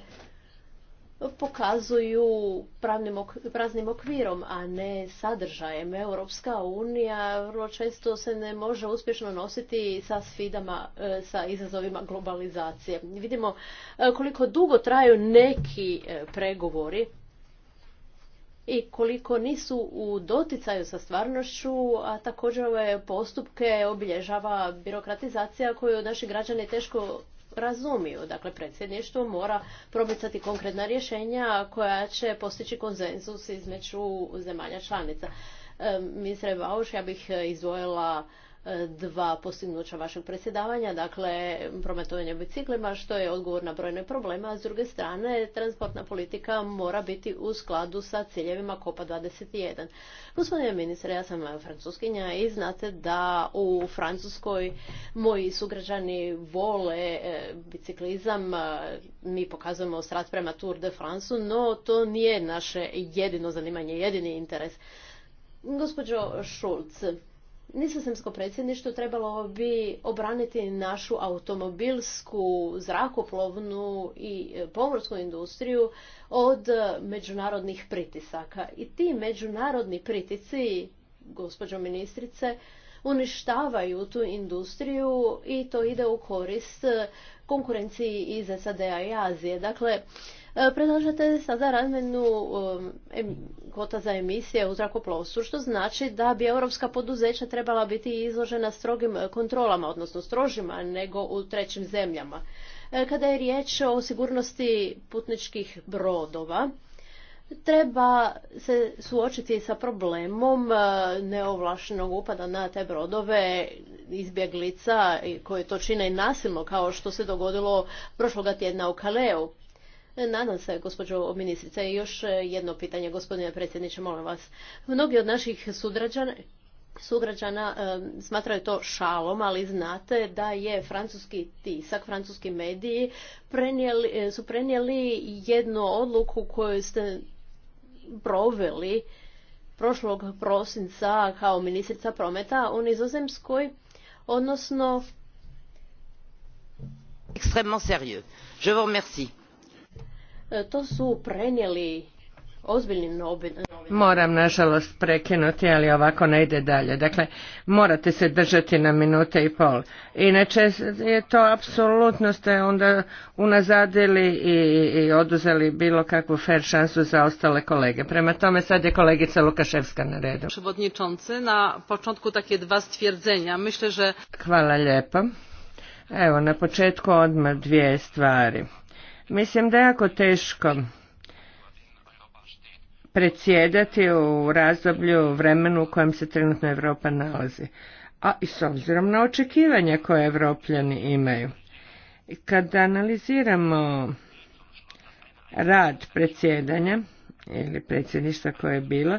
[SPEAKER 4] pokazuju praznim okvirom, a ne sadržajem. Europska unija vrlo često se ne može uspješno nositi sa sfidama, e, sa izazovima globalizacije. Vidimo e, koliko dugo traju neki e, pregovori i koliko nisu u doticaju sa stvarnošću, a također ove postupke obilježava birokratizacija koju naši građani teško razumiju. Dakle, predsjedništvo mora promicati konkretna rješenja koja će postići konsenzus između zemalja članica. E, ministre Bauš, ja bih izdvojila dva postignuća vašeg predsjedavanja, dakle prometovanje biciklima, što je odgovor na brojne problema, a s druge strane transportna politika mora biti u skladu sa ciljevima COPA 21. Gospodine ministre, ja sam francuskinja i znate da u Francuskoj moji sugrađani vole e, biciklizam, mi pokazujemo strat prema Tour de France, no to nije naše jedino zanimanje, jedini interes. Gospođo Šulc, Nizozemsko predsjedništvo trebalo bi obraniti našu automobilsku, zrakoplovnu i e, pomorsku industriju od e, međunarodnih pritisaka. I ti međunarodni pritisci gospođo ministrice, uništavaju tu industriju i to ide u korist e, konkurenciji iz SAD-a i Azije. Dakle, E, predlažete sada razmenu e, kvota za emisije u zrakoplovstvu, što znači da bi europska poduzeća trebala biti izložena strogim e, kontrolama, odnosno strožima nego u trećim zemljama. Kada je riječ o sigurnosti putničkih brodova, treba se suočiti sa problemom neovlaštenog upada na te brodove izbjeglica koje to čine nasilno kao što se dogodilo prošloga tjedna u Kaleu. E, nadam se, gospođo ministrice, još e, jedno pitanje, gospodine predsjedniče, molim vas. Mnogi od naših sudrađana, sugrađana e, smatraju to šalom, ali znate da je francuski tisak, francuski mediji prenijeli, su prenijeli jednu odluku koju ste proveli prošlog prosinca kao ministrica prometa u Nizozemskoj, odnosno... Extremement sérieux. E, to su prenijeli ozbiljni
[SPEAKER 2] Moram nažalost prekinuti, ali ovako ne ide dalje. Dakle, morate se držati na minute i pol. Inače je to apsolutno ste onda unazadili i, i oduzeli bilo kakvu fair šansu za ostale kolege. Prema tome sad je kolegica Lukaševska na redu.
[SPEAKER 4] na początku takie dwa stwierdzenia. Myślę, że...
[SPEAKER 2] Hvala lijepo. Evo, na početku odmah dvije stvari. Mislim da je jako teško predsjedati u razdoblju vremenu u kojem se trenutno Europa nalazi, a i s obzirom na očekivanja koje Evropljani imaju. Kada analiziramo rad predsjedanja ili predsjedništva koje je bilo,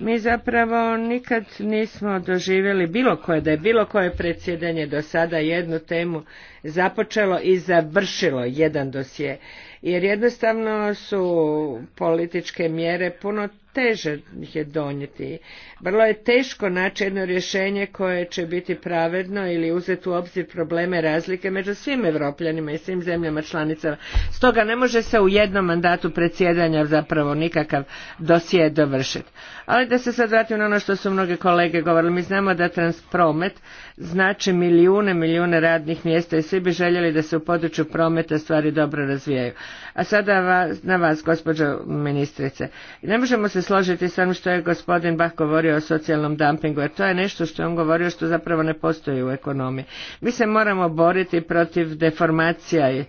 [SPEAKER 2] mi zapravo nikad nismo doživjeli bilo koje, da je bilo koje predsjedanje do sada jednu temu započelo i završilo jedan dosje jer jednostavno su političke mjere puno teže ih je donijeti. Vrlo je teško naći jedno rješenje koje će biti pravedno ili uzeti u obzir probleme razlike među svim evropljanima i svim zemljama članicama. Stoga ne može se u jednom mandatu predsjedanja zapravo nikakav dosije dovršiti. Ali da se sad vratim na ono što su mnoge kolege govorili. Mi znamo da transpromet znači milijune, milijune radnih mjesta i svi bi željeli da se u području prometa stvari dobro razvijaju. A sada vas, na vas, gospođo ministrice. Ne možemo se složiti s onim što je gospodin Bach govorio o socijalnom dampingu, jer to je nešto što je on govorio što zapravo ne postoji u ekonomiji. Mi se moramo boriti protiv deformacija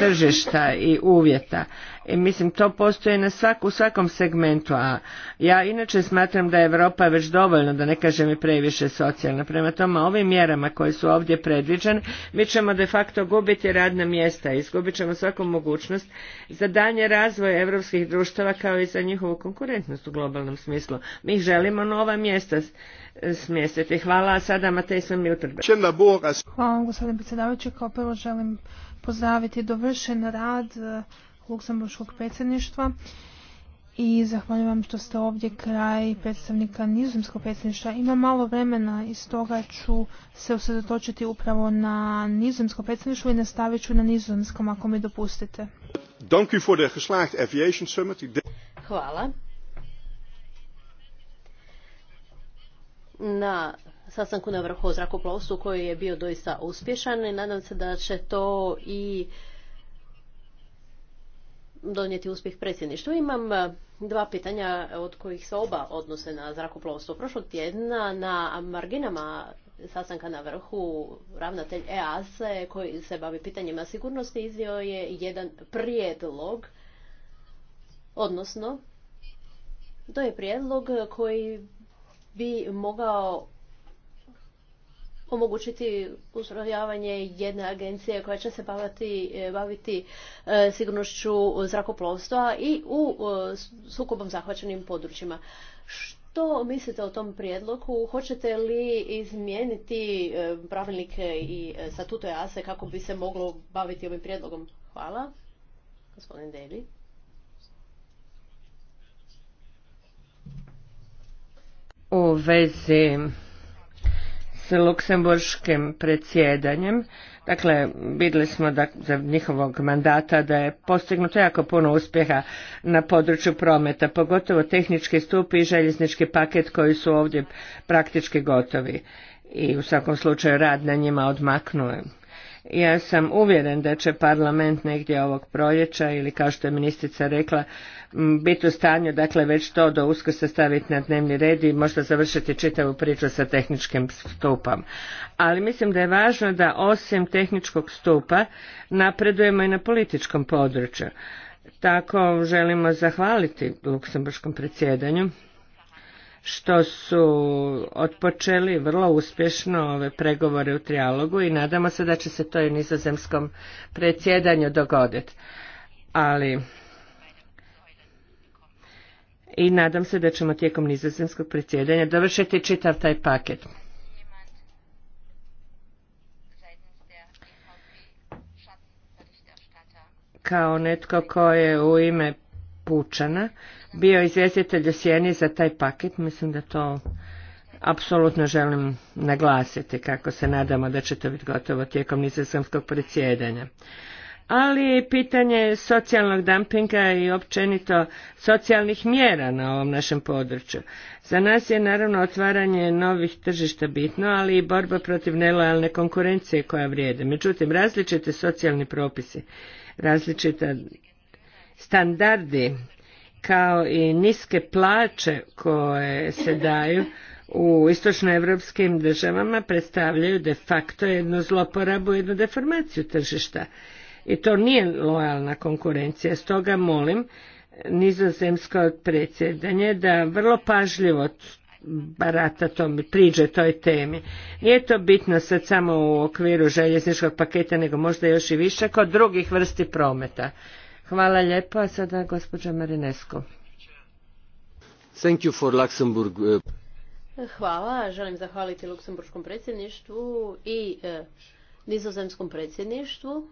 [SPEAKER 2] tržišta i uvjeta i e, mislim, to postoji na svaku, u svakom segmentu, a ja inače smatram da je Europa već dovoljno, da ne kažem i previše socijalna. Prema tome, ovim mjerama koje su ovdje predviđene, mi ćemo de facto gubiti radna mjesta, izgubit ćemo svaku mogućnost za danje razvoj europskih društava kao i za njihovu konkurentnost u globalnom smislu. Mi želimo nova mjesta smjestiti. Hvala, a sada Matej sam
[SPEAKER 3] Hvala vam, gospodin predsjedavajući. Kao prvo želim pozdraviti dovršen rad luksemburškog predsjedništva i zahvaljujem vam što ste ovdje kraj predstavnika nizozemskog predsjedništva. Ima malo vremena i stoga ću se usredotočiti upravo na nizozemsko predsjedništvo i nastavit ću na nizozemskom ako mi dopustite.
[SPEAKER 4] Hvala. Na sastanku na vrhu zrakoplovstvu koji je bio doista uspješan i nadam se da će to i donijeti uspjeh predsjedništvu. Imam e, dva pitanja e, od kojih se oba odnose na zrakoplovstvo. Prošlog tjedna na marginama sastanka na vrhu ravnatelj EAS koji se bavi pitanjima sigurnosti iznio je jedan prijedlog, odnosno to je prijedlog koji bi mogao omogućiti ustrojavanje jedne agencije koja će se e, baviti, baviti e, sigurnošću zrakoplovstva i u e, sukobom zahvaćenim područjima. Što mislite o tom prijedlogu? Hoćete li izmijeniti pravilnike i statuto ASE kako bi se moglo baviti ovim prijedlogom? Hvala. Gospodin Deli.
[SPEAKER 2] U vezi luksemburškim predsjedanjem. Dakle, vidjeli smo da za njihovog mandata da je postignuto jako puno uspjeha na području prometa, pogotovo tehnički stup i željeznički paket koji su ovdje praktički gotovi. I u svakom slučaju rad na njima odmaknuje. Ja sam uvjeren da će parlament negdje ovog proljeća ili kao što je ministrica rekla biti u stanju dakle već to do uskrsa staviti na dnevni red i možda završiti čitavu priču sa tehničkim stupom. Ali mislim da je važno da osim tehničkog stupa napredujemo i na političkom području. Tako želimo zahvaliti Luksemburškom predsjedanju što su otpočeli vrlo uspješno ove pregovore u trijalogu i nadamo se da će se to i nizozemskom predsjedanju dogoditi. Ali i nadam se da ćemo tijekom nizozemskog predsjedanja dovršiti čitav taj paket. Kao netko ko je u ime Pučana bio izvjestitelj u sjeni za taj paket, mislim da to apsolutno želim naglasiti kako se nadamo da će to biti gotovo tijekom nizozemskog predsjedanja ali pitanje socijalnog dumpinga i općenito socijalnih mjera na ovom našem području. Za nas je naravno otvaranje novih tržišta bitno, ali i borba protiv nelojalne konkurencije koja vrijede. Međutim, različite socijalni propisi, različite standardi kao i niske plaće koje se daju u istočnoevropskim državama predstavljaju de facto jednu zloporabu, jednu deformaciju tržišta i to nije lojalna konkurencija. Stoga molim nizozemsko predsjedanje da vrlo pažljivo barata tom, priđe toj temi. Nije to bitno sad samo u okviru željezničkog paketa, nego možda još i više kod drugih vrsti prometa. Hvala lijepo, a sada gospođa Marinesko.
[SPEAKER 4] Uh, Hvala, želim zahvaliti Luksemburškom predsjedništvu i eh, nizozemskom predsjedništvu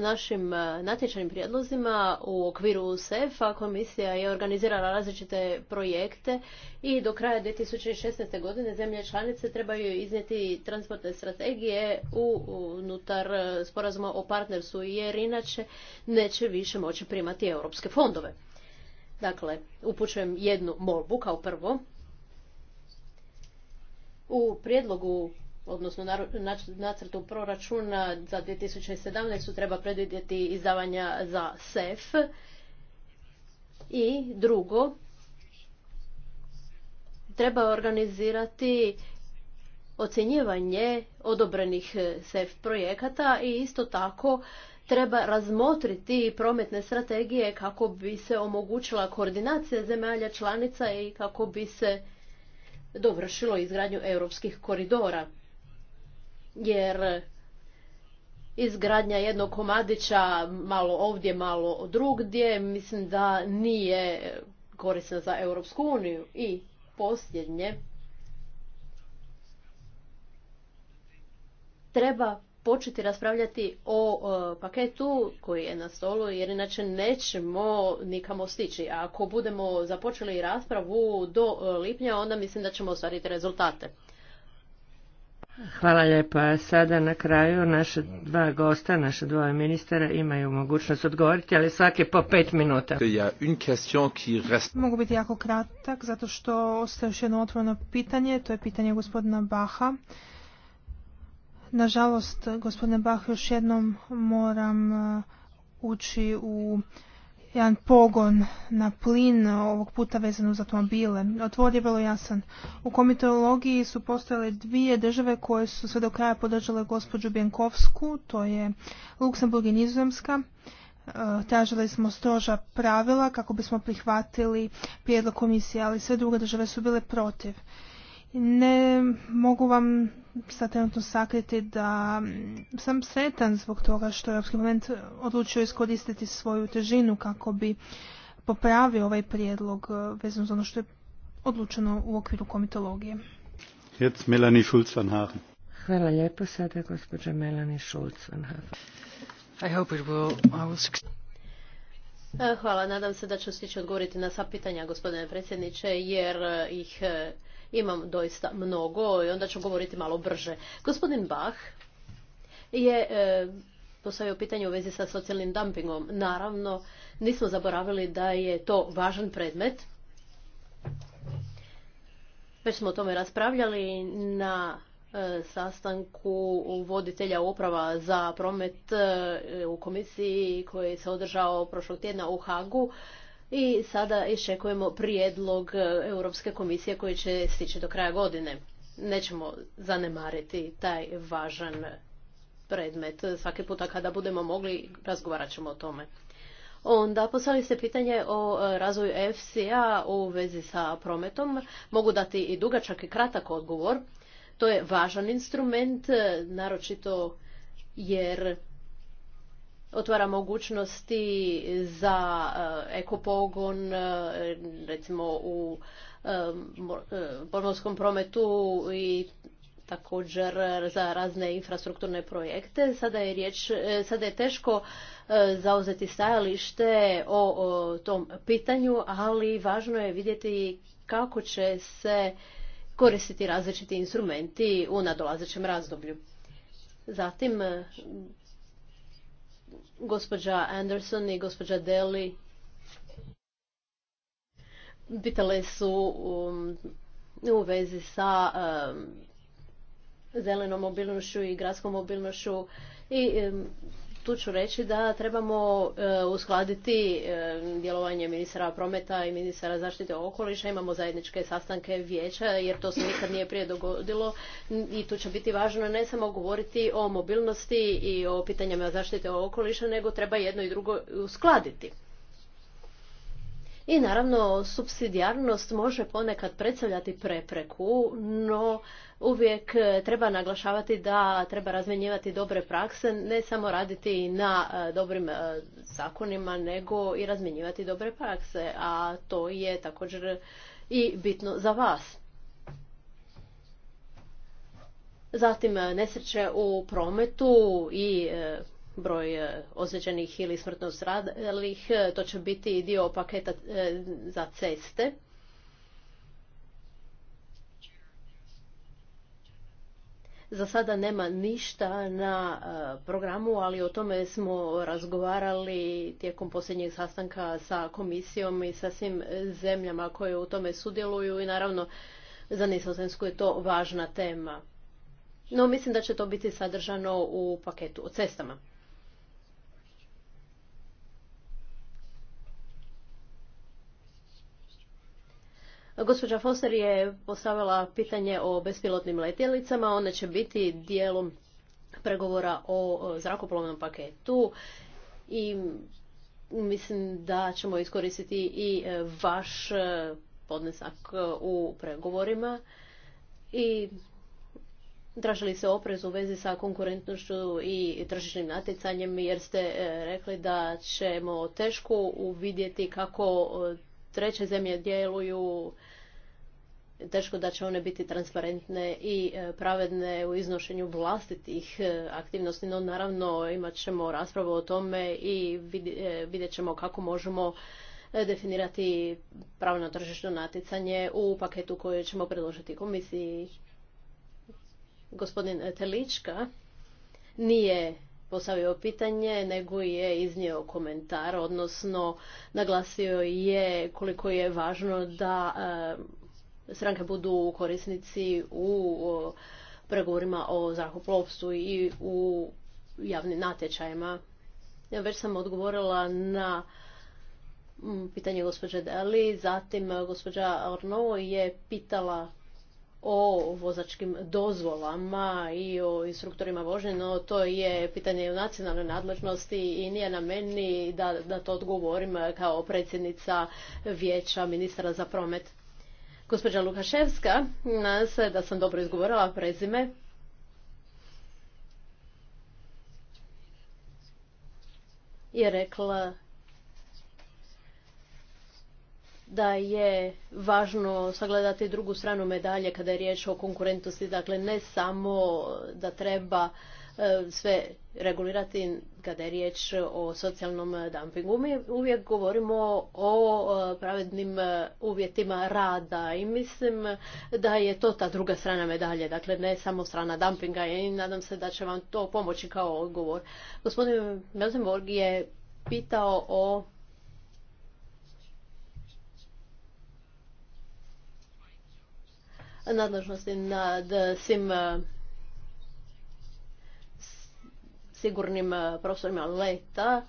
[SPEAKER 4] našim e, natječajnim prijedlozima u okviru sef komisija je organizirala različite projekte i do kraja 2016. godine zemlje članice trebaju iznijeti transportne strategije unutar e, sporazuma o partnerstvu jer inače neće više moći primati europske fondove. Dakle, upućujem jednu molbu kao prvo. U prijedlogu odnosno nacrtu proračuna za 2017. treba predvidjeti izdavanja za SEF. I drugo, treba organizirati ocjenjivanje odobrenih SEF projekata i isto tako treba razmotriti prometne strategije kako bi se omogućila koordinacija zemalja članica i kako bi se dovršilo izgradnju europskih koridora jer izgradnja jednog komadića malo ovdje, malo drugdje, mislim da nije korisna za Europsku uniju. I posljednje, treba početi raspravljati o, e, paketu koji je na stolu jer inače nećemo nikamo stići. ako budemo započeli raspravu do e, lipnja onda mislim da ćemo ostvariti rezultate.
[SPEAKER 2] Hvala lijepa. Sada na kraju naše dva gosta, naše dvoje ministara imaju mogućnost odgovoriti, ali svake po pet minuta.
[SPEAKER 3] Mogu biti jako kratak, zato što ostaje još jedno otvoreno pitanje, to je pitanje gospodina Baha. Nažalost, gospodine Baha još jednom moram uh, ući u jedan pogon na plin ovog puta vezan uz automobile. Otvor je vrlo jasan. U komitologiji su postojale dvije države koje su sve do kraja podržale gospođu Bjenkovsku, to je Luksemburg i Nizozemska. E, tražili smo stroža pravila kako bismo prihvatili prijedlog komisije, ali sve druge države su bile protiv. Ne mogu vam sad trenutno sakriti da sam sretan zbog toga što je Europski parlament odlučio iskoristiti svoju težinu kako bi popravio ovaj prijedlog e, vezano za ono što je odlučeno u okviru komitologije.
[SPEAKER 2] Hvala lijepo sada gospođa Melanie Schulz
[SPEAKER 4] e, Hvala, nadam se da ću stići odgovoriti na sva pitanja gospodine predsjedniče jer e, ih imam doista mnogo i onda ću govoriti malo brže. Gospodin Bach je e, postavio pitanje u vezi sa socijalnim dumpingom. Naravno, nismo zaboravili da je to važan predmet. Već smo o tome raspravljali na e, sastanku voditelja uprava za promet e, u komisiji koji se održao prošlog tjedna u Hagu i sada iščekujemo prijedlog e, Europske komisije koji će stići do kraja godine. Nećemo zanemariti taj važan predmet. Svaki puta kada budemo mogli razgovarat ćemo o tome. Onda poslali ste pitanje o e, razvoju FCA u vezi sa prometom. Mogu dati i dugačak i kratak odgovor. To je važan instrument, e, naročito jer otvara mogućnosti za e, ekopogon, e, recimo u e, pomorskom prometu i također za razne infrastrukturne projekte. Sada je, riječ, sada je teško zauzeti stajalište o, o tom pitanju, ali važno je vidjeti kako će se koristiti različiti instrumenti u nadolazećem razdoblju. Zatim, gospođa Anderson i gospođa Deli pitale su um, u vezi sa um, zelenom mobilnošću i gradskom mobilnošću i um, tu ću reći da trebamo e, uskladiti e, djelovanje ministra prometa i ministra zaštite okoliša. Imamo zajedničke sastanke vijeća jer to se nikad nije prije dogodilo i tu će biti važno ne samo govoriti o mobilnosti i o pitanjima zaštite okoliša nego treba jedno i drugo uskladiti. I naravno, subsidijarnost može ponekad predstavljati prepreku, no uvijek e, treba naglašavati da treba razmjenjivati dobre prakse, ne samo raditi na e, dobrim e, zakonima, nego i razmjenjivati dobre prakse, a to je također i bitno za vas. Zatim nesreće u prometu i broj e, ozlijeđenih ili smrtno stradalih. E, to će biti dio paketa e, za ceste. Za sada nema ništa na programu, ali o tome smo razgovarali tijekom posljednjeg sastanka sa komisijom i sa svim zemljama koje u tome sudjeluju i naravno za Nizozemsku je to važna tema. No mislim da će to biti sadržano u paketu o cestama. Gospođa Foster je postavila pitanje o bespilotnim letjelicama. One će biti dijelom pregovora o zrakoplovnom paketu i mislim da ćemo iskoristiti i e, vaš e, podnesak e, u pregovorima i tražili se oprez u vezi sa konkurentnošću i tržišnim natjecanjem jer ste rekli da ćemo teško uvidjeti kako treće zemlje djeluju, teško da će one biti transparentne i e, pravedne u iznošenju vlastitih e, aktivnosti, no naravno imat ćemo raspravu o tome i e, vidjet ćemo kako možemo definirati pravno tržišno natjecanje u paketu koje ćemo predložiti komisiji. Gospodin Telička nije postavio pitanje, nego je iznio komentar, odnosno naglasio je koliko je važno da e, stranke budu korisnici u pregovorima o zrakoplovstvu i u javnim natječajima. Ja već sam odgovorila na pitanje gospođe Deli, zatim gospođa Ornovo je pitala o vozačkim dozvolama i o instruktorima vožnje, no to je pitanje u nacionalnoj nadležnosti i nije na meni da, da to odgovorim kao predsjednica vijeća ministra za promet. Gospođa Lukaševska, nadam se da sam dobro izgovorila prezime. je rekla da je važno sagledati drugu stranu medalje kada je riječ o konkurentnosti. Dakle, ne samo da treba e, sve regulirati kada je riječ o socijalnom dumpingu. Mi uvijek govorimo o e, pravednim e, uvjetima rada i mislim da je to ta druga strana medalje, dakle ne samo strana dumpinga i nadam se da će vam to pomoći kao odgovor. Gospodin Melzenborg je pitao o nadležnosti nad eh, svim eh, sigurnim eh, profesorima leta.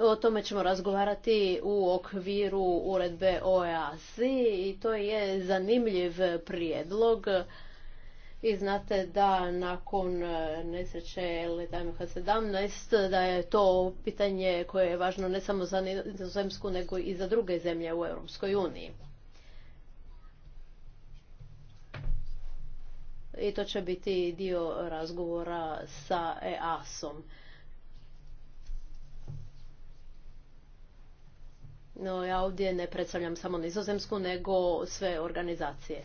[SPEAKER 4] O tome ćemo razgovarati u okviru uredbe o EASI i to je zanimljiv prijedlog. I znate da nakon nesreće LTMH17 da je to pitanje koje je važno ne samo za nizozemsku nego i za druge zemlje u Europskoj uniji. i to će biti dio razgovora sa EASom. No, ja ovdje ne predstavljam samo nizozemsku, nego sve organizacije.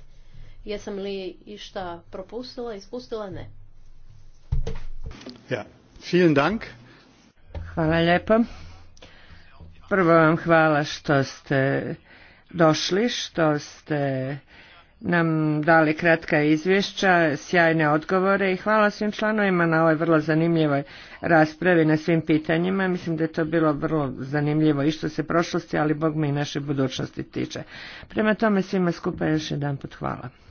[SPEAKER 4] Jesam li išta propustila, ispustila? Ne.
[SPEAKER 2] Ja, vielen dank. Hvala lijepo. Prvo vam hvala što ste došli, što ste nam dali kratka izvješća, sjajne odgovore i hvala svim članovima na ovoj vrlo zanimljivoj raspravi na svim pitanjima. Mislim da je to bilo vrlo zanimljivo i što se prošlosti, ali Bog mi i naše budućnosti tiče. Prema tome svima skupa još jedan put hvala.